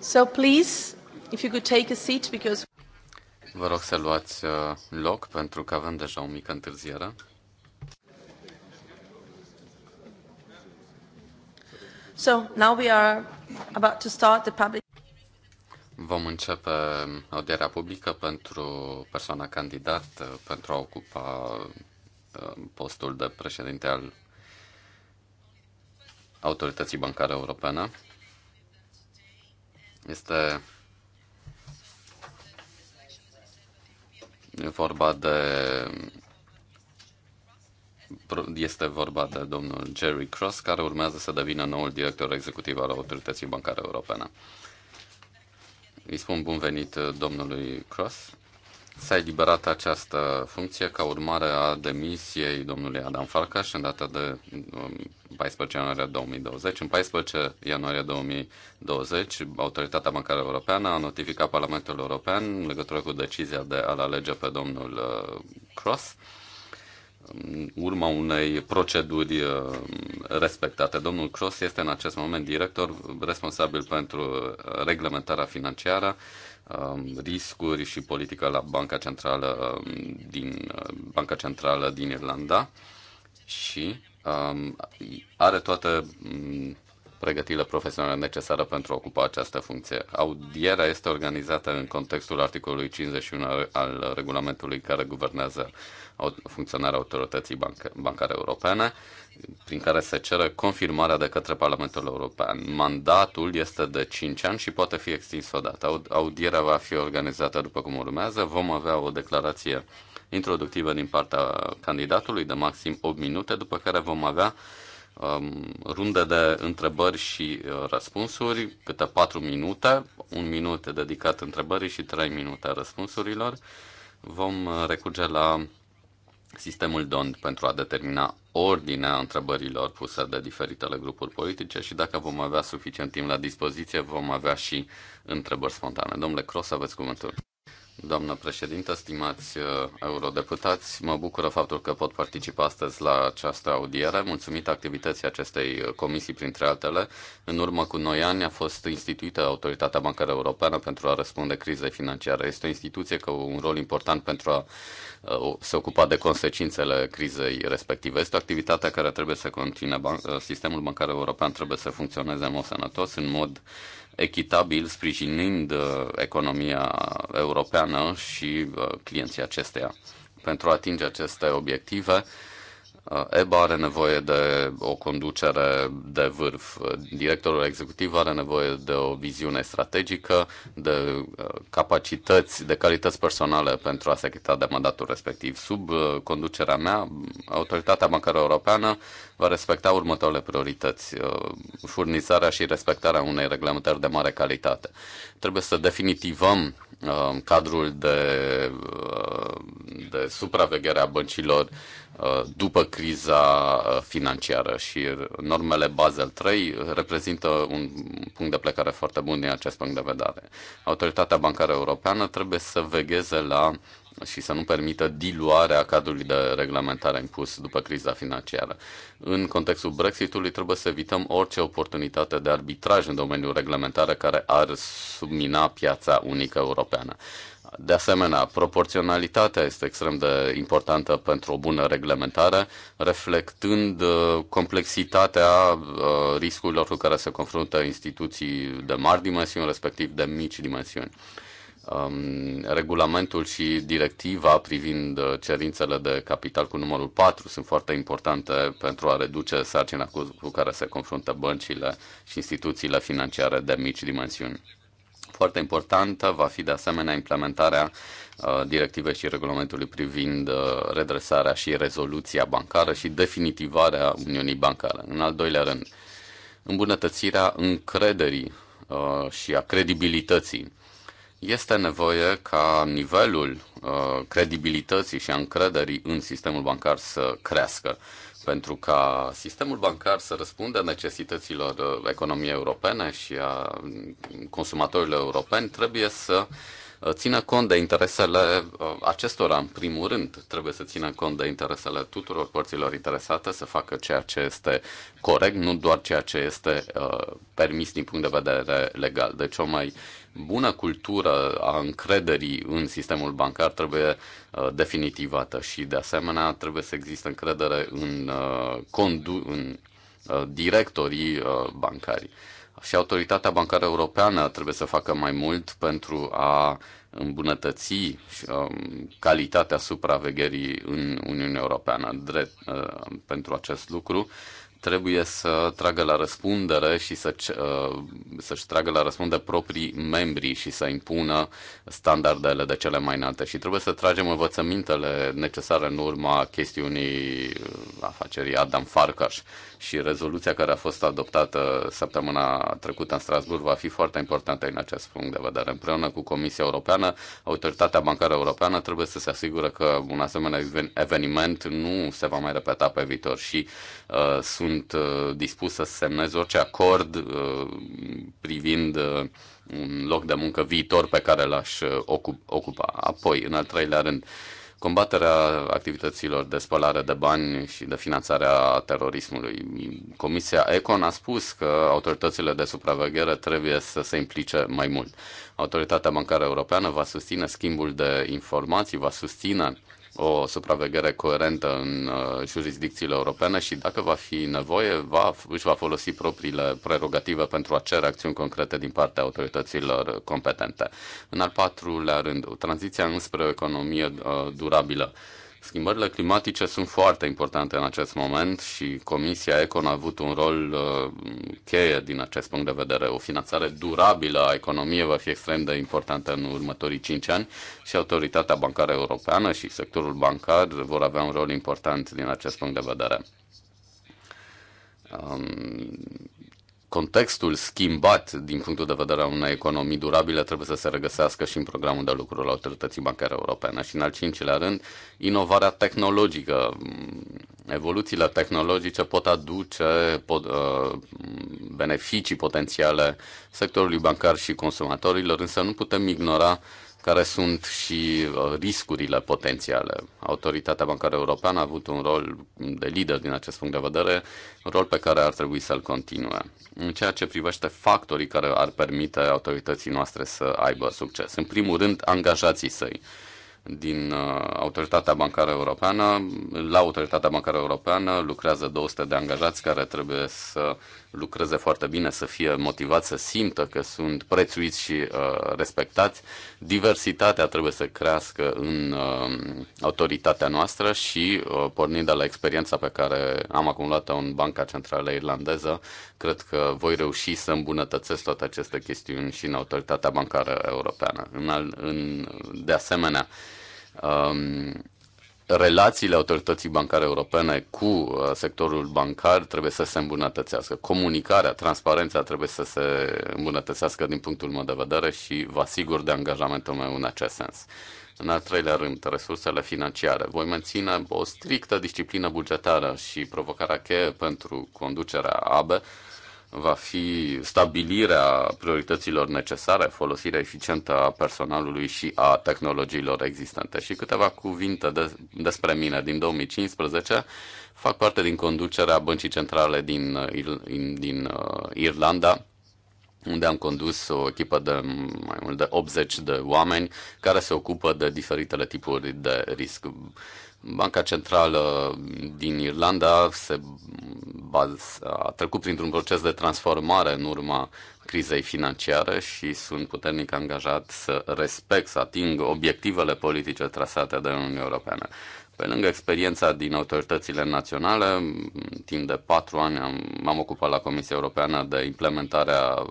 So please, if you could take a seat because Vă rog să luați uh, loc pentru că avem deja o mică întârziere. So, now we are about to start the public Vom începe um, audierea publică pentru persoana candidată uh, pentru a ocupa uh, postul de președinte al autorității bancare europene. Este vorba de este vorba de domnul Jerry Cross, care urmează să devină noul director executiv al Autorității Bancare Europene. Îi spun bun venit domnului Cross. S-a eliberat această funcție ca urmare a demisiei domnului Adam Farkas, în data de um, 14 ianuarie 2020. În 14 ianuarie 2020, Autoritatea Bancară Europeană a notificat Parlamentul European în legătură cu decizia de a-l alege pe domnul uh, Cross urma unei proceduri uh, respectate. Domnul Cross este în acest moment director responsabil pentru uh, reglementarea financiară, um, riscuri și politică la Banca Centrală um, din, Banca Centrală din Irlanda și um, are toată um, mm, pregătirea profesională necesară pentru a ocupa această funcție. Audierea este organizată în contextul articolului 51 al regulamentului care guvernează funcționarea autorității banc- bancare europene, prin care se cere confirmarea de către Parlamentul European. Mandatul este de 5 ani și poate fi extins odată. Audierea va fi organizată după cum urmează. Vom avea o declarație introductivă din partea candidatului de maxim 8 minute, după care vom avea um, runde de întrebări și uh, răspunsuri, câte 4 minute, un minut dedicat întrebării și 3 minute răspunsurilor. Vom uh, recurge la sistemul DOND pentru a determina ordinea întrebărilor puse de diferitele grupuri politice și dacă vom avea suficient timp la dispoziție, vom avea și întrebări spontane. Domnule Cross, aveți cuvântul. Doamnă președintă, stimați uh, eurodeputați, mă bucură faptul că pot participa astăzi la această audiere, mulțumită activității acestei comisii, printre altele. În urmă cu noi ani a fost instituită Autoritatea Bancară Europeană pentru a răspunde crizei financiare. Este o instituție cu un rol important pentru a uh, se ocupa de consecințele crizei respective. Este o activitate care trebuie să continue. Uh, sistemul bancar european trebuie să funcționeze în mod sănătos, în mod echitabil, sprijinind uh, economia europeană și uh, clienții acesteia. Pentru a atinge aceste obiective, Uh, EBA are nevoie de o conducere de vârf, uh, directorul executiv are nevoie de o viziune strategică, de uh, capacități, de calități personale pentru a se achita de mandatul respectiv. Sub conducerea mea, Autoritatea Bancară Europeană va respecta următoarele priorități, furnizarea și respectarea unei reglementări de mare calitate. Trebuie să definitivăm cadrul de, de supraveghere a băncilor Uh, după criza uh, financiară și normele Basel III reprezintă un punct de plecare foarte bun din acest punct de vedere. Autoritatea Bancară Europeană trebuie să vegheze la și să nu permită diluarea cadrului de reglementare impus după criza financiară. În contextul Brexitului trebuie să evităm orice oportunitate de arbitraj în domeniul reglementare care ar submina piața unică europeană. De asemenea, proporționalitatea este extrem de importantă pentru o bună reglementare, reflectând uh, complexitatea uh, riscurilor cu care se confruntă instituții de mari dimensiuni, respectiv de mici dimensiuni. Um, regulamentul și directiva privind uh, cerințele de capital cu numărul 4 sunt foarte importante pentru a reduce sarcina cu, care se confruntă băncile și instituțiile financiare de mici dimensiuni. Foarte importantă va fi de asemenea implementarea uh, directivei și regulamentului privind uh, redresarea și rezoluția bancară și definitivarea Uniunii Bancare. În al doilea rând, îmbunătățirea încrederii uh, și a credibilității este nevoie ca nivelul credibilității și a încrederii în sistemul bancar să crească pentru ca sistemul bancar să răspundă necesităților uh, economiei europene și a mm, consumatorilor europeni, trebuie să uh, țină cont de interesele uh, acestora, în primul rând. Trebuie să țină cont de interesele tuturor părților interesate, să facă ceea ce este corect, nu doar ceea ce este uh, permis din punct de vedere legal. Deci o mai uh, bună cultură a încrederii în sistemul bancar trebuie uh, definitivată și, de asemenea, trebuie să existe încredere în, uh, condu- în uh, directorii bancari. Și autoritatea bancară europeană trebuie să facă mai mult pentru a îmbunătăți um, calitatea supravegherii în Uniunea Europeană drept, uh, pentru acest lucru trebuie să tragă la răspundere și să, uh, să-și tragă la răspundere proprii membri și să impună standardele de cele mai înalte. Și trebuie să tragem învățămintele necesare în urma chestiunii uh, afacerii Adam Farcaș. Și rezoluția care a fost adoptată săptămâna trecută în Strasburg va fi foarte importantă în acest punct de vedere. Împreună cu Comisia Europeană, Autoritatea Bancară Europeană trebuie să se asigură că un asemenea eveniment nu se va mai repeta pe viitor și uh, sunt sunt uh, dispus să semnez orice acord uh, privind uh, un loc de muncă viitor pe care l-aș ocupa. Apoi, în al treilea rând, combaterea activităților de spălare de bani și de finanțarea terorismului. Comisia Econ a spus că autoritățile de supraveghere trebuie să se implice mai mult. Autoritatea Bancară Europeană va susține schimbul de informații, va susține o supraveghere coerentă în uh, jurisdicțiile europene și dacă va fi nevoie, va, își va folosi propriile prerogative pentru a cere acțiuni concrete din partea autorităților competente. În al patrulea rând, tranziția înspre o economie uh, durabilă Schimbările climatice sunt foarte importante în acest moment și Comisia Econ a avut un rol uh, cheie din acest punct de vedere. O finanțare durabilă a economiei va fi extrem de importantă în următorii 5 ani și Autoritatea Bancară Europeană și sectorul bancar vor avea un rol important din acest punct de vedere. Um, contextul schimbat din punctul de vedere al unei economii durabile trebuie să se regăsească și în programul de lucru la Autorității Bancare Europene. Și în al cincilea rând, inovarea tehnologică. Evoluțiile tehnologice pot aduce pot, uh, beneficii potențiale sectorului bancar și consumatorilor, însă nu putem ignora care sunt și uh, riscurile potențiale. Autoritatea Bancară Europeană a avut un rol de lider din acest punct de vedere, un rol pe care ar trebui să-l continue. În ceea ce privește factorii care ar permite autorității noastre să aibă succes. În primul rând, angajații săi din uh, Autoritatea Bancară Europeană. La Autoritatea Bancară Europeană lucrează 200 de angajați care trebuie să lucreze foarte bine, să fie motivați, să simtă că sunt prețuiți și uh, respectați. Diversitatea trebuie să crească în uh, autoritatea noastră și, uh, pornind de la experiența pe care am acumulat-o în Banca Centrală Irlandeză, cred că voi reuși să îmbunătățesc toate aceste chestiuni și în autoritatea bancară europeană. În, al, în, de asemenea, uh, relațiile autorității bancare europene cu uh, sectorul bancar trebuie să se îmbunătățească. Comunicarea, transparența trebuie să se îmbunătățească din punctul meu de vedere și vă asigur de angajamentul meu în acest sens. În al treilea rând, resursele financiare. Voi menține o strictă disciplină bugetară și provocarea cheie pentru conducerea ABE va fi stabilirea priorităților necesare, folosirea eficientă a personalului și a tehnologiilor existente. Și câteva cuvinte de, despre mine. Din 2015 fac parte din conducerea Băncii Centrale din, din uh, Irlanda, unde am condus o echipă de mai mult de 80 de oameni care se ocupă de diferitele tipuri de risc. Banca Centrală din Irlanda se a trecut printr-un proces de transformare în urma crizei financiare și sunt puternic angajat să respect, să ating obiectivele politice trasate de Uniunea Europeană. Pe lângă experiența din autoritățile naționale, timp de patru ani m-am ocupat la Comisia Europeană de implementarea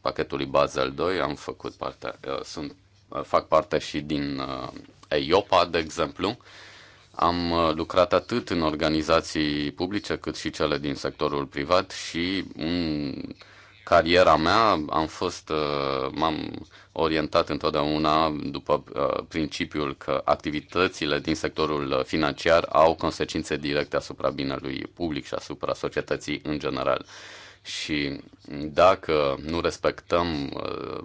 pachetului Basel II, am făcut parte, uh, sunt, uh, fac parte și din uh, EIOPA, de exemplu, am uh, lucrat atât în organizații publice cât și cele din sectorul privat și în cariera mea am fost, uh, m-am orientat întotdeauna după uh, principiul că activitățile din sectorul financiar au consecințe directe asupra binelui public și asupra societății în general și dacă nu respectăm uh,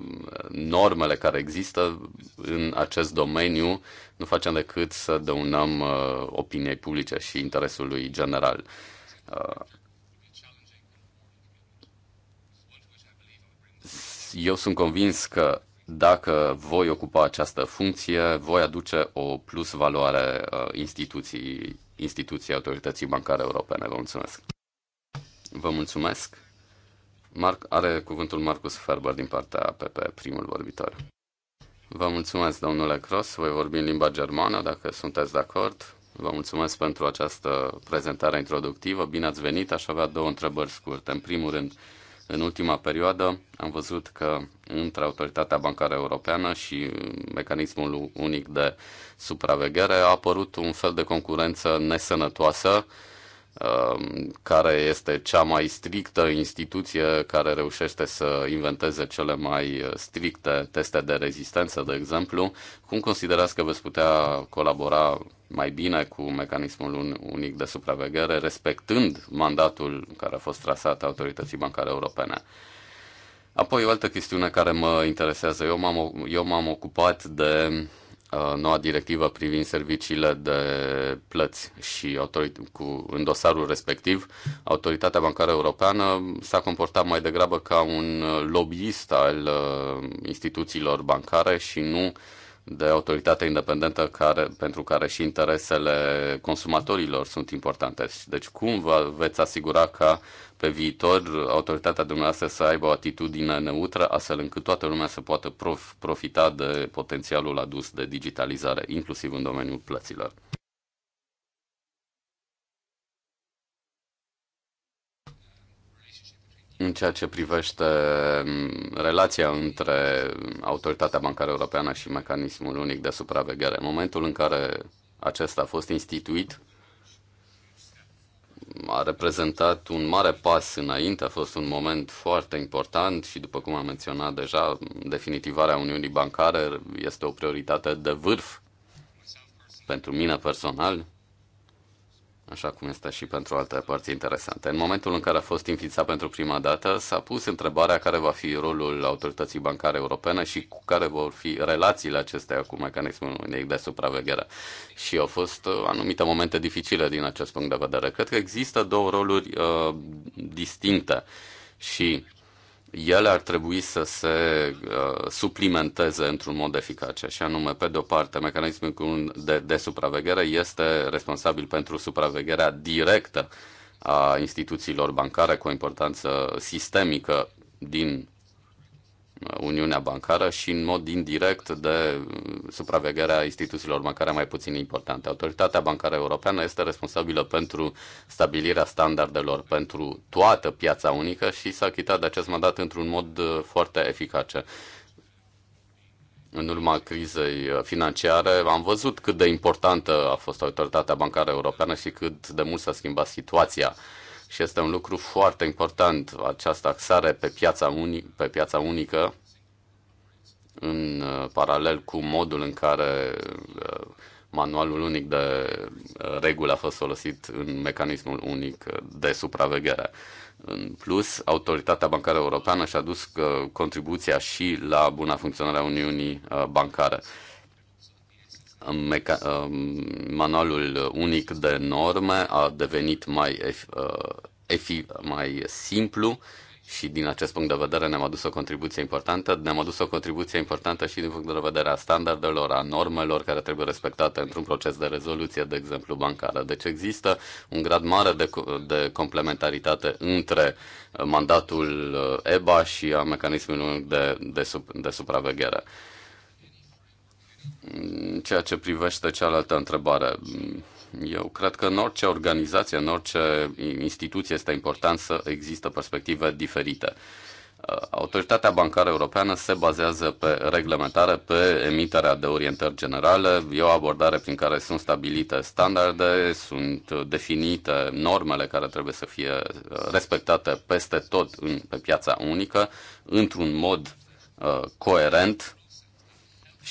normele care există în acest domeniu, nu facem decât să dăunăm uh, opiniei publice și interesului general. Uh, eu sunt convins că dacă voi ocupa această funcție, voi aduce o plus valoare instituției, instituției autorității bancare europene. Vă mulțumesc! Vă mulțumesc! Marc, are cuvântul Marcus Ferber din partea PP, primul vorbitor. Vă mulțumesc, domnule Cross, voi vorbi în limba germană, dacă sunteți de acord. Vă mulțumesc pentru această prezentare introductivă. Bine ați venit, aș avea două întrebări scurte. În primul rând, în ultima perioadă am văzut că între Autoritatea Bancară Europeană și Mecanismul Unic de Supraveghere a apărut un fel de concurență nesănătoasă Um, care este cea mai strictă instituție care reușește să inventeze cele mai uh, stricte teste de rezistență, de exemplu. Cum considerați că veți putea colabora mai bine cu mecanismul unic de supraveghere, respectând mandatul care a fost trasat autorității bancare europene? Apoi o altă chestiune care mă interesează. Eu m-am, eu m-am ocupat de Uh, noua directivă privind serviciile de plăți și cu, în dosarul respectiv, Autoritatea Bancară Europeană s-a comportat mai degrabă ca un uh, lobbyist al uh, instituțiilor bancare și nu de autoritate independentă care, pentru care și interesele consumatorilor sunt importante. Deci cum vă veți asigura ca pe viitor autoritatea dumneavoastră să aibă o atitudine neutră astfel încât toată lumea să poată prof- profita de potențialul adus de digitalizare, inclusiv în domeniul plăților? în ceea ce privește mm, relația între Autoritatea Bancară Europeană și Mecanismul Unic de Supraveghere. În momentul în care acesta a fost instituit, a reprezentat un mare pas înainte, a fost un moment foarte important și, după cum am menționat deja, definitivarea Uniunii Bancare este o prioritate de vârf pentru mine personal așa cum este și pentru alte părți interesante. În momentul în care a fost înființat pentru prima dată, s-a pus întrebarea care va fi rolul autorității bancare europene și cu care vor fi relațiile acestea cu mecanismul unic de supraveghere. Și au fost uh, anumite momente dificile din acest punct de vedere. Cred că există două roluri uh, distincte și ele ar trebui să se uh, suplimenteze într-un mod eficace, și anume, pe de o parte, mecanismul de, de supraveghere este responsabil pentru supravegherea directă a instituțiilor bancare cu o importanță sistemică din Uniunea Bancară și în mod indirect de supravegherea instituțiilor bancare mai puțin importante. Autoritatea Bancară Europeană este responsabilă pentru stabilirea standardelor pentru toată piața unică și s-a achitat de acest mandat într-un mod foarte eficace în urma crizei financiare, am văzut cât de importantă a fost autoritatea bancară europeană și cât de mult s-a schimbat situația și este un lucru foarte important această axare pe piața, uni- pe piața unică în uh, paralel cu modul în care uh, manualul unic de uh, reguli a fost folosit în mecanismul unic de supraveghere. În plus, Autoritatea Bancară Europeană și-a dus contribuția și la buna funcționare a Uniunii Bancare meca- manualul unic de norme a devenit mai, uh, efi- mai simplu și din acest punct de vedere ne-am adus o contribuție importantă. Ne-am adus o contribuție importantă și din punct de vedere a standardelor, a normelor care trebuie respectate într-un proces de rezoluție, de exemplu, bancară. Deci există un grad mare de, de complementaritate între uh, mandatul uh, EBA și a mecanismului de, de, sub, de supraveghere. În ceea ce privește cealaltă întrebare, eu cred că în orice organizație, în orice instituție este important să există perspective diferite. Uh, Autoritatea Bancară Europeană se bazează pe reglementare, pe emiterea de orientări generale. E o abordare prin care sunt stabilite standarde, sunt definite normele care trebuie să fie uh, respectate peste tot în, pe piața unică, într-un mod uh, coerent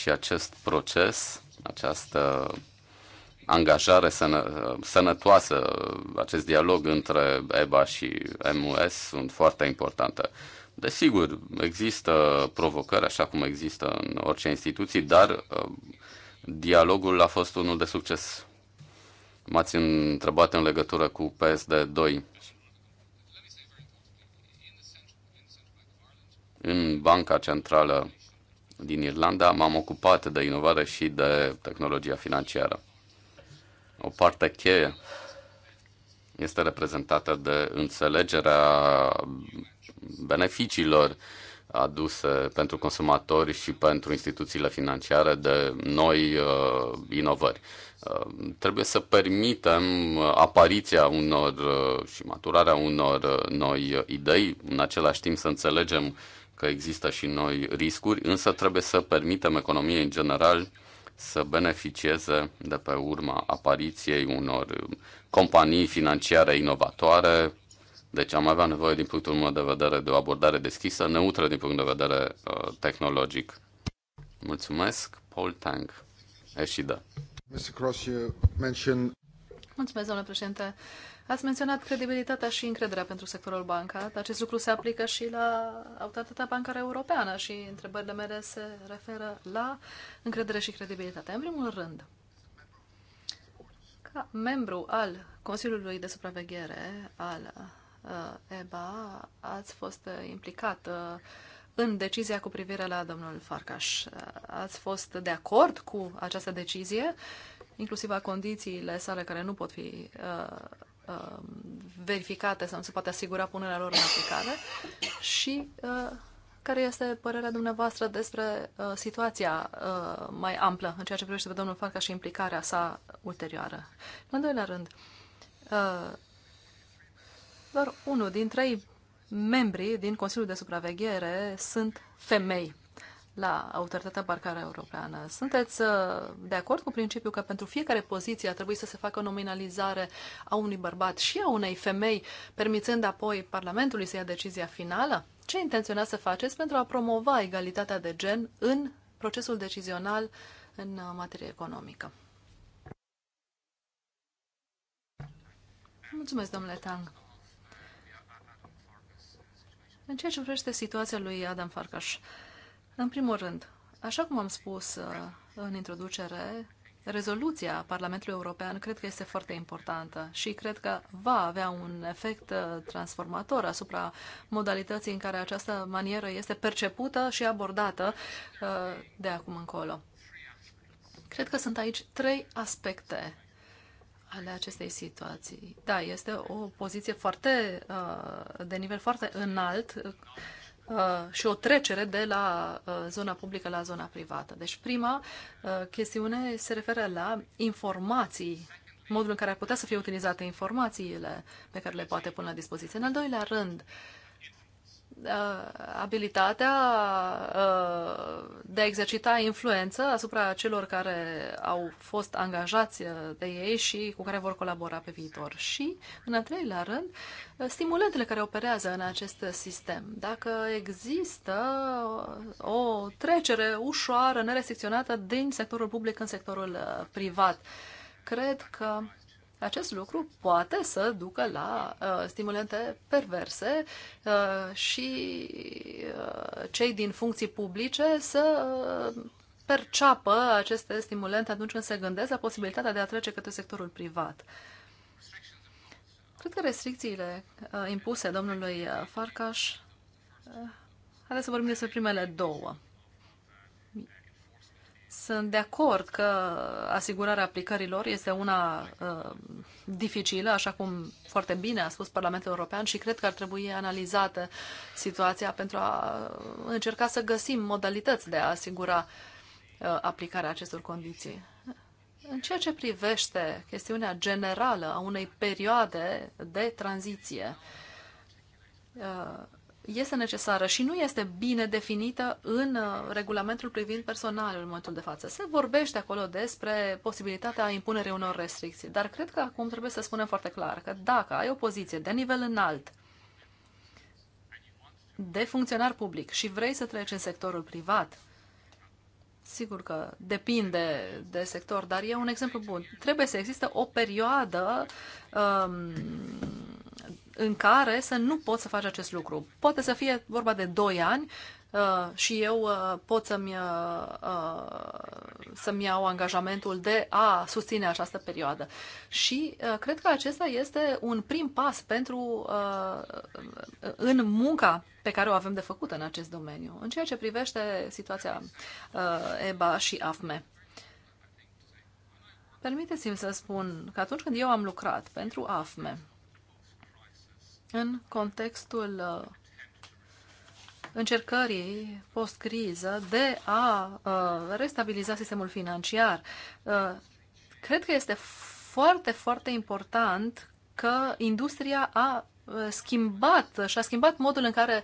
și acest proces, această angajare sănă, sănătoasă, acest dialog între EBA și MUS sunt foarte importante. Desigur, există provocări, așa cum există în orice instituții, dar uh, dialogul a fost unul de succes. M-ați întrebat în legătură cu PSD2. În Banca Centrală din Irlanda, m-am ocupat de inovare și de tehnologia financiară. O parte cheie este reprezentată de înțelegerea beneficiilor aduse pentru consumatori și pentru instituțiile financiare de noi uh, inovări. Uh, trebuie să permitem uh, apariția unor uh, și maturarea unor uh, noi idei, în același timp să înțelegem că există și noi riscuri, însă trebuie să permitem economiei în general să beneficieze de pe urma apariției unor companii financiare inovatoare. Deci am avea nevoie, din punctul meu de vedere, de o abordare deschisă, neutră din punct de vedere uh, tehnologic. Mulțumesc, Paul Tang. Eșida. Mr. Cross, you mentioned... Mulțumesc, domnule președinte. Ați menționat credibilitatea și încrederea pentru sectorul bancar. Acest lucru se aplică și la Autoritatea Bancară Europeană și întrebările mele se referă la încredere și credibilitate. În primul rând, ca membru al Consiliului de Supraveghere al uh, EBA, ați fost uh, implicat uh, în decizia cu privire la domnul Farcaș. Ați fost de acord cu această decizie, inclusiv a condițiile sale care nu pot fi uh, Um, verificate sau nu se poate asigura punerea lor în aplicare și uh, care este părerea dumneavoastră despre uh, situația uh, mai amplă în ceea ce privește pe domnul Farca și implicarea sa ulterioară. În al doilea rând, doar unul din trei membri din Consiliul de Supraveghere sunt femei la Autoritatea Bancară Europeană. Sunteți uh, de acord cu principiul că pentru fiecare poziție a trebuit să se facă o nominalizare a unui bărbat și a unei femei, permițând apoi Parlamentului să ia decizia finală? Ce intenționați să faceți pentru a promova egalitatea de gen în procesul decizional în uh, materie economică? Mulțumesc, domnule Tang. În ceea ce privește situația lui Adam Farkas. În primul rând, așa cum am spus uh, în introducere, rezoluția Parlamentului European cred că este foarte importantă și cred că va avea un efect uh, transformator asupra modalității în care această manieră este percepută și abordată uh, de acum încolo. Cred că sunt aici trei aspecte ale acestei situații. Da, este o poziție foarte, de nivel foarte înalt Uh, și o trecere de la uh, zona publică la zona privată. Deci prima uh, chestiune se referă la informații, modul în care ar putea să fie utilizate informațiile pe care le poate pune la dispoziție. În al doilea rând, uh, Uh, abilitatea uh, de a exercita influență asupra celor care au fost angajați uh, de ei și cu care vor colabora pe viitor. Și, în al treilea rând, stimulentele care operează în acest sistem. Dacă există o trecere ușoară, nerestricționată din sectorul public în sectorul privat, cred că acest lucru poate să ducă la uh, stimulente perverse uh, și uh, cei din funcții publice să uh, perceapă aceste stimulente atunci când se gândesc la posibilitatea de a trece către sectorul privat. Cred că restricțiile uh, impuse domnului uh, Farcaș, uh, haideți să vorbim despre primele două. Sunt de acord că asigurarea aplicărilor este una uh, dificilă, așa cum foarte bine a spus Parlamentul European și cred că ar trebui analizată situația pentru a uh, încerca să găsim modalități de a asigura uh, aplicarea acestor condiții. În ceea ce privește chestiunea generală a unei perioade de tranziție, uh, este necesară și nu este bine definită în uh, regulamentul privind personalul în momentul de față. Se vorbește acolo despre posibilitatea impunerii unor restricții, dar cred că acum trebuie să spunem foarte clar că dacă ai o poziție de nivel înalt de funcționar public și vrei să treci în sectorul privat, sigur că depinde de sector, dar e un exemplu bun. Trebuie să există o perioadă um, în care să nu poți să faci acest lucru. Poate să fie vorba de 2 ani uh, și eu uh, pot să-mi, uh, uh, să-mi iau angajamentul de a susține această perioadă. Și uh, cred că acesta este un prim pas pentru uh, în munca pe care o avem de făcut în acest domeniu, în ceea ce privește situația uh, EBA și AFME. Permiteți-mi să spun că atunci când eu am lucrat pentru AFME, în contextul uh, încercării post-criză de a uh, restabiliza sistemul financiar. Uh, cred că este foarte, foarte important că industria a schimbat și a schimbat modul în care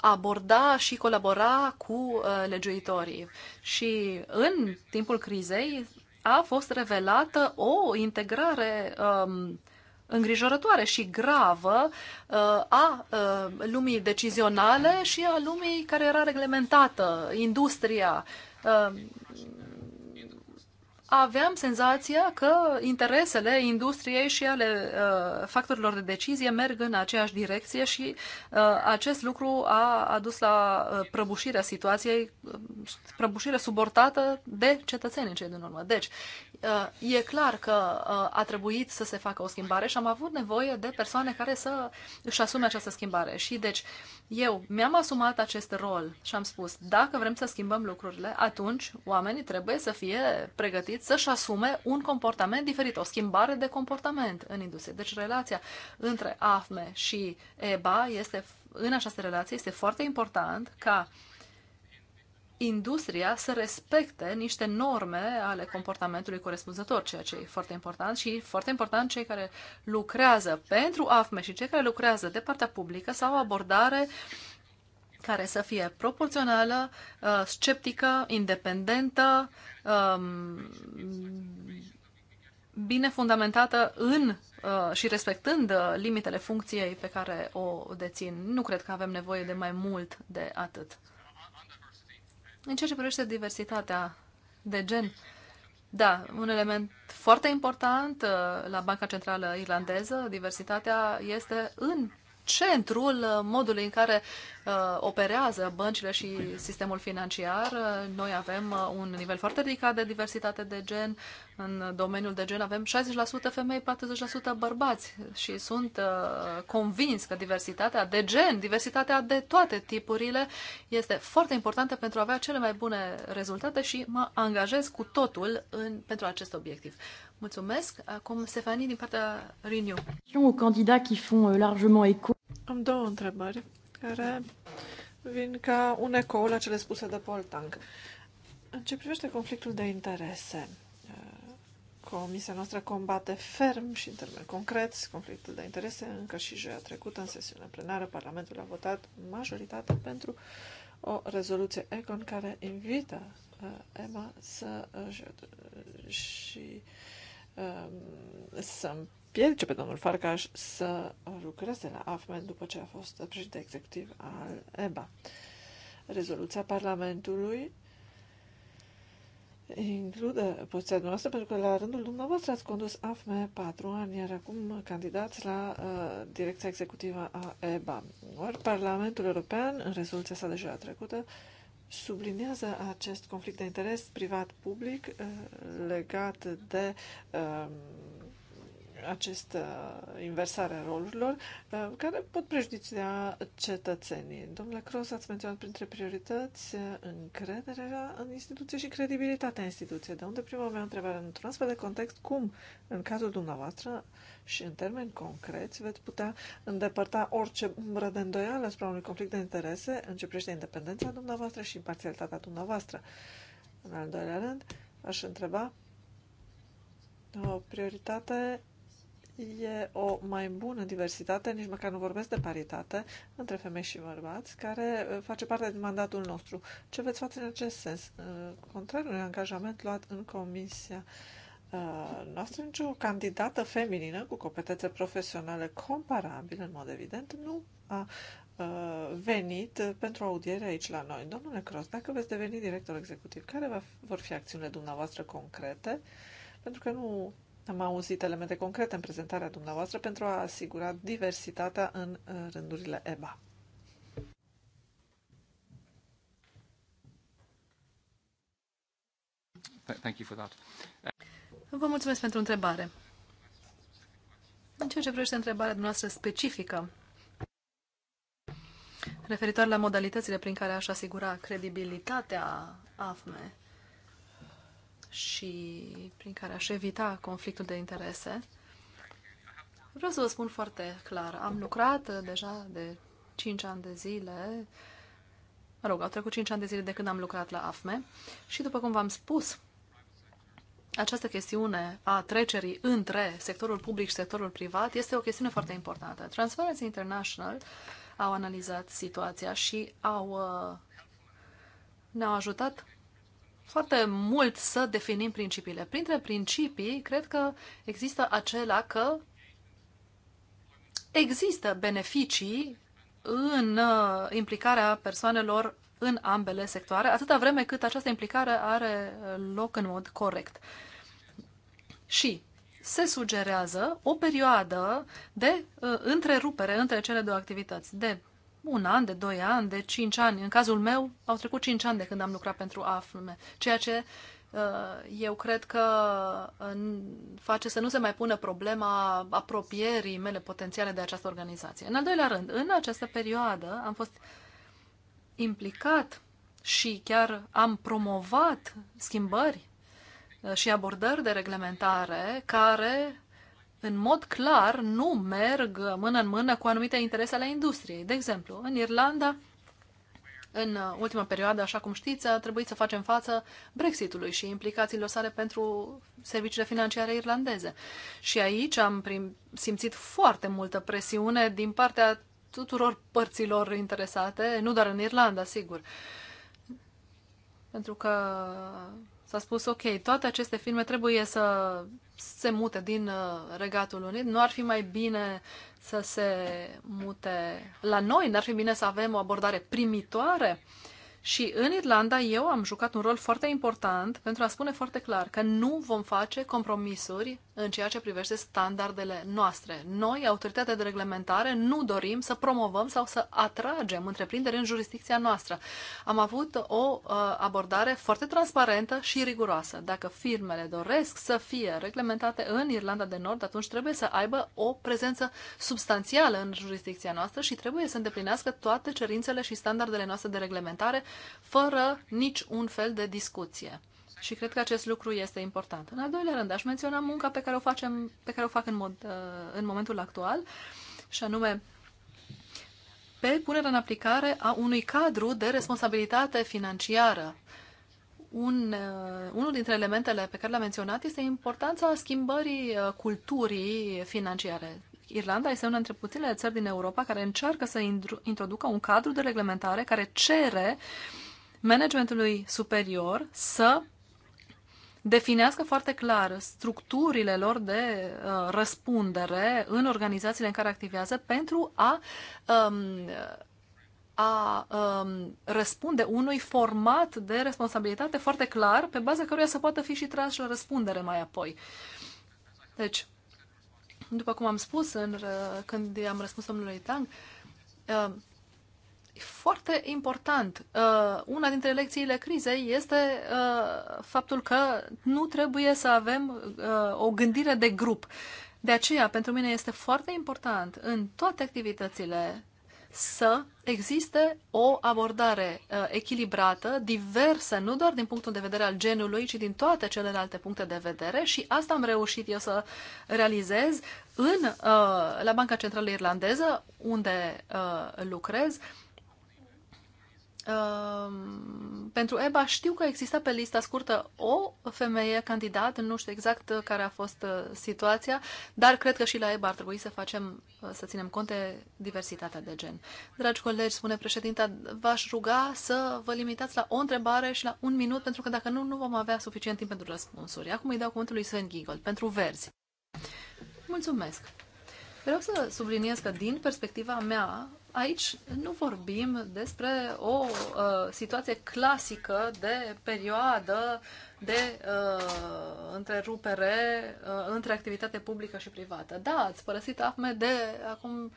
aborda și colabora cu legiuitorii. Și în timpul crizei a fost revelată o integrare um, îngrijorătoare și gravă uh, a uh, lumii decizionale și a lumii care era reglementată, industria, uh, aveam senzația că interesele industriei și ale uh, factorilor de decizie merg în aceeași direcție și uh, acest lucru a adus la uh, prăbușirea situației, uh, prăbușire subortată de cetățenii cei din urmă. Deci, uh, e clar că uh, a trebuit să se facă o schimbare și am avut nevoie de persoane care să își asume această schimbare. Și deci, eu mi-am asumat acest rol și am spus, dacă vrem să schimbăm lucrurile, atunci oamenii trebuie să fie pregătiți pregătiți să-și asume un comportament diferit, o schimbare de comportament în industrie. Deci relația între AFME și EBA este, în această relație este foarte important ca industria să respecte niște norme ale comportamentului corespunzător, ceea ce e foarte important și foarte important cei care lucrează pentru AFME și cei care lucrează de partea publică sau abordare care să fie proporțională, uh, sceptică, independentă, um, bine fundamentată în uh, și respectând uh, limitele funcției pe care o dețin. Nu cred că avem nevoie de mai mult de atât. În ceea ce privește diversitatea de gen, da, un element foarte important la Banca Centrală Irlandeză, diversitatea este în centrul uh, modului în care uh, operează băncile și sistemul financiar. Uh, noi avem uh, un nivel foarte ridicat de diversitate de gen. În domeniul de gen avem 60% femei, 40% bărbați și sunt uh, convins că diversitatea de gen, diversitatea de toate tipurile este foarte importantă pentru a avea cele mai bune rezultate și mă angajez cu totul în, pentru acest obiectiv. Mulțumesc. Acum Stefanie din partea Renew. Aux candidat qui font euh, largement écho am două întrebări care vin ca un ecou la cele spuse de Paul Tank. În ce privește conflictul de interese, uh, comisia noastră combate ferm și în termeni concreți conflictul de interese. Încă și joia trecută, în sesiunea plenară, Parlamentul a votat majoritatea pentru o rezoluție ECON care invită uh, EMA să uh, și uh, uh să împiedice pe domnul Farcaș să lucreze la AFMED după ce a fost președinte executiv al EBA. Rezoluția Parlamentului include poziția noastră pentru că la rândul dumneavoastră ați condus AFME patru ani, iar acum candidați la uh, direcția executivă a EBA. Ori Parlamentul European, în rezoluția sa deja trecută, subliniază acest conflict de interes privat-public uh, legat de uh, această uh, inversare a rolurilor, uh, care pot prejudicia cetățenii. Domnule Cross, ați menționat printre priorități uh, încrederea în instituție și credibilitatea instituției. De unde prima mea întrebare, într-un astfel de context, cum, în cazul dumneavoastră și în termeni concreți, veți putea îndepărta orice umbră de îndoială asupra unui conflict de interese în ce privește independența dumneavoastră și imparțialitatea dumneavoastră? În al doilea rând, aș întreba o prioritate e o mai bună diversitate, nici măcar nu vorbesc de paritate, între femei și bărbați, care uh, face parte din mandatul nostru. Ce veți face în acest sens? Uh, Contrar unui angajament luat în comisia uh, noastră, nicio candidată feminină cu competențe profesionale comparabile, în mod evident, nu a venit pentru audiere aici la noi. Domnule Cross, dacă veți deveni director executiv, care va, vor fi acțiunile dumneavoastră concrete? Pentru că nu am auzit elemente concrete în prezentarea dumneavoastră pentru a asigura diversitatea în uh, rândurile EBA. Thank you for that. Vă mulțumesc pentru întrebare. În ceea ce privește întrebarea dumneavoastră specifică, referitor la modalitățile prin care aș asigura credibilitatea AFME, și prin care aș evita conflictul de interese. Vreau să vă spun foarte clar, am lucrat deja de 5 ani de zile, mă rog, au trecut 5 ani de zile de când am lucrat la AFME și după cum v-am spus, această chestiune a trecerii între sectorul public și sectorul privat este o chestiune foarte importantă. Transparency International au analizat situația și au, uh, ne-au ajutat foarte mult să definim principiile. Printre principii, cred că există acela că există beneficii în uh, implicarea persoanelor în ambele sectoare, atâta vreme cât această implicare are uh, loc în mod corect. Și se sugerează o perioadă de uh, întrerupere între cele două activități, de un an, de doi ani, de cinci ani. În cazul meu au trecut cinci ani de când am lucrat pentru AFME, ceea ce uh, eu cred că uh, face să nu se mai pună problema apropierii mele potențiale de această organizație. În al doilea rând, în această perioadă am fost implicat și chiar am promovat schimbări uh, și abordări de reglementare care în mod clar nu merg mână în mână cu anumite interese ale industriei. De exemplu, în Irlanda, în ultima perioadă, așa cum știți, a trebuit să facem față Brexitului și implicațiilor sale pentru serviciile financiare irlandeze. Și aici am prim- simțit foarte multă presiune din partea tuturor părților interesate, nu doar în Irlanda, sigur. Pentru că s-a spus, ok, toate aceste filme trebuie să se mute din uh, Regatul Unit, nu ar fi mai bine să se mute la noi, n-ar fi bine să avem o abordare primitoare. Și în Irlanda eu am jucat un rol foarte important pentru a spune foarte clar că nu vom face compromisuri în ceea ce privește standardele noastre. Noi, autoritatea de reglementare, nu dorim să promovăm sau să atragem întreprinderi în jurisdicția noastră. Am avut o uh, abordare foarte transparentă și riguroasă. Dacă firmele doresc să fie reglementate în Irlanda de Nord, atunci trebuie să aibă o prezență substanțială în jurisdicția noastră și trebuie să îndeplinească toate cerințele și standardele noastre de reglementare fără niciun fel de discuție. Și cred că acest lucru este important. În al doilea rând, aș menționa munca pe care o, facem, pe care o fac în, mod, uh, în momentul actual, și anume pe punerea în aplicare a unui cadru de responsabilitate financiară. Un, uh, unul dintre elementele pe care le-am menționat este importanța schimbării uh, culturii financiare. Irlanda este una dintre puținele țări din Europa care încearcă să introducă un cadru de reglementare care cere managementului superior să definească foarte clar structurile lor de uh, răspundere în organizațiile în care activează pentru a, um, a um, răspunde unui format de responsabilitate foarte clar, pe baza căruia să poată fi și trași la răspundere mai apoi. Deci, după cum am spus în, uh, când am răspuns domnului Tang, uh, foarte important. Uh, una dintre lecțiile crizei este uh, faptul că nu trebuie să avem uh, o gândire de grup. De aceea, pentru mine este foarte important în toate activitățile să existe o abordare uh, echilibrată, diversă, nu doar din punctul de vedere al genului, ci din toate celelalte puncte de vedere și asta am reușit eu să realizez în, uh, la Banca Centrală Irlandeză, unde uh, lucrez. Uh, Ehm, pentru EBA știu că exista pe lista scurtă o femeie candidat, nu știu exact uh, care a fost uh, situația, dar cred că și la EBA ar trebui să facem, uh, să ținem cont de diversitatea de gen. Dragi colegi, spune președinta, v-aș ruga să vă limitați la o întrebare și la un minut, pentru că dacă nu, nu vom avea suficient timp pentru răspunsuri. Acum îi dau cuvântul lui Sven Giegold pentru verzi. Mulțumesc! Vreau să subliniez că din perspectiva mea, aici nu vorbim despre o uh, situație clasică de perioadă de uh, întrerupere uh, între activitate publică și privată. Da, ați părăsit AFME de acum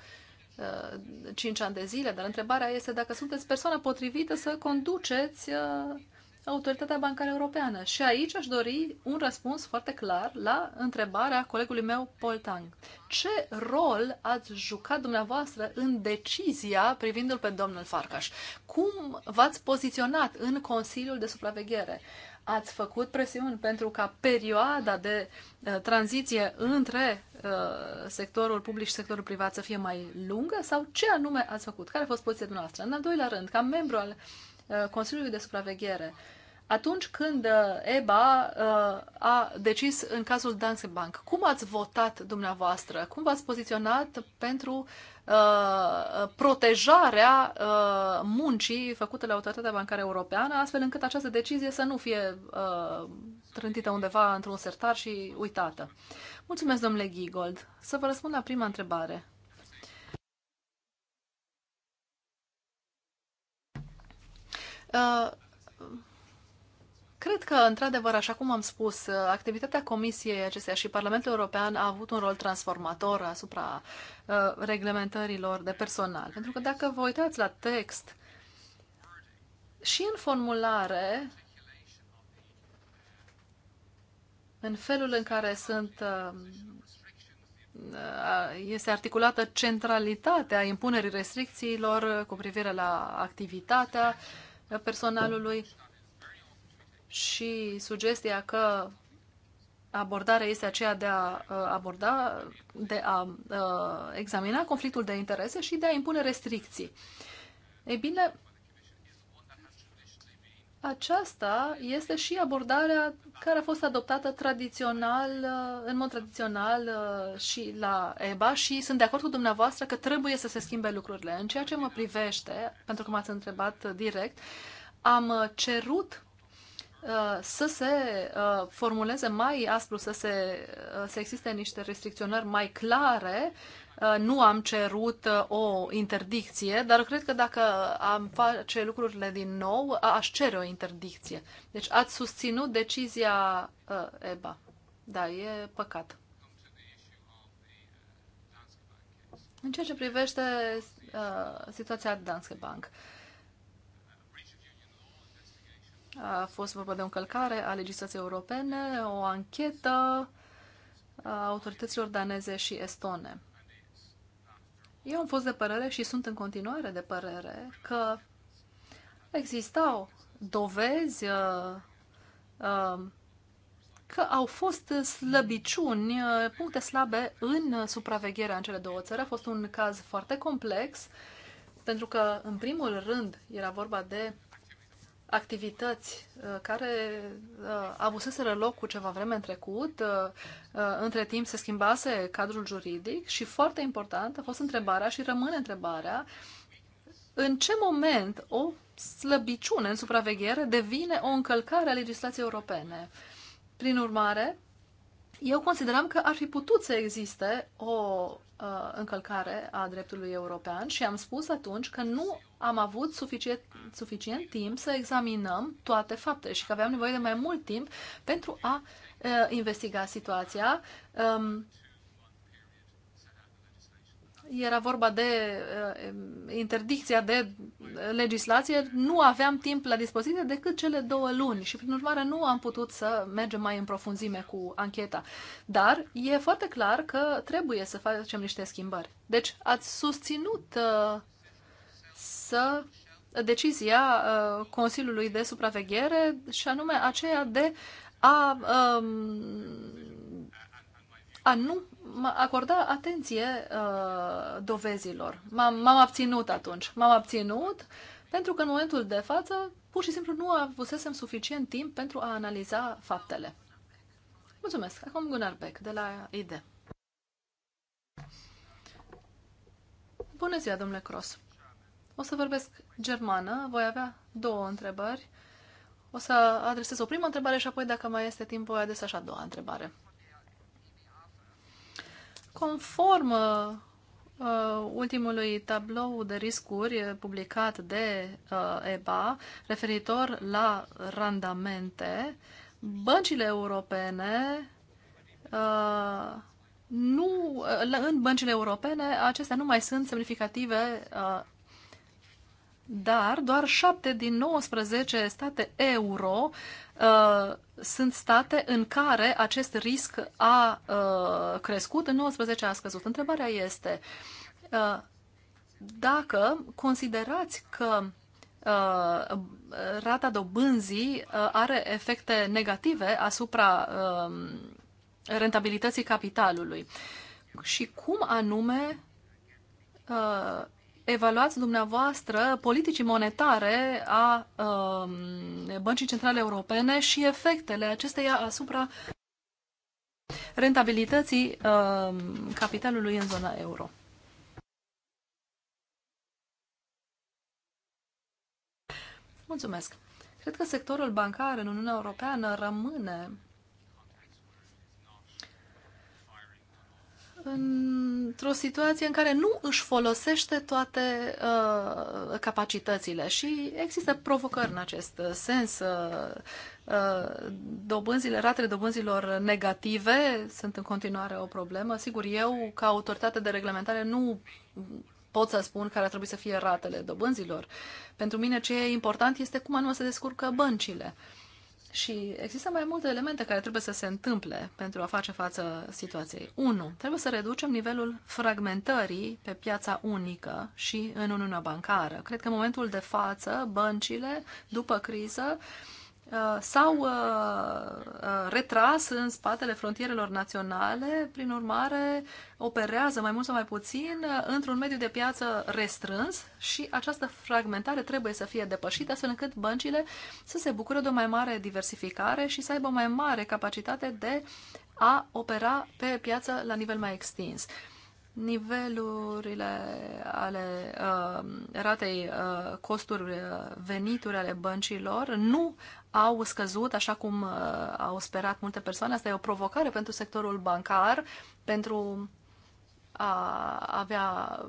uh, 5 ani de zile, dar întrebarea este dacă sunteți persoana potrivită să conduceți uh, Autoritatea Bancară Europeană. Și aici aș dori un răspuns foarte clar la întrebarea colegului meu, Poltang. Ce rol ați jucat dumneavoastră în decizia privindu-l pe domnul Farcaș? Cum v-ați poziționat în Consiliul de Supraveghere? Ați făcut presiuni pentru ca perioada de uh, tranziție între uh, sectorul public și sectorul privat să fie mai lungă? Sau ce anume ați făcut? Care a fost poziția dumneavoastră? În al doilea rând, ca membru al uh, Consiliului de Supraveghere, uh, atunci când uh, EBA uh, a decis în cazul Danske Bank. Cum ați votat dumneavoastră? Cum v-ați poziționat pentru uh, protejarea muncii făcute la Autoritatea Bancară Europeană, astfel încât această decizie să nu fie trântită undeva într-un sertar și uitată? Mulțumesc, domnule Gigold. Să vă răspund la prima întrebare. Cred că, într-adevăr, așa cum am spus, activitatea Comisiei acesteia și Parlamentul European a avut un rol transformator asupra uh, reglementărilor de personal. Pentru că dacă vă uitați la text și în formulare, în felul în care sunt uh, uh este articulată centralitatea impunerii restricțiilor cu privire la activitatea personalului și sugestia că abordarea este aceea de a uh, aborda, de a uh, examina conflictul de interese și de a impune restricții. Ei bine, aceasta este și abordarea care a fost adoptată tradițional, uh, în mod tradițional și la EBA și sunt de acord cu dumneavoastră că trebuie să se schimbe lucrurile. În ceea ce mă privește, pentru că m-ați întrebat direct, am cerut Uh, să se uh, formuleze mai aspru, să, se, uh, să existe niște restricționări mai clare. Nu am cerut o interdicție, dar cred că dacă am face lucrurile din nou, aș cere o interdicție. Deci ați susținut decizia EBA. Da, e păcat. În ceea ce privește uh, situația Danske Bank, uh, a fost vorba de o încălcare a legislației europene, o anchetă a autorităților daneze și estone. Eu am fost de părere și sunt în continuare de părere că existau dovezi uh, uh, că au fost slăbiciuni, uh, puncte slabe în supravegherea în cele două țări. A fost un caz foarte complex, pentru că, în primul rând, era vorba de activități uh, care uh, avuseseră loc cu ceva vreme în trecut, uh, între timp se schimbase cadrul juridic și foarte important a fost întrebarea și rămâne întrebarea în ce moment o slăbiciune în supraveghere devine o încălcare a legislației europene. Prin urmare, eu consideram că ar fi putut să existe o Uh, încălcare a dreptului european și am spus atunci că nu am avut suficient, suficient timp să examinăm toate faptele și că aveam nevoie de mai mult timp pentru a uh, investiga situația. Um, era vorba de uh, interdicția de legislație, nu aveam timp la dispoziție decât cele două luni și, prin urmare, nu am putut să mergem mai în profunzime cu ancheta. Dar e foarte clar că trebuie să facem niște schimbări. Deci, ați susținut uh, să decizia uh, Consiliului de Supraveghere și anume aceea de a um, a nu acorda atenție uh, dovezilor. M-am abținut atunci. M-am abținut pentru că în momentul de față pur și simplu nu avusesem suficient timp pentru a analiza faptele. Mulțumesc. Acum Gunnar Beck de la ID. Bună ziua, domnule Cross. O să vorbesc germană, voi avea două întrebări. O să adresez o primă întrebare și apoi, dacă mai este timp, voi adresa și a doua întrebare. Conform uh, uh, ultimului tablou de riscuri uh, publicat de uh, EBA referitor la randamente, băncile europene uh, nu, uh, în băncile europene acestea nu mai sunt semnificative dar doar 7 din 19 state euro uh, sunt state în care acest risc a uh, crescut, în 19 a scăzut. Întrebarea este uh, dacă considerați că uh, rata dobânzii uh, are efecte negative asupra uh, rentabilității capitalului și cum anume uh, evaluați dumneavoastră politicii monetare a um, Băncii Centrale Europene și efectele acesteia asupra rentabilității um, capitalului în zona euro. Mulțumesc! Cred că sectorul bancar în Uniunea Europeană rămâne într-o situație în care nu își folosește toate uh, capacitățile și există provocări în acest sens. Uh, uh, dobânzile, ratele dobânzilor negative sunt în continuare o problemă. Sigur, eu, ca autoritate de reglementare, nu pot să spun care ar trebui să fie ratele dobânzilor. Pentru mine ce e important este cum anume se descurcă băncile. Uh, și există mai multe elemente care trebuie să se întâmple pentru a face față situației. 1. Trebuie să reducem nivelul fragmentării pe piața unică și în Uniunea Bancară. Cred că în momentul de față, băncile, după criză, uh, Uh, s-au uh, uh, retras în spatele frontierelor naționale, prin urmare operează mai mult sau mai puțin într-un mediu de piață restrâns și această fragmentare trebuie să fie depășită astfel încât băncile să se bucure de o mai mare diversificare și să aibă o mai mare capacitate de a opera pe piață la nivel mai extins nivelurile ale uh, ratei uh, costuri uh, venituri ale băncilor nu au scăzut, așa cum uh, au sperat multe persoane. Asta e o provocare pentru sectorul bancar, pentru a avea,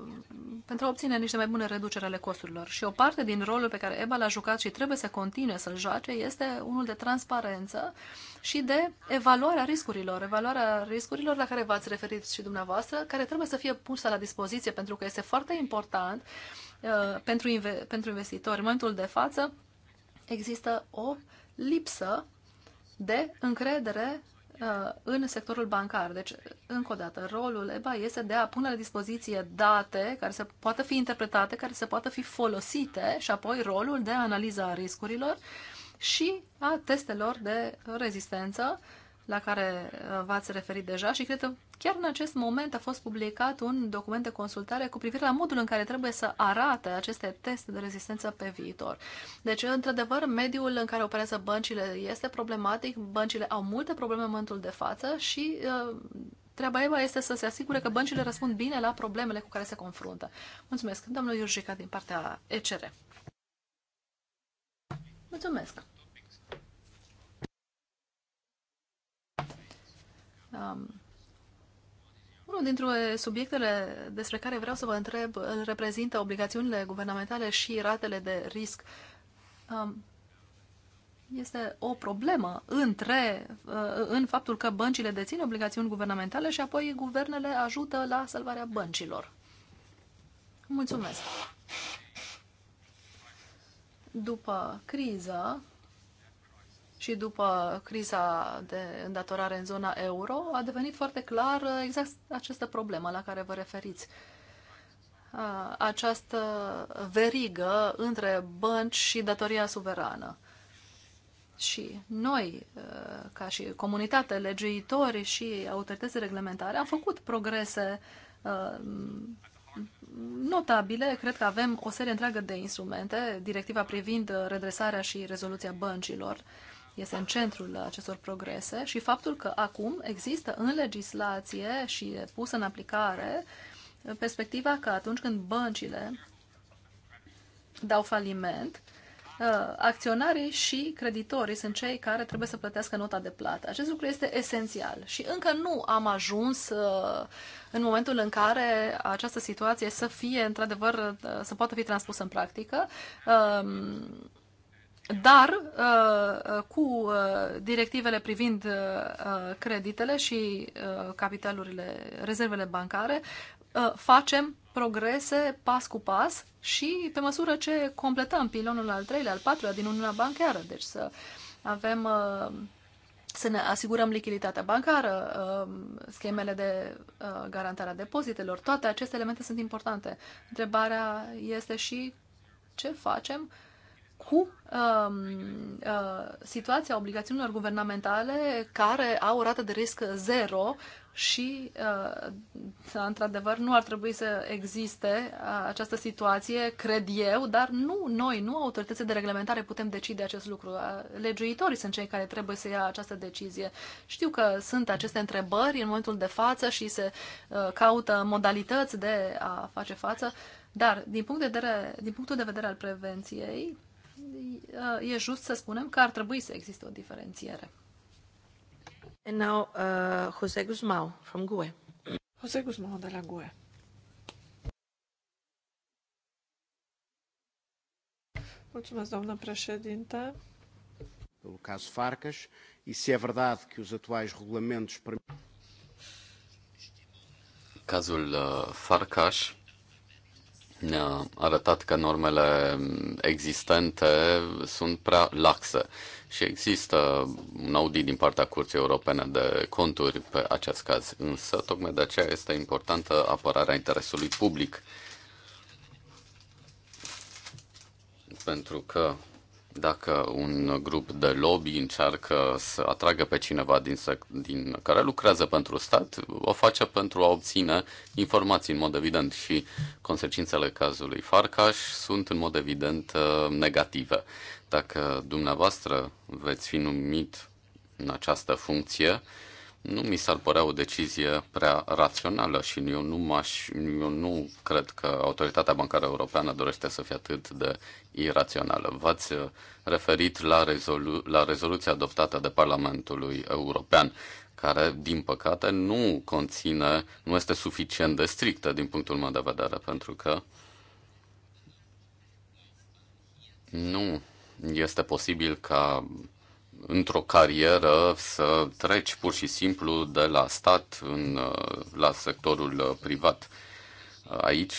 pentru a obține niște mai bune reduceri ale costurilor. Și o parte din rolul pe care EBA l-a jucat și trebuie să continue să-l joace este unul de transparență și de evaluarea riscurilor. Evaluarea riscurilor la care v-ați referit și dumneavoastră, care trebuie să fie pusă la dispoziție pentru că este foarte important uh, pentru, inve- pentru investitori. În momentul de față, există o lipsă de încredere uh, în sectorul bancar. Deci, încă o dată, rolul EBA este de a pune la dispoziție date care se poată fi interpretate, care se poată fi folosite și apoi rolul de analiza riscurilor și a testelor de rezistență la care uh, v-ați referit deja și cred că chiar în acest moment a fost publicat un document de consultare cu privire la modul în care trebuie să arate aceste teste de rezistență pe viitor. Deci, într-adevăr, mediul în care operează băncile este problematic, băncile au multe probleme în momentul de față și uh, treaba Eva este să se asigure că băncile răspund bine la problemele cu care se confruntă. Mulțumesc, domnul Iurjica, din partea ECR. Mulțumesc! Um, unul dintre subiectele despre care vreau să vă întreb îl reprezintă obligațiunile guvernamentale și ratele de risc. Um, este o problemă între, uh, în faptul că băncile dețin obligațiuni guvernamentale și apoi guvernele ajută la salvarea băncilor. Mulțumesc! După criză, și după criza de îndatorare în zona euro, a devenit foarte clar uh, exact această problemă la care vă referiți. Uh, această verigă între bănci și datoria suverană. Și noi, uh, ca și comunitate, legiuitori și autorități reglementare, am făcut progrese notabile. Cred că avem o serie întreagă de instrumente, directiva privind redresarea și rezoluția băncilor, este în centrul acestor progrese și faptul că acum există în legislație și pusă în aplicare uh, perspectiva că atunci când băncile dau faliment, uh, acționarii și creditorii sunt cei care trebuie să plătească nota de plată. Acest lucru este esențial și încă nu am ajuns uh, în momentul în care această situație să fie, într-adevăr, să poată fi transpusă în practică. Um, dar uh, uh, cu uh, directivele privind creditele și capitalurile, rezervele bancare, facem progrese pas cu pas și pe măsură ce completăm pilonul al treilea, al patrulea din Uniunea Bancară. Deci să avem să ne asigurăm lichiditatea bancară, schemele de garantare a depozitelor, toate aceste elemente sunt importante. Întrebarea este și ce facem uh, cu um, uh, situația obligațiunilor guvernamentale care au o rată de risc zero și, uh, într-adevăr, nu ar trebui să existe uh, această situație, cred eu, dar nu noi, nu autoritățile de reglementare putem decide acest lucru. Uh, legiuitorii sunt cei care trebuie să ia această decizie. Știu că sunt aceste întrebări în momentul de față și se uh, caută modalități de a face față, dar din, punct de vedere, din punctul de vedere al prevenției, e just să spunem că ar trebui să existe o diferențiere. And now, uh, Jose Guzmão from GUE. Jose Guzmão de la GUE. Mulțumesc, doamnă președinte. Pelo caso Farcas, e se é verdade que os atuais regulamentos. Cazul uh, Farcas ne-a arătat că normele existente sunt prea laxe și există un audit din partea Curții Europene de Conturi pe acest caz, însă tocmai de aceea este importantă apărarea interesului public pentru că dacă un grup de lobby încearcă să atragă pe cineva din, sec- din care lucrează pentru stat, o face pentru a obține informații în mod evident și consecințele cazului Farcaș sunt în mod evident uh, negative. Dacă dumneavoastră veți fi numit în această funcție, uh, nu mi s-ar părea o decizie prea rațională și eu nu, m-aș, eu nu cred că Autoritatea Bancară Europeană dorește să fie atât de irațională. V-ați uh, referit la, rezolu- la rezoluția adoptată de Parlamentul European care, din păcate, nu conține, nu este suficient de strictă din punctul meu de vedere, pentru că nu este posibil ca într-o carieră să treci pur și simplu de la stat în, uh, la sectorul uh, privat. Uh, aici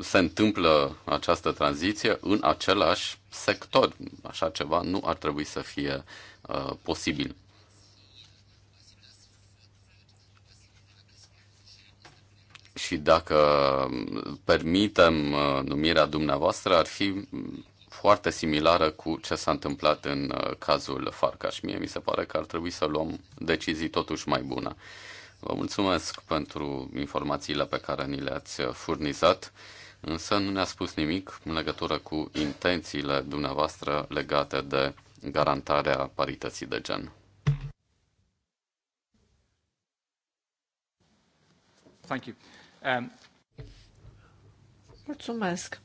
se întâmplă această tranziție în același sector. Așa ceva nu ar trebui să fie uh, posibil. și dacă um, permitem numirea dumneavoastră, ar fi foarte similară cu ce s-a întâmplat în uh, cazul Farcaș. Mie mi se pare că ar trebui să luăm decizii totuși mai bune. Vă mulțumesc pentru informațiile pe care ni le-ați uh, furnizat, însă nu ne-a spus nimic în legătură cu intențiile dumneavoastră legate de garantarea parității de gen. Thank you. Um... Mulțumesc.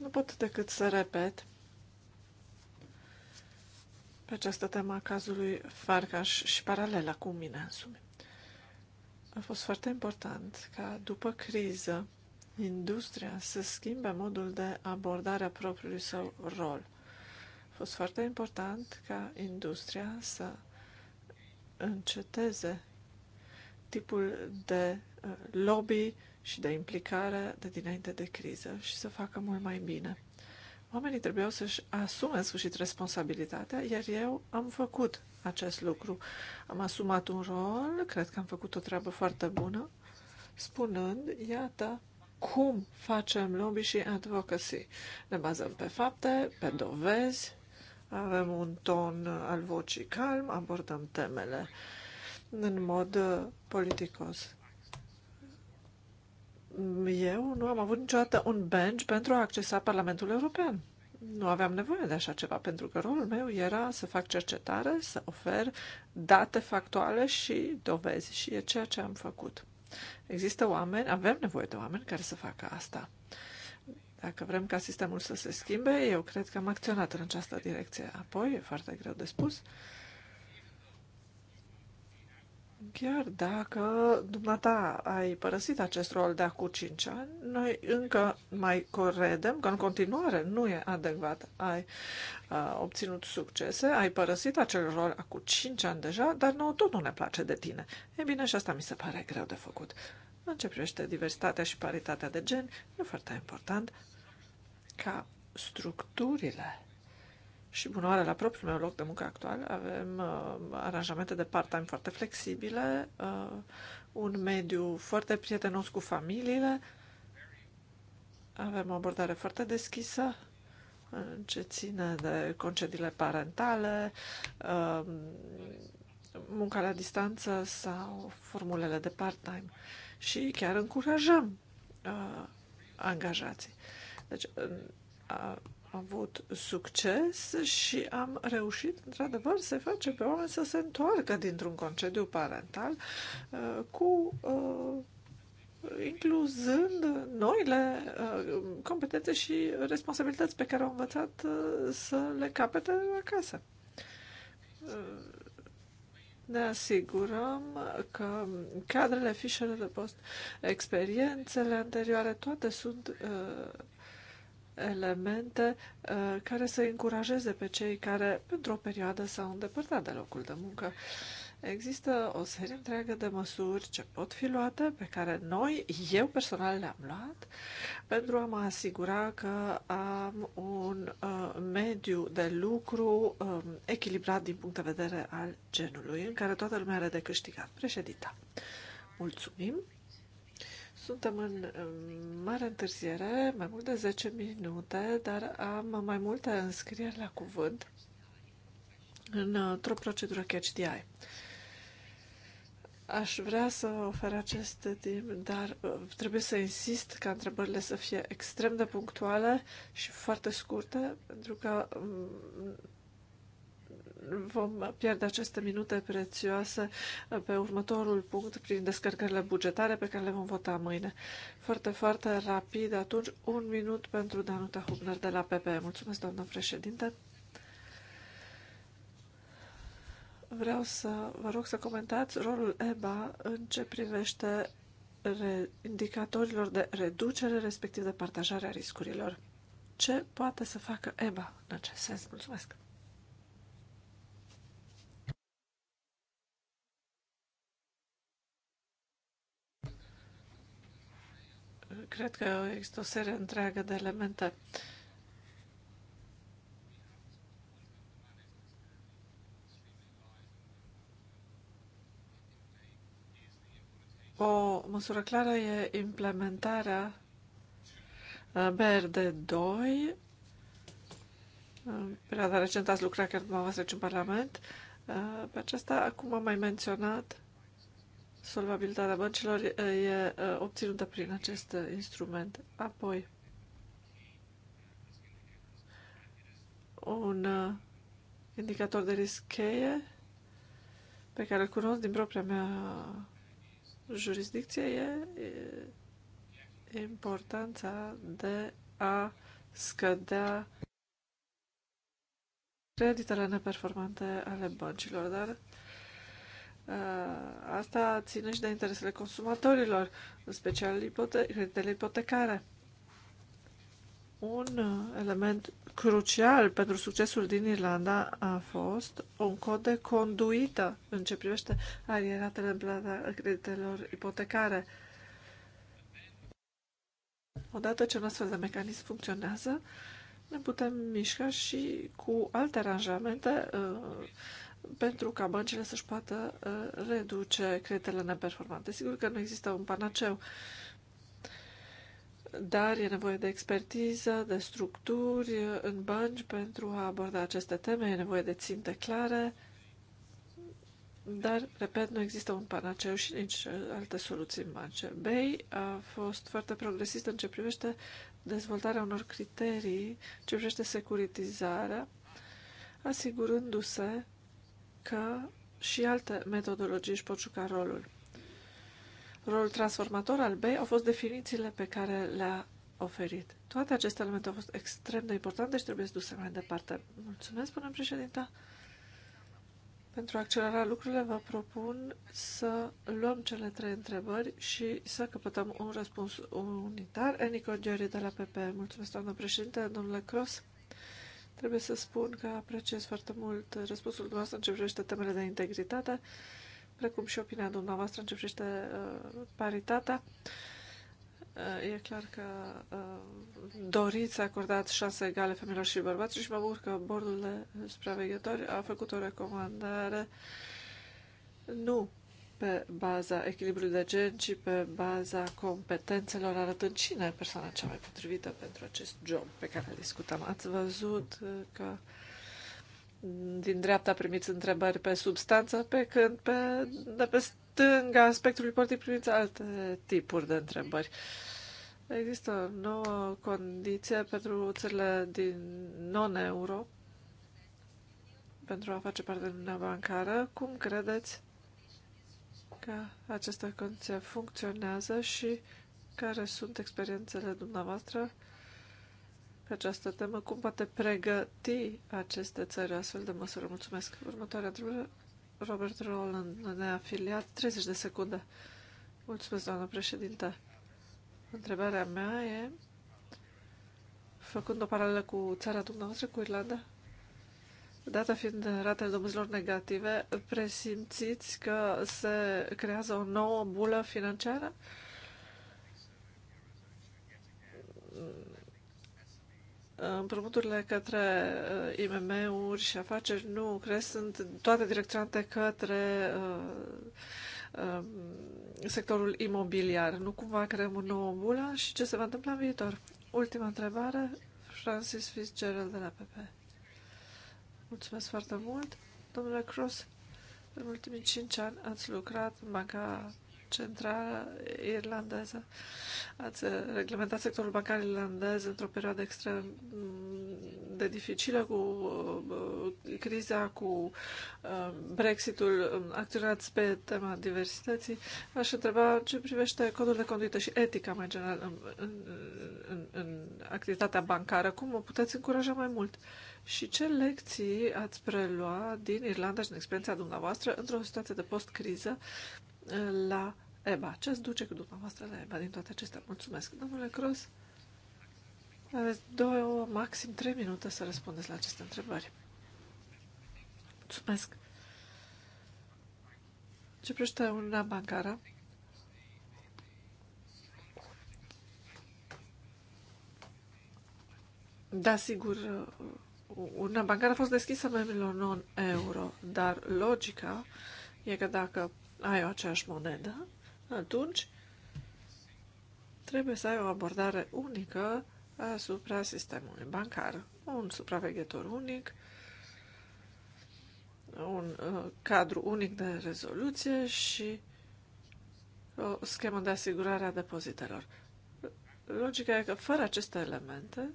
Nu pot decât să repet pe această temă a cazului Farcaș și paralela cu mine însumi. A fost foarte important ca după criză industria să schimbe modul de abordare a propriului său rol. A fost foarte important ca industria să înceteze tipul de uh, lobby și de implicare de dinainte de criză și să facă mult mai bine. Oamenii trebuiau să-și asume în sfârșit responsabilitatea, iar eu am făcut acest lucru. Am asumat un rol, cred că am făcut o treabă foarte bună, spunând, iată, cum facem lobby și advocacy. Ne bazăm pe fapte, pe dovezi, avem un ton al vocii calm, abordăm temele în mod uh, politicos eu nu am avut niciodată un bench pentru a accesa Parlamentul European. Nu aveam nevoie de așa ceva, pentru că rolul meu era să fac cercetare, să ofer date factuale și dovezi și e ceea ce am făcut. Există oameni, avem nevoie de oameni care să facă asta. Dacă vrem ca sistemul să se schimbe, eu cred că am acționat în această direcție. Apoi, e foarte greu de spus, uh, Chiar dacă dumneata ai părăsit acest rol de acum 5 ani, noi încă mai credem că în continuare nu e adecvat. Ai a, obținut succese, ai părăsit acel rol acum 5 ani deja, dar nouă tot nu ne place de tine. E bine, și asta mi se pare greu de făcut. În ce privește diversitatea și paritatea de gen, e foarte important ca structurile și bunoare la propriul meu loc de muncă actual. Avem uh, aranjamente de part-time foarte flexibile, uh, un mediu foarte prietenos cu familiile, avem o abordare foarte deschisă în ce ține de concediile parentale, uh, munca la distanță sau formulele de part-time. Și chiar încurajăm uh, angajații. Deci, uh, avut succes și am reușit, într-adevăr, să facem pe oameni să se întoarcă dintr-un concediu parental uh, cu uh, incluzând noile uh, competențe și responsabilități pe care au învățat să le capete acasă. Ne asigurăm că cadrele, fișele de post, experiențele anterioare, toate sunt uh, elemente uh, care să încurajeze pe cei care, pentru o perioadă, s-au îndepărtat de locul de muncă. Există o serie întreagă de măsuri ce pot fi luate, pe care noi, eu personal, le-am luat pentru a mă asigura că am un uh, mediu de lucru um, echilibrat din punct de vedere al genului, în care toată lumea are de câștigat. Președinta, mulțumim! Suntem în mare întârziere, mai mult de 10 minute, dar am mai multe înscrieri la cuvânt într-o procedură catch the eye. Aș vrea să ofer acest timp, dar uh, trebuie să insist ca întrebările să fie extrem de punctuale și foarte scurte, pentru că um, vom pierde aceste minute prețioase pe următorul punct prin descărcările bugetare pe care le vom vota mâine. Foarte, foarte rapid, atunci un minut pentru Danuta Hubner de la PP. Mulțumesc, doamnă președinte. Vreau să vă rog să comentați rolul EBA în ce privește indicatorilor de reducere, respectiv de partajare a riscurilor. Ce poate să facă EBA în acest sens? Mulțumesc! cred că există o serie întreagă de elemente. O măsură clară e implementarea uh, BRD2. În perioada recentă ați lucrat chiar dumneavoastră în Parlament. Uh, pe acesta acum am mai menționat solvabilitatea băncilor e obținută prin acest instrument. Apoi, un uh, indicator de risc cheie pe care îl cunosc din propria mea jurisdicție e, importanța de a scădea creditele neperformante ale băncilor, dar Uh, asta ține și de interesele consumatorilor, în special creditele ipotecare. Un uh, element crucial pentru succesul din Irlanda a fost un cod de conduită în ce privește arieratele plata creditelor ipotecare. Odată ce un astfel de mecanism funcționează, ne putem mișca și cu alte aranjamente uh, pentru ca băncile să-și poată uh, reduce creditele neperformante. Sigur că nu există un panaceu, dar e nevoie de expertiză, de structuri uh, în bănci pentru a aborda aceste teme, e nevoie de ținte clare, dar, repet, nu există un panaceu și nici uh, alte soluții în bance. BEI a fost foarte progresist în ce privește dezvoltarea unor criterii, ce privește securitizarea, asigurându-se că și alte metodologii își pot juca rolul. Rolul transformator al b, au fost definițiile pe care le-a oferit. Toate aceste elemente au fost extrem de importante și trebuie să duse mai departe. Mulțumesc, până președinta. Pentru a accelera lucrurile, vă propun să luăm cele trei întrebări și să căpătăm un răspuns unitar. Enico Geri de la PP. Mulțumesc, doamnă președinte, domnule Cross. Trebuie să spun că apreciez foarte mult răspunsul dumneavoastră în ce privește temele de integritate, precum și opinia dumneavoastră în ce privește uh, paritatea. Uh, e clar că uh, doriți să acordați șanse egale femeilor și bărbaților și mă bucur că bordul de supraveghetori a făcut o recomandare nu pe baza echilibrului de gen, ci pe baza competențelor, arătând cine e persoana cea mai potrivită pentru acest job pe care îl discutăm. Ați văzut uh, că din dreapta primiți întrebări pe substanță, pe când pe, de pe stânga spectrului politic primiți alte tipuri de întrebări. Există o nouă condiție pentru țările din non-euro pentru a face parte din Uniunea Bancară. Cum credeți ca această condiție funcționează și care sunt experiențele dumneavoastră pe această temă, cum poate pregăti aceste țări astfel de măsură. Mulțumesc. Următoarea întrebare, Robert Roland, neafiliat, 30 de secunde. Mulțumesc, doamnă președinte. Întrebarea mea e, făcând o paralelă cu țara dumneavoastră, cu Irlanda, Data fiind ratele dobânzilor negative, presimțiți că se creează o nouă bulă financiară? împrumuturile către uh, IMM-uri și afaceri nu cresc, sunt toate direcționate către uh, uh, sectorul imobiliar. Nu cumva creăm o nouă bulă și ce se va întâmpla în viitor? Ultima întrebare, Francis Fitzgerald de la PP. Mulțumesc foarte mult. Domnule Cross. în ultimii cinci ani ați lucrat în Banca Centrală Irlandeză. Ați reglementat sectorul bancar irlandez într-o perioadă extrem de dificilă cu uh, criza, cu uh, Brexitul. Acționați pe tema diversității. Aș întreba ce privește codul de conduită și etica mai general în, în, în, în activitatea bancară. Cum o puteți încuraja mai mult? Uh, și ce lecții ați prelua din Irlanda și din experiența dumneavoastră într-o situație de post-criză uh, la EBA? Ce ați duce cu dumneavoastră la EBA din toate acestea? Mulțumesc, domnule Cross. Aveți două, maxim trei minute să răspundeți la aceste întrebări. Mulțumesc. Ce prește una Bancară, da, sigur, uh, una bancară a fost deschisă membrilor non-euro, dar logica e că dacă ai o aceeași monedă, atunci trebuie să ai o abordare unică asupra sistemului bancar. Un supraveghetor unic, un uh, cadru unic de rezoluție și o schemă de asigurare a depozitelor. Logica e că fără aceste elemente,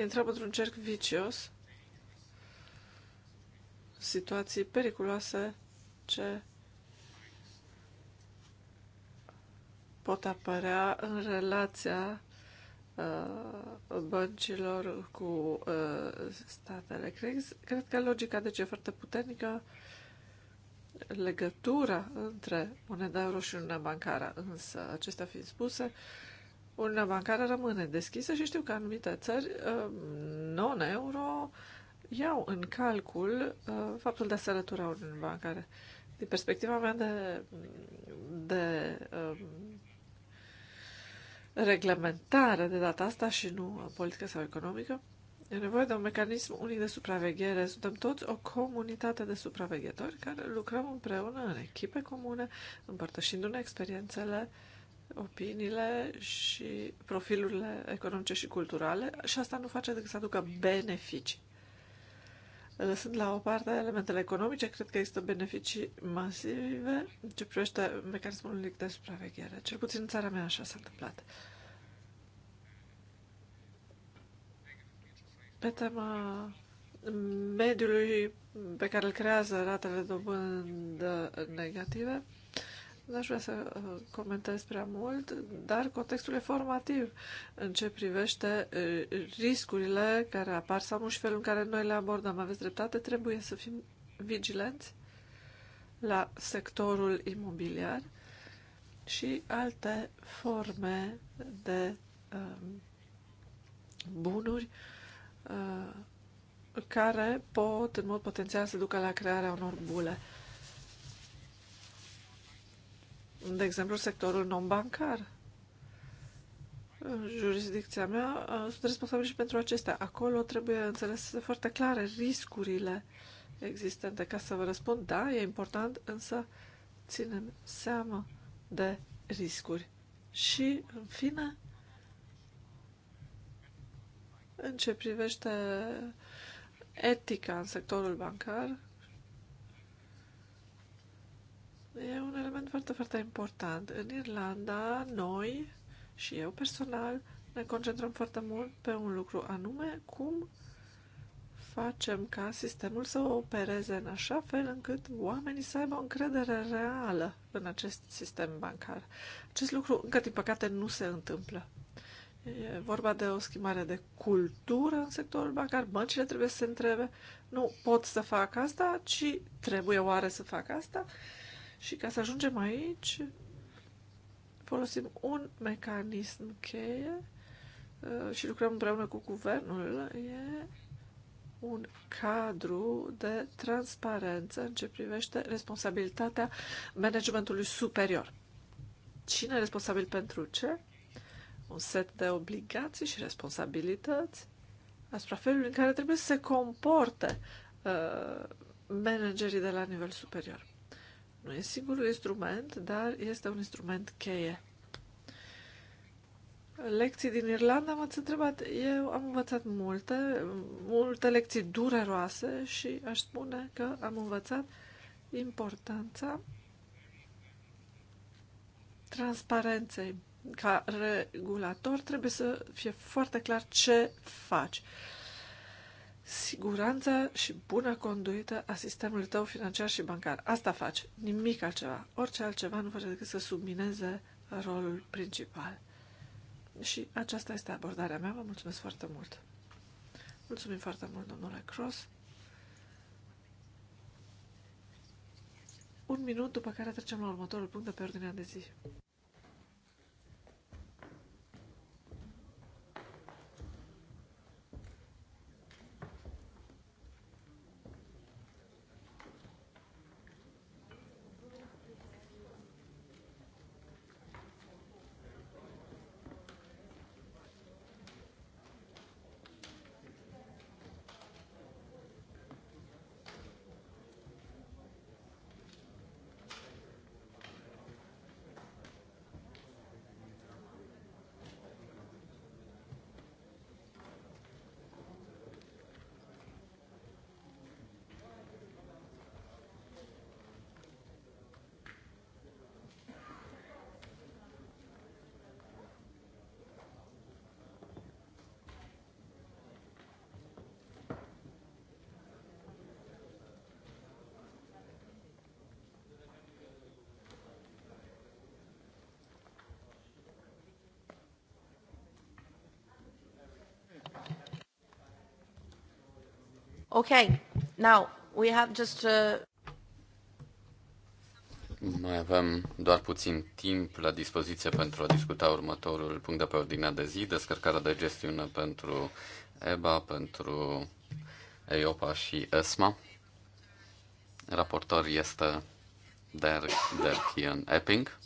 intrat într-un cerc vicios, situații periculoase ce pot apărea în relația uh, băncilor cu uh, statele. Cred, cred că logica deci e foarte puternică legătura între moneda euro și una bancară, însă acestea fiind spuse, uh, urna bancară rămâne deschisă și știu că anumite țări uh, non-euro iau în calcul uh, faptul de a se alătura Uniunii bancare. Din perspectiva mea de, de uh, reglementare de data asta și nu politică sau economică, E nevoie de un mecanism unic de supraveghere. Suntem toți o comunitate de supraveghetori care lucrăm împreună în echipe comune, împărtășindu-ne experiențele uh, opiniile și profilurile economice și culturale și asta nu face decât să aducă beneficii. Lăsând la o parte elementele economice, cred că există beneficii masive ce privește mecanismul unic de supraveghere. Cel puțin în țara mea așa s-a întâmplat. Pe tema mediului pe care îl creează ratele dobândă negative, nu aș vrea să uh, comentez prea mult, dar contextul e formativ în ce privește uh, riscurile care apar sau și felul în care noi le abordăm. Aveți dreptate, trebuie să fim vigilenți la sectorul imobiliar și alte forme de um, bunuri uh, care pot, în mod potențial, să ducă la crearea unor bule de exemplu, sectorul non-bancar. În jurisdicția mea uh, sunt responsabil și pentru acestea. Acolo trebuie înțeles foarte clare riscurile existente. Ca să vă răspund, da, e important, însă ținem seama de riscuri. Și, în fine, în ce privește etica în sectorul bancar, E un element foarte, foarte important. În Irlanda, noi și eu personal ne concentrăm foarte mult pe un lucru, anume cum facem ca sistemul să opereze în așa fel încât oamenii să aibă o încredere reală în acest sistem bancar. Acest lucru, încă din păcate, nu se întâmplă. E vorba de o schimbare de cultură în sectorul bancar. Băncile trebuie să se întrebe, nu pot să fac asta, ci trebuie oare să fac asta? Uh, și ca să ajungem aici, folosim un mecanism cheie uh, și lucrăm împreună cu guvernul. E un cadru de transparență în ce privește responsabilitatea managementului superior. Cine e responsabil pentru ce? Un set de obligații și responsabilități asupra felului în care trebuie să se comporte uh, managerii de la nivel superior. Nu e singurul instrument, dar este un instrument cheie. Lecții din Irlanda m-ați întrebat. Eu am învățat multe, multe lecții dureroase și aș spune că am învățat importanța transparenței. Ca regulator trebuie să fie foarte clar ce faci siguranța și bună conduită a sistemului tău financiar și bancar. Asta faci, nimic altceva. Orice altceva nu face decât să submineze rolul principal. Și aceasta este abordarea mea. Vă mulțumesc foarte mult. Mulțumim foarte mult, domnule Cross. Un minut, după care trecem la următorul punct de pe ordinea de zi. Okay, now we have just... Uh, Mai avem doar puțin timp la dispoziție pentru a discuta următorul punct de pe ordinea de zi, descărcarea de gestiune pentru EBA, pentru EIOPA și ESMA. Raportor este Derek Derkian Epping,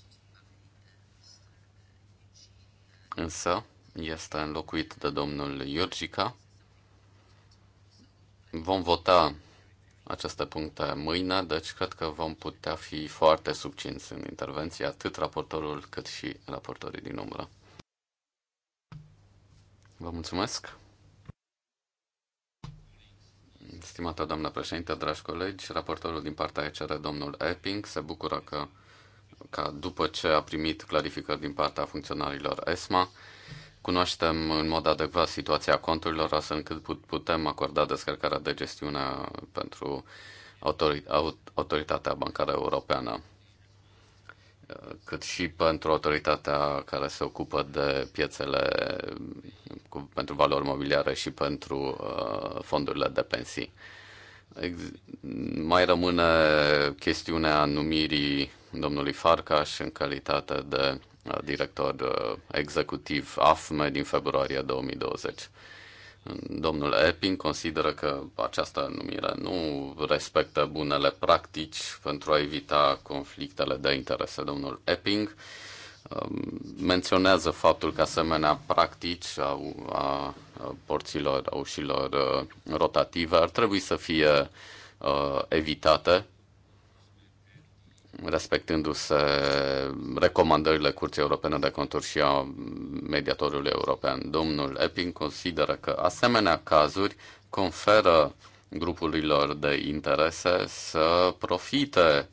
însă este înlocuit de domnul Iurgica, Vom vota aceste puncte mâine, deci cred că vom putea fi foarte subcinți în intervenție, atât raportorul cât și raportorii din umbră. Vă mulțumesc! Stimată doamnă președinte, dragi colegi, raportorul din partea ECR, domnul Epping, se bucură că, că după ce a primit clarificări din partea funcționarilor ESMA, cunoaștem în mod adecvat situația conturilor, astfel încât putem acorda descărcarea de gestiune pentru autoritatea bancară europeană, cât și pentru autoritatea care se ocupă de piețele cu, pentru valori mobiliare și pentru uh, fondurile de pensii. Ex- mai rămâne chestiunea numirii domnului Farcaș în calitate de director uh, executiv AFME din februarie 2020. Domnul Epping consideră că această numire nu respectă bunele practici pentru a evita conflictele de interese. Domnul Epping um, menționează faptul că asemenea practici a, a porților, a ușilor uh, rotative ar trebui să fie uh, evitate respectându-se recomandările Curții Europene de Conturi și a mediatorului european. Domnul Epping consideră că asemenea cazuri conferă grupurilor de interese să profite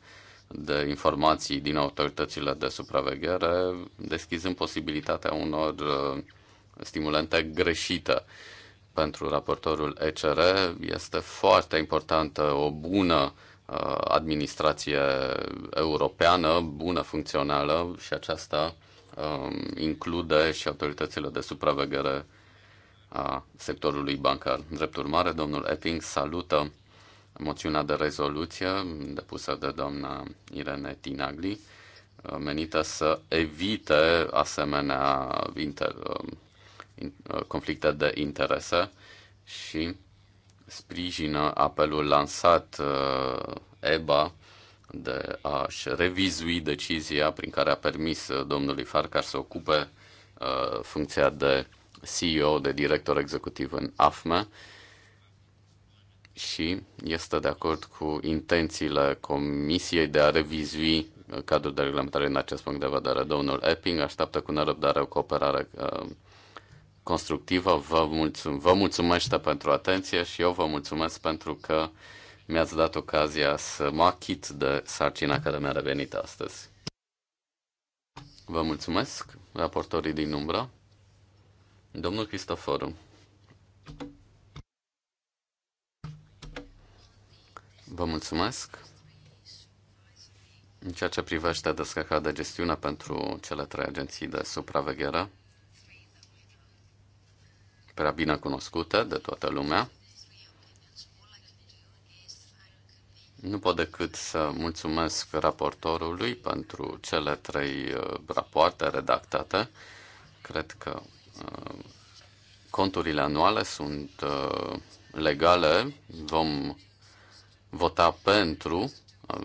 de informații din autoritățile de supraveghere, deschizând posibilitatea unor uh, stimulente greșite. Pentru raportorul ECR este foarte importantă o bună Uh, administrație europeană bună, funcțională și aceasta um, include și autoritățile de supraveghere a sectorului bancar. Drept urmare, domnul Epping salută moțiunea de rezoluție depusă de doamna Irene Tinagli, uh, menită să evite asemenea inter, um, uh, conflicte de interese și sprijină apelul lansat uh, EBA de a-și revizui decizia prin care a permis uh, domnului Farcar să ocupe uh, funcția de CEO, de director executiv în AFME și este de acord cu intențiile Comisiei de a revizui cadrul de reglementare în acest punct de vedere. Domnul Epping așteaptă cu nerăbdare o cooperare constructivă. Vă, mulțum- vă mulțumesc pentru atenție și eu vă mulțumesc pentru că mi-ați dat ocazia să mă achit de sarcina care mi-a revenit astăzi. Vă mulțumesc, raportorii din umbră. Domnul Cristoforu. Vă mulțumesc. În ceea ce privește descărcarea de gestiune pentru cele trei agenții de supraveghere, prea bine cunoscută de toată lumea. Nu pot decât să mulțumesc raportorului pentru cele trei uh, rapoarte redactate. Cred că uh, conturile anuale sunt uh, legale. Vom vota pentru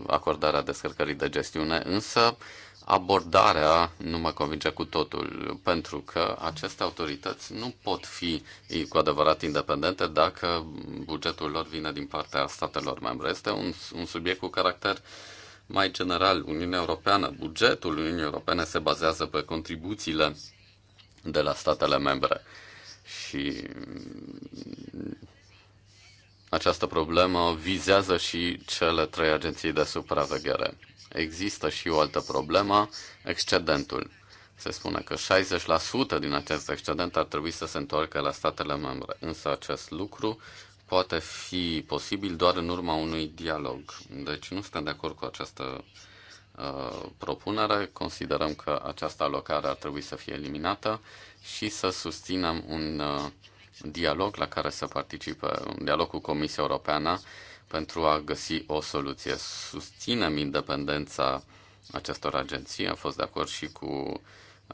acordarea descărcării de gestiune, însă abordarea nu mă convinge cu totul, pentru că aceste autorități nu pot fi cu adevărat independente dacă bugetul lor vine din partea statelor membre. Este un, un subiect cu caracter mai general. Uniunea Europeană, bugetul Uniunii Europene se bazează pe contribuțiile de la statele membre. Și această problemă vizează și cele trei agenții de supraveghere. Există și o altă problemă, excedentul. Se spune că 60% din acest excedent ar trebui să se întoarcă la statele membre, însă acest lucru poate fi posibil doar în urma unui dialog. Deci nu suntem de acord cu această uh, propunere, considerăm că această alocare ar trebui să fie eliminată și să susținem un uh, dialog la care să participe, un dialog cu Comisia Europeană, pentru a găsi o soluție. Susținem independența acestor agenții, am fost de acord și cu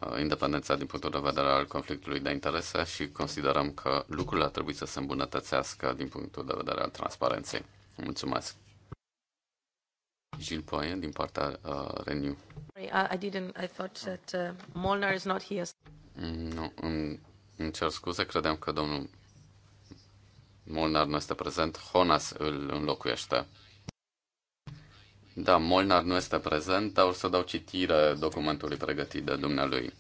uh, independența din punctul de vedere al conflictului de interese și considerăm că lucrurile ar trebui să se îmbunătățească din punctul de vedere al transparenței. Mulțumesc! Gilles Poirier din partea uh, Renew. I, didn't, I thought that uh, Molnar is not here. Mm, nu, îmi, îmi cer scuze, credeam că domnul Molnar nu este prezent, Honas îl înlocuiește. Da, Molnar nu este prezent, dar o să dau citire documentului pregătit de dumnealui.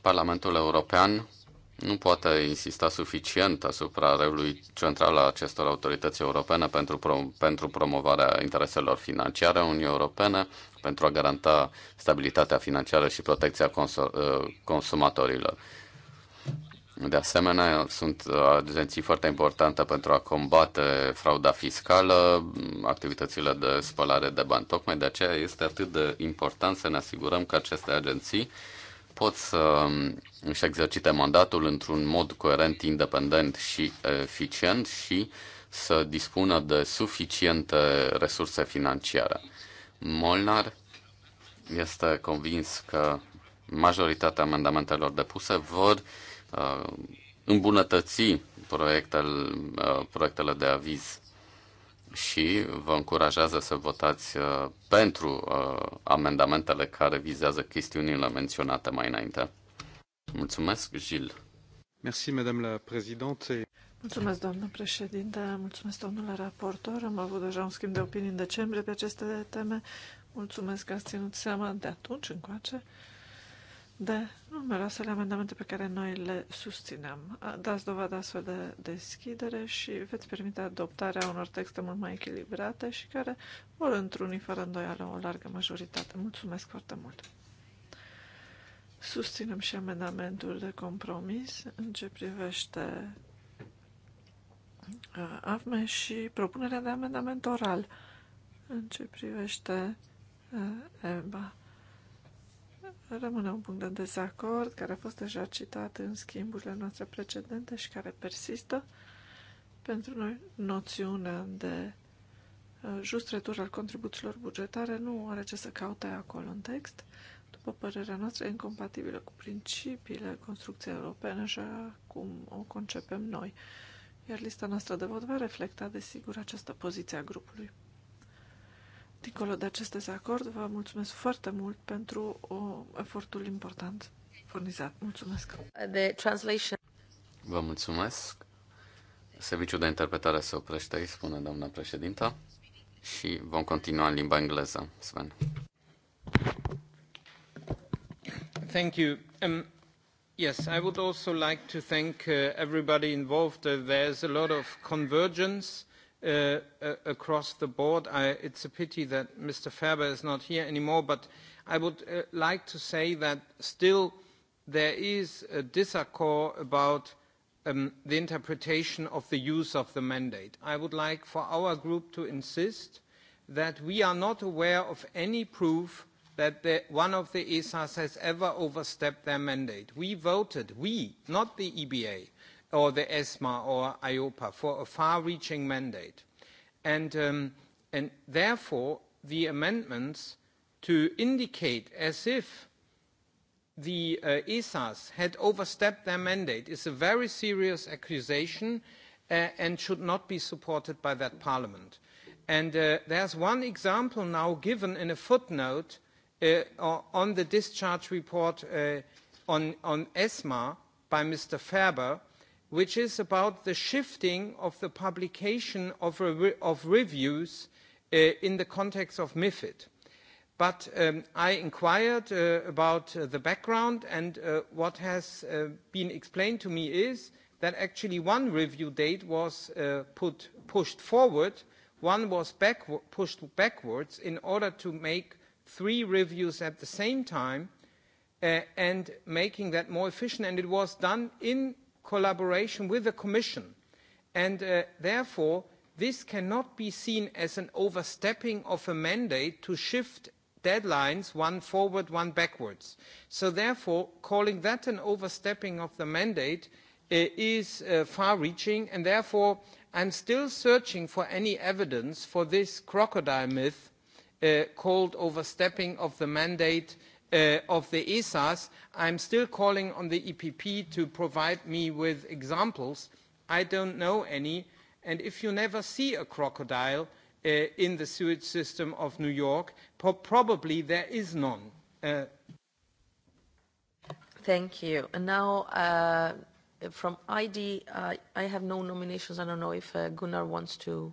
Parlamentul European nu poate insista suficient asupra reului central a acestor autorități europene pentru, pro- pentru promovarea intereselor financiare a Uniunii Europene, pentru a garanta stabilitatea financiară și protecția uh, consumatorilor. De asemenea, sunt uh, agenții foarte importante pentru a combate frauda fiscală, activitățile de spălare de bani. Tocmai de aceea este atât de important să ne asigurăm că aceste agenții pot să um, își exercite mandatul într-un mod coerent, independent și eficient și să dispună de suficiente resurse financiare. Molnar este convins că majoritatea amendamentelor depuse vor Uh, îmbunătăți proiectele, uh, proiectele de aviz și vă încurajează să votați uh, pentru amendamentele care vizează chestiunile menționate mai înainte. Mulțumesc, Gilles. Merci, Madame la Présidente. Mulțumesc, doamnă președinte, mulțumesc, domnule raportor. Am avut deja un schimb de opinii în decembrie pe aceste teme. Mulțumesc că ați ținut seama de atunci încoace de numeroasele amendamente pe care noi le susținem. Dați dovadă astfel de deschidere și veți permite adoptarea unor texte mult mai echilibrate și care vor întruni fără îndoială o largă majoritate. Mulțumesc foarte mult! Susținem și amendamentul de compromis în ce privește AFME și propunerea de amendament oral în ce privește EBA. Rămâne un punct de dezacord care a fost deja citat în schimburile noastre precedente și care persistă. Pentru noi, noțiunea de uh, just retur al contribuțiilor bugetare nu are ce să caute acolo în text. După părerea noastră, e incompatibilă cu principiile construcției europene, așa cum o concepem noi. Iar lista noastră de vot va reflecta, desigur, această poziție a grupului. Dincolo de acest dezacord, vă mulțumesc foarte mult pentru o, efortul important furnizat. Mulțumesc! The translation. Vă mulțumesc! Serviciul de interpretare se oprește aici, spune doamna președinta, și vom continua în limba engleză. Sven. Thank you. Um, yes, I would also like to thank uh, everybody involved. Uh, there's a lot of convergence Uh, uh, across the board. I, it's a pity that Mr. Ferber is not here anymore, but I would uh, like to say that still there is a disaccord about um, the interpretation of the use of the mandate. I would like for our group to insist that we are not aware of any proof that the, one of the ESAs has ever overstepped their mandate. We voted, we, not the EBA, or the ESMA or IOPA for a far-reaching mandate. And, um, and therefore, the amendments to indicate as if the uh, ESAs had overstepped their mandate is a very serious accusation uh, and should not be supported by that parliament. And uh, there's one example now given in a footnote uh, on the discharge report uh, on, on ESMA by Mr. Ferber, which is about the shifting of the publication of, re of reviews uh, in the context of MIFID. But um, I inquired uh, about uh, the background and uh, what has uh, been explained to me is that actually one review date was uh, put, pushed forward, one was back, pushed backwards in order to make three reviews at the same time uh, and making that more efficient. And it was done in collaboration with the Commission. And uh, therefore, this cannot be seen as an overstepping of a mandate to shift deadlines, one forward, one backwards. So therefore, calling that an overstepping of the mandate uh, is uh, far-reaching, and therefore I'm still searching for any evidence for this crocodile myth uh, called overstepping of the mandate Uh, of the ESAs, I'm still calling on the EPP to provide me with examples. I don't know any. And if you never see a crocodile uh, in the sewage system of New York, probably there is none. Uh... Thank you. And now uh, from ID, I have no nominations. I don't know if uh, Gunnar wants to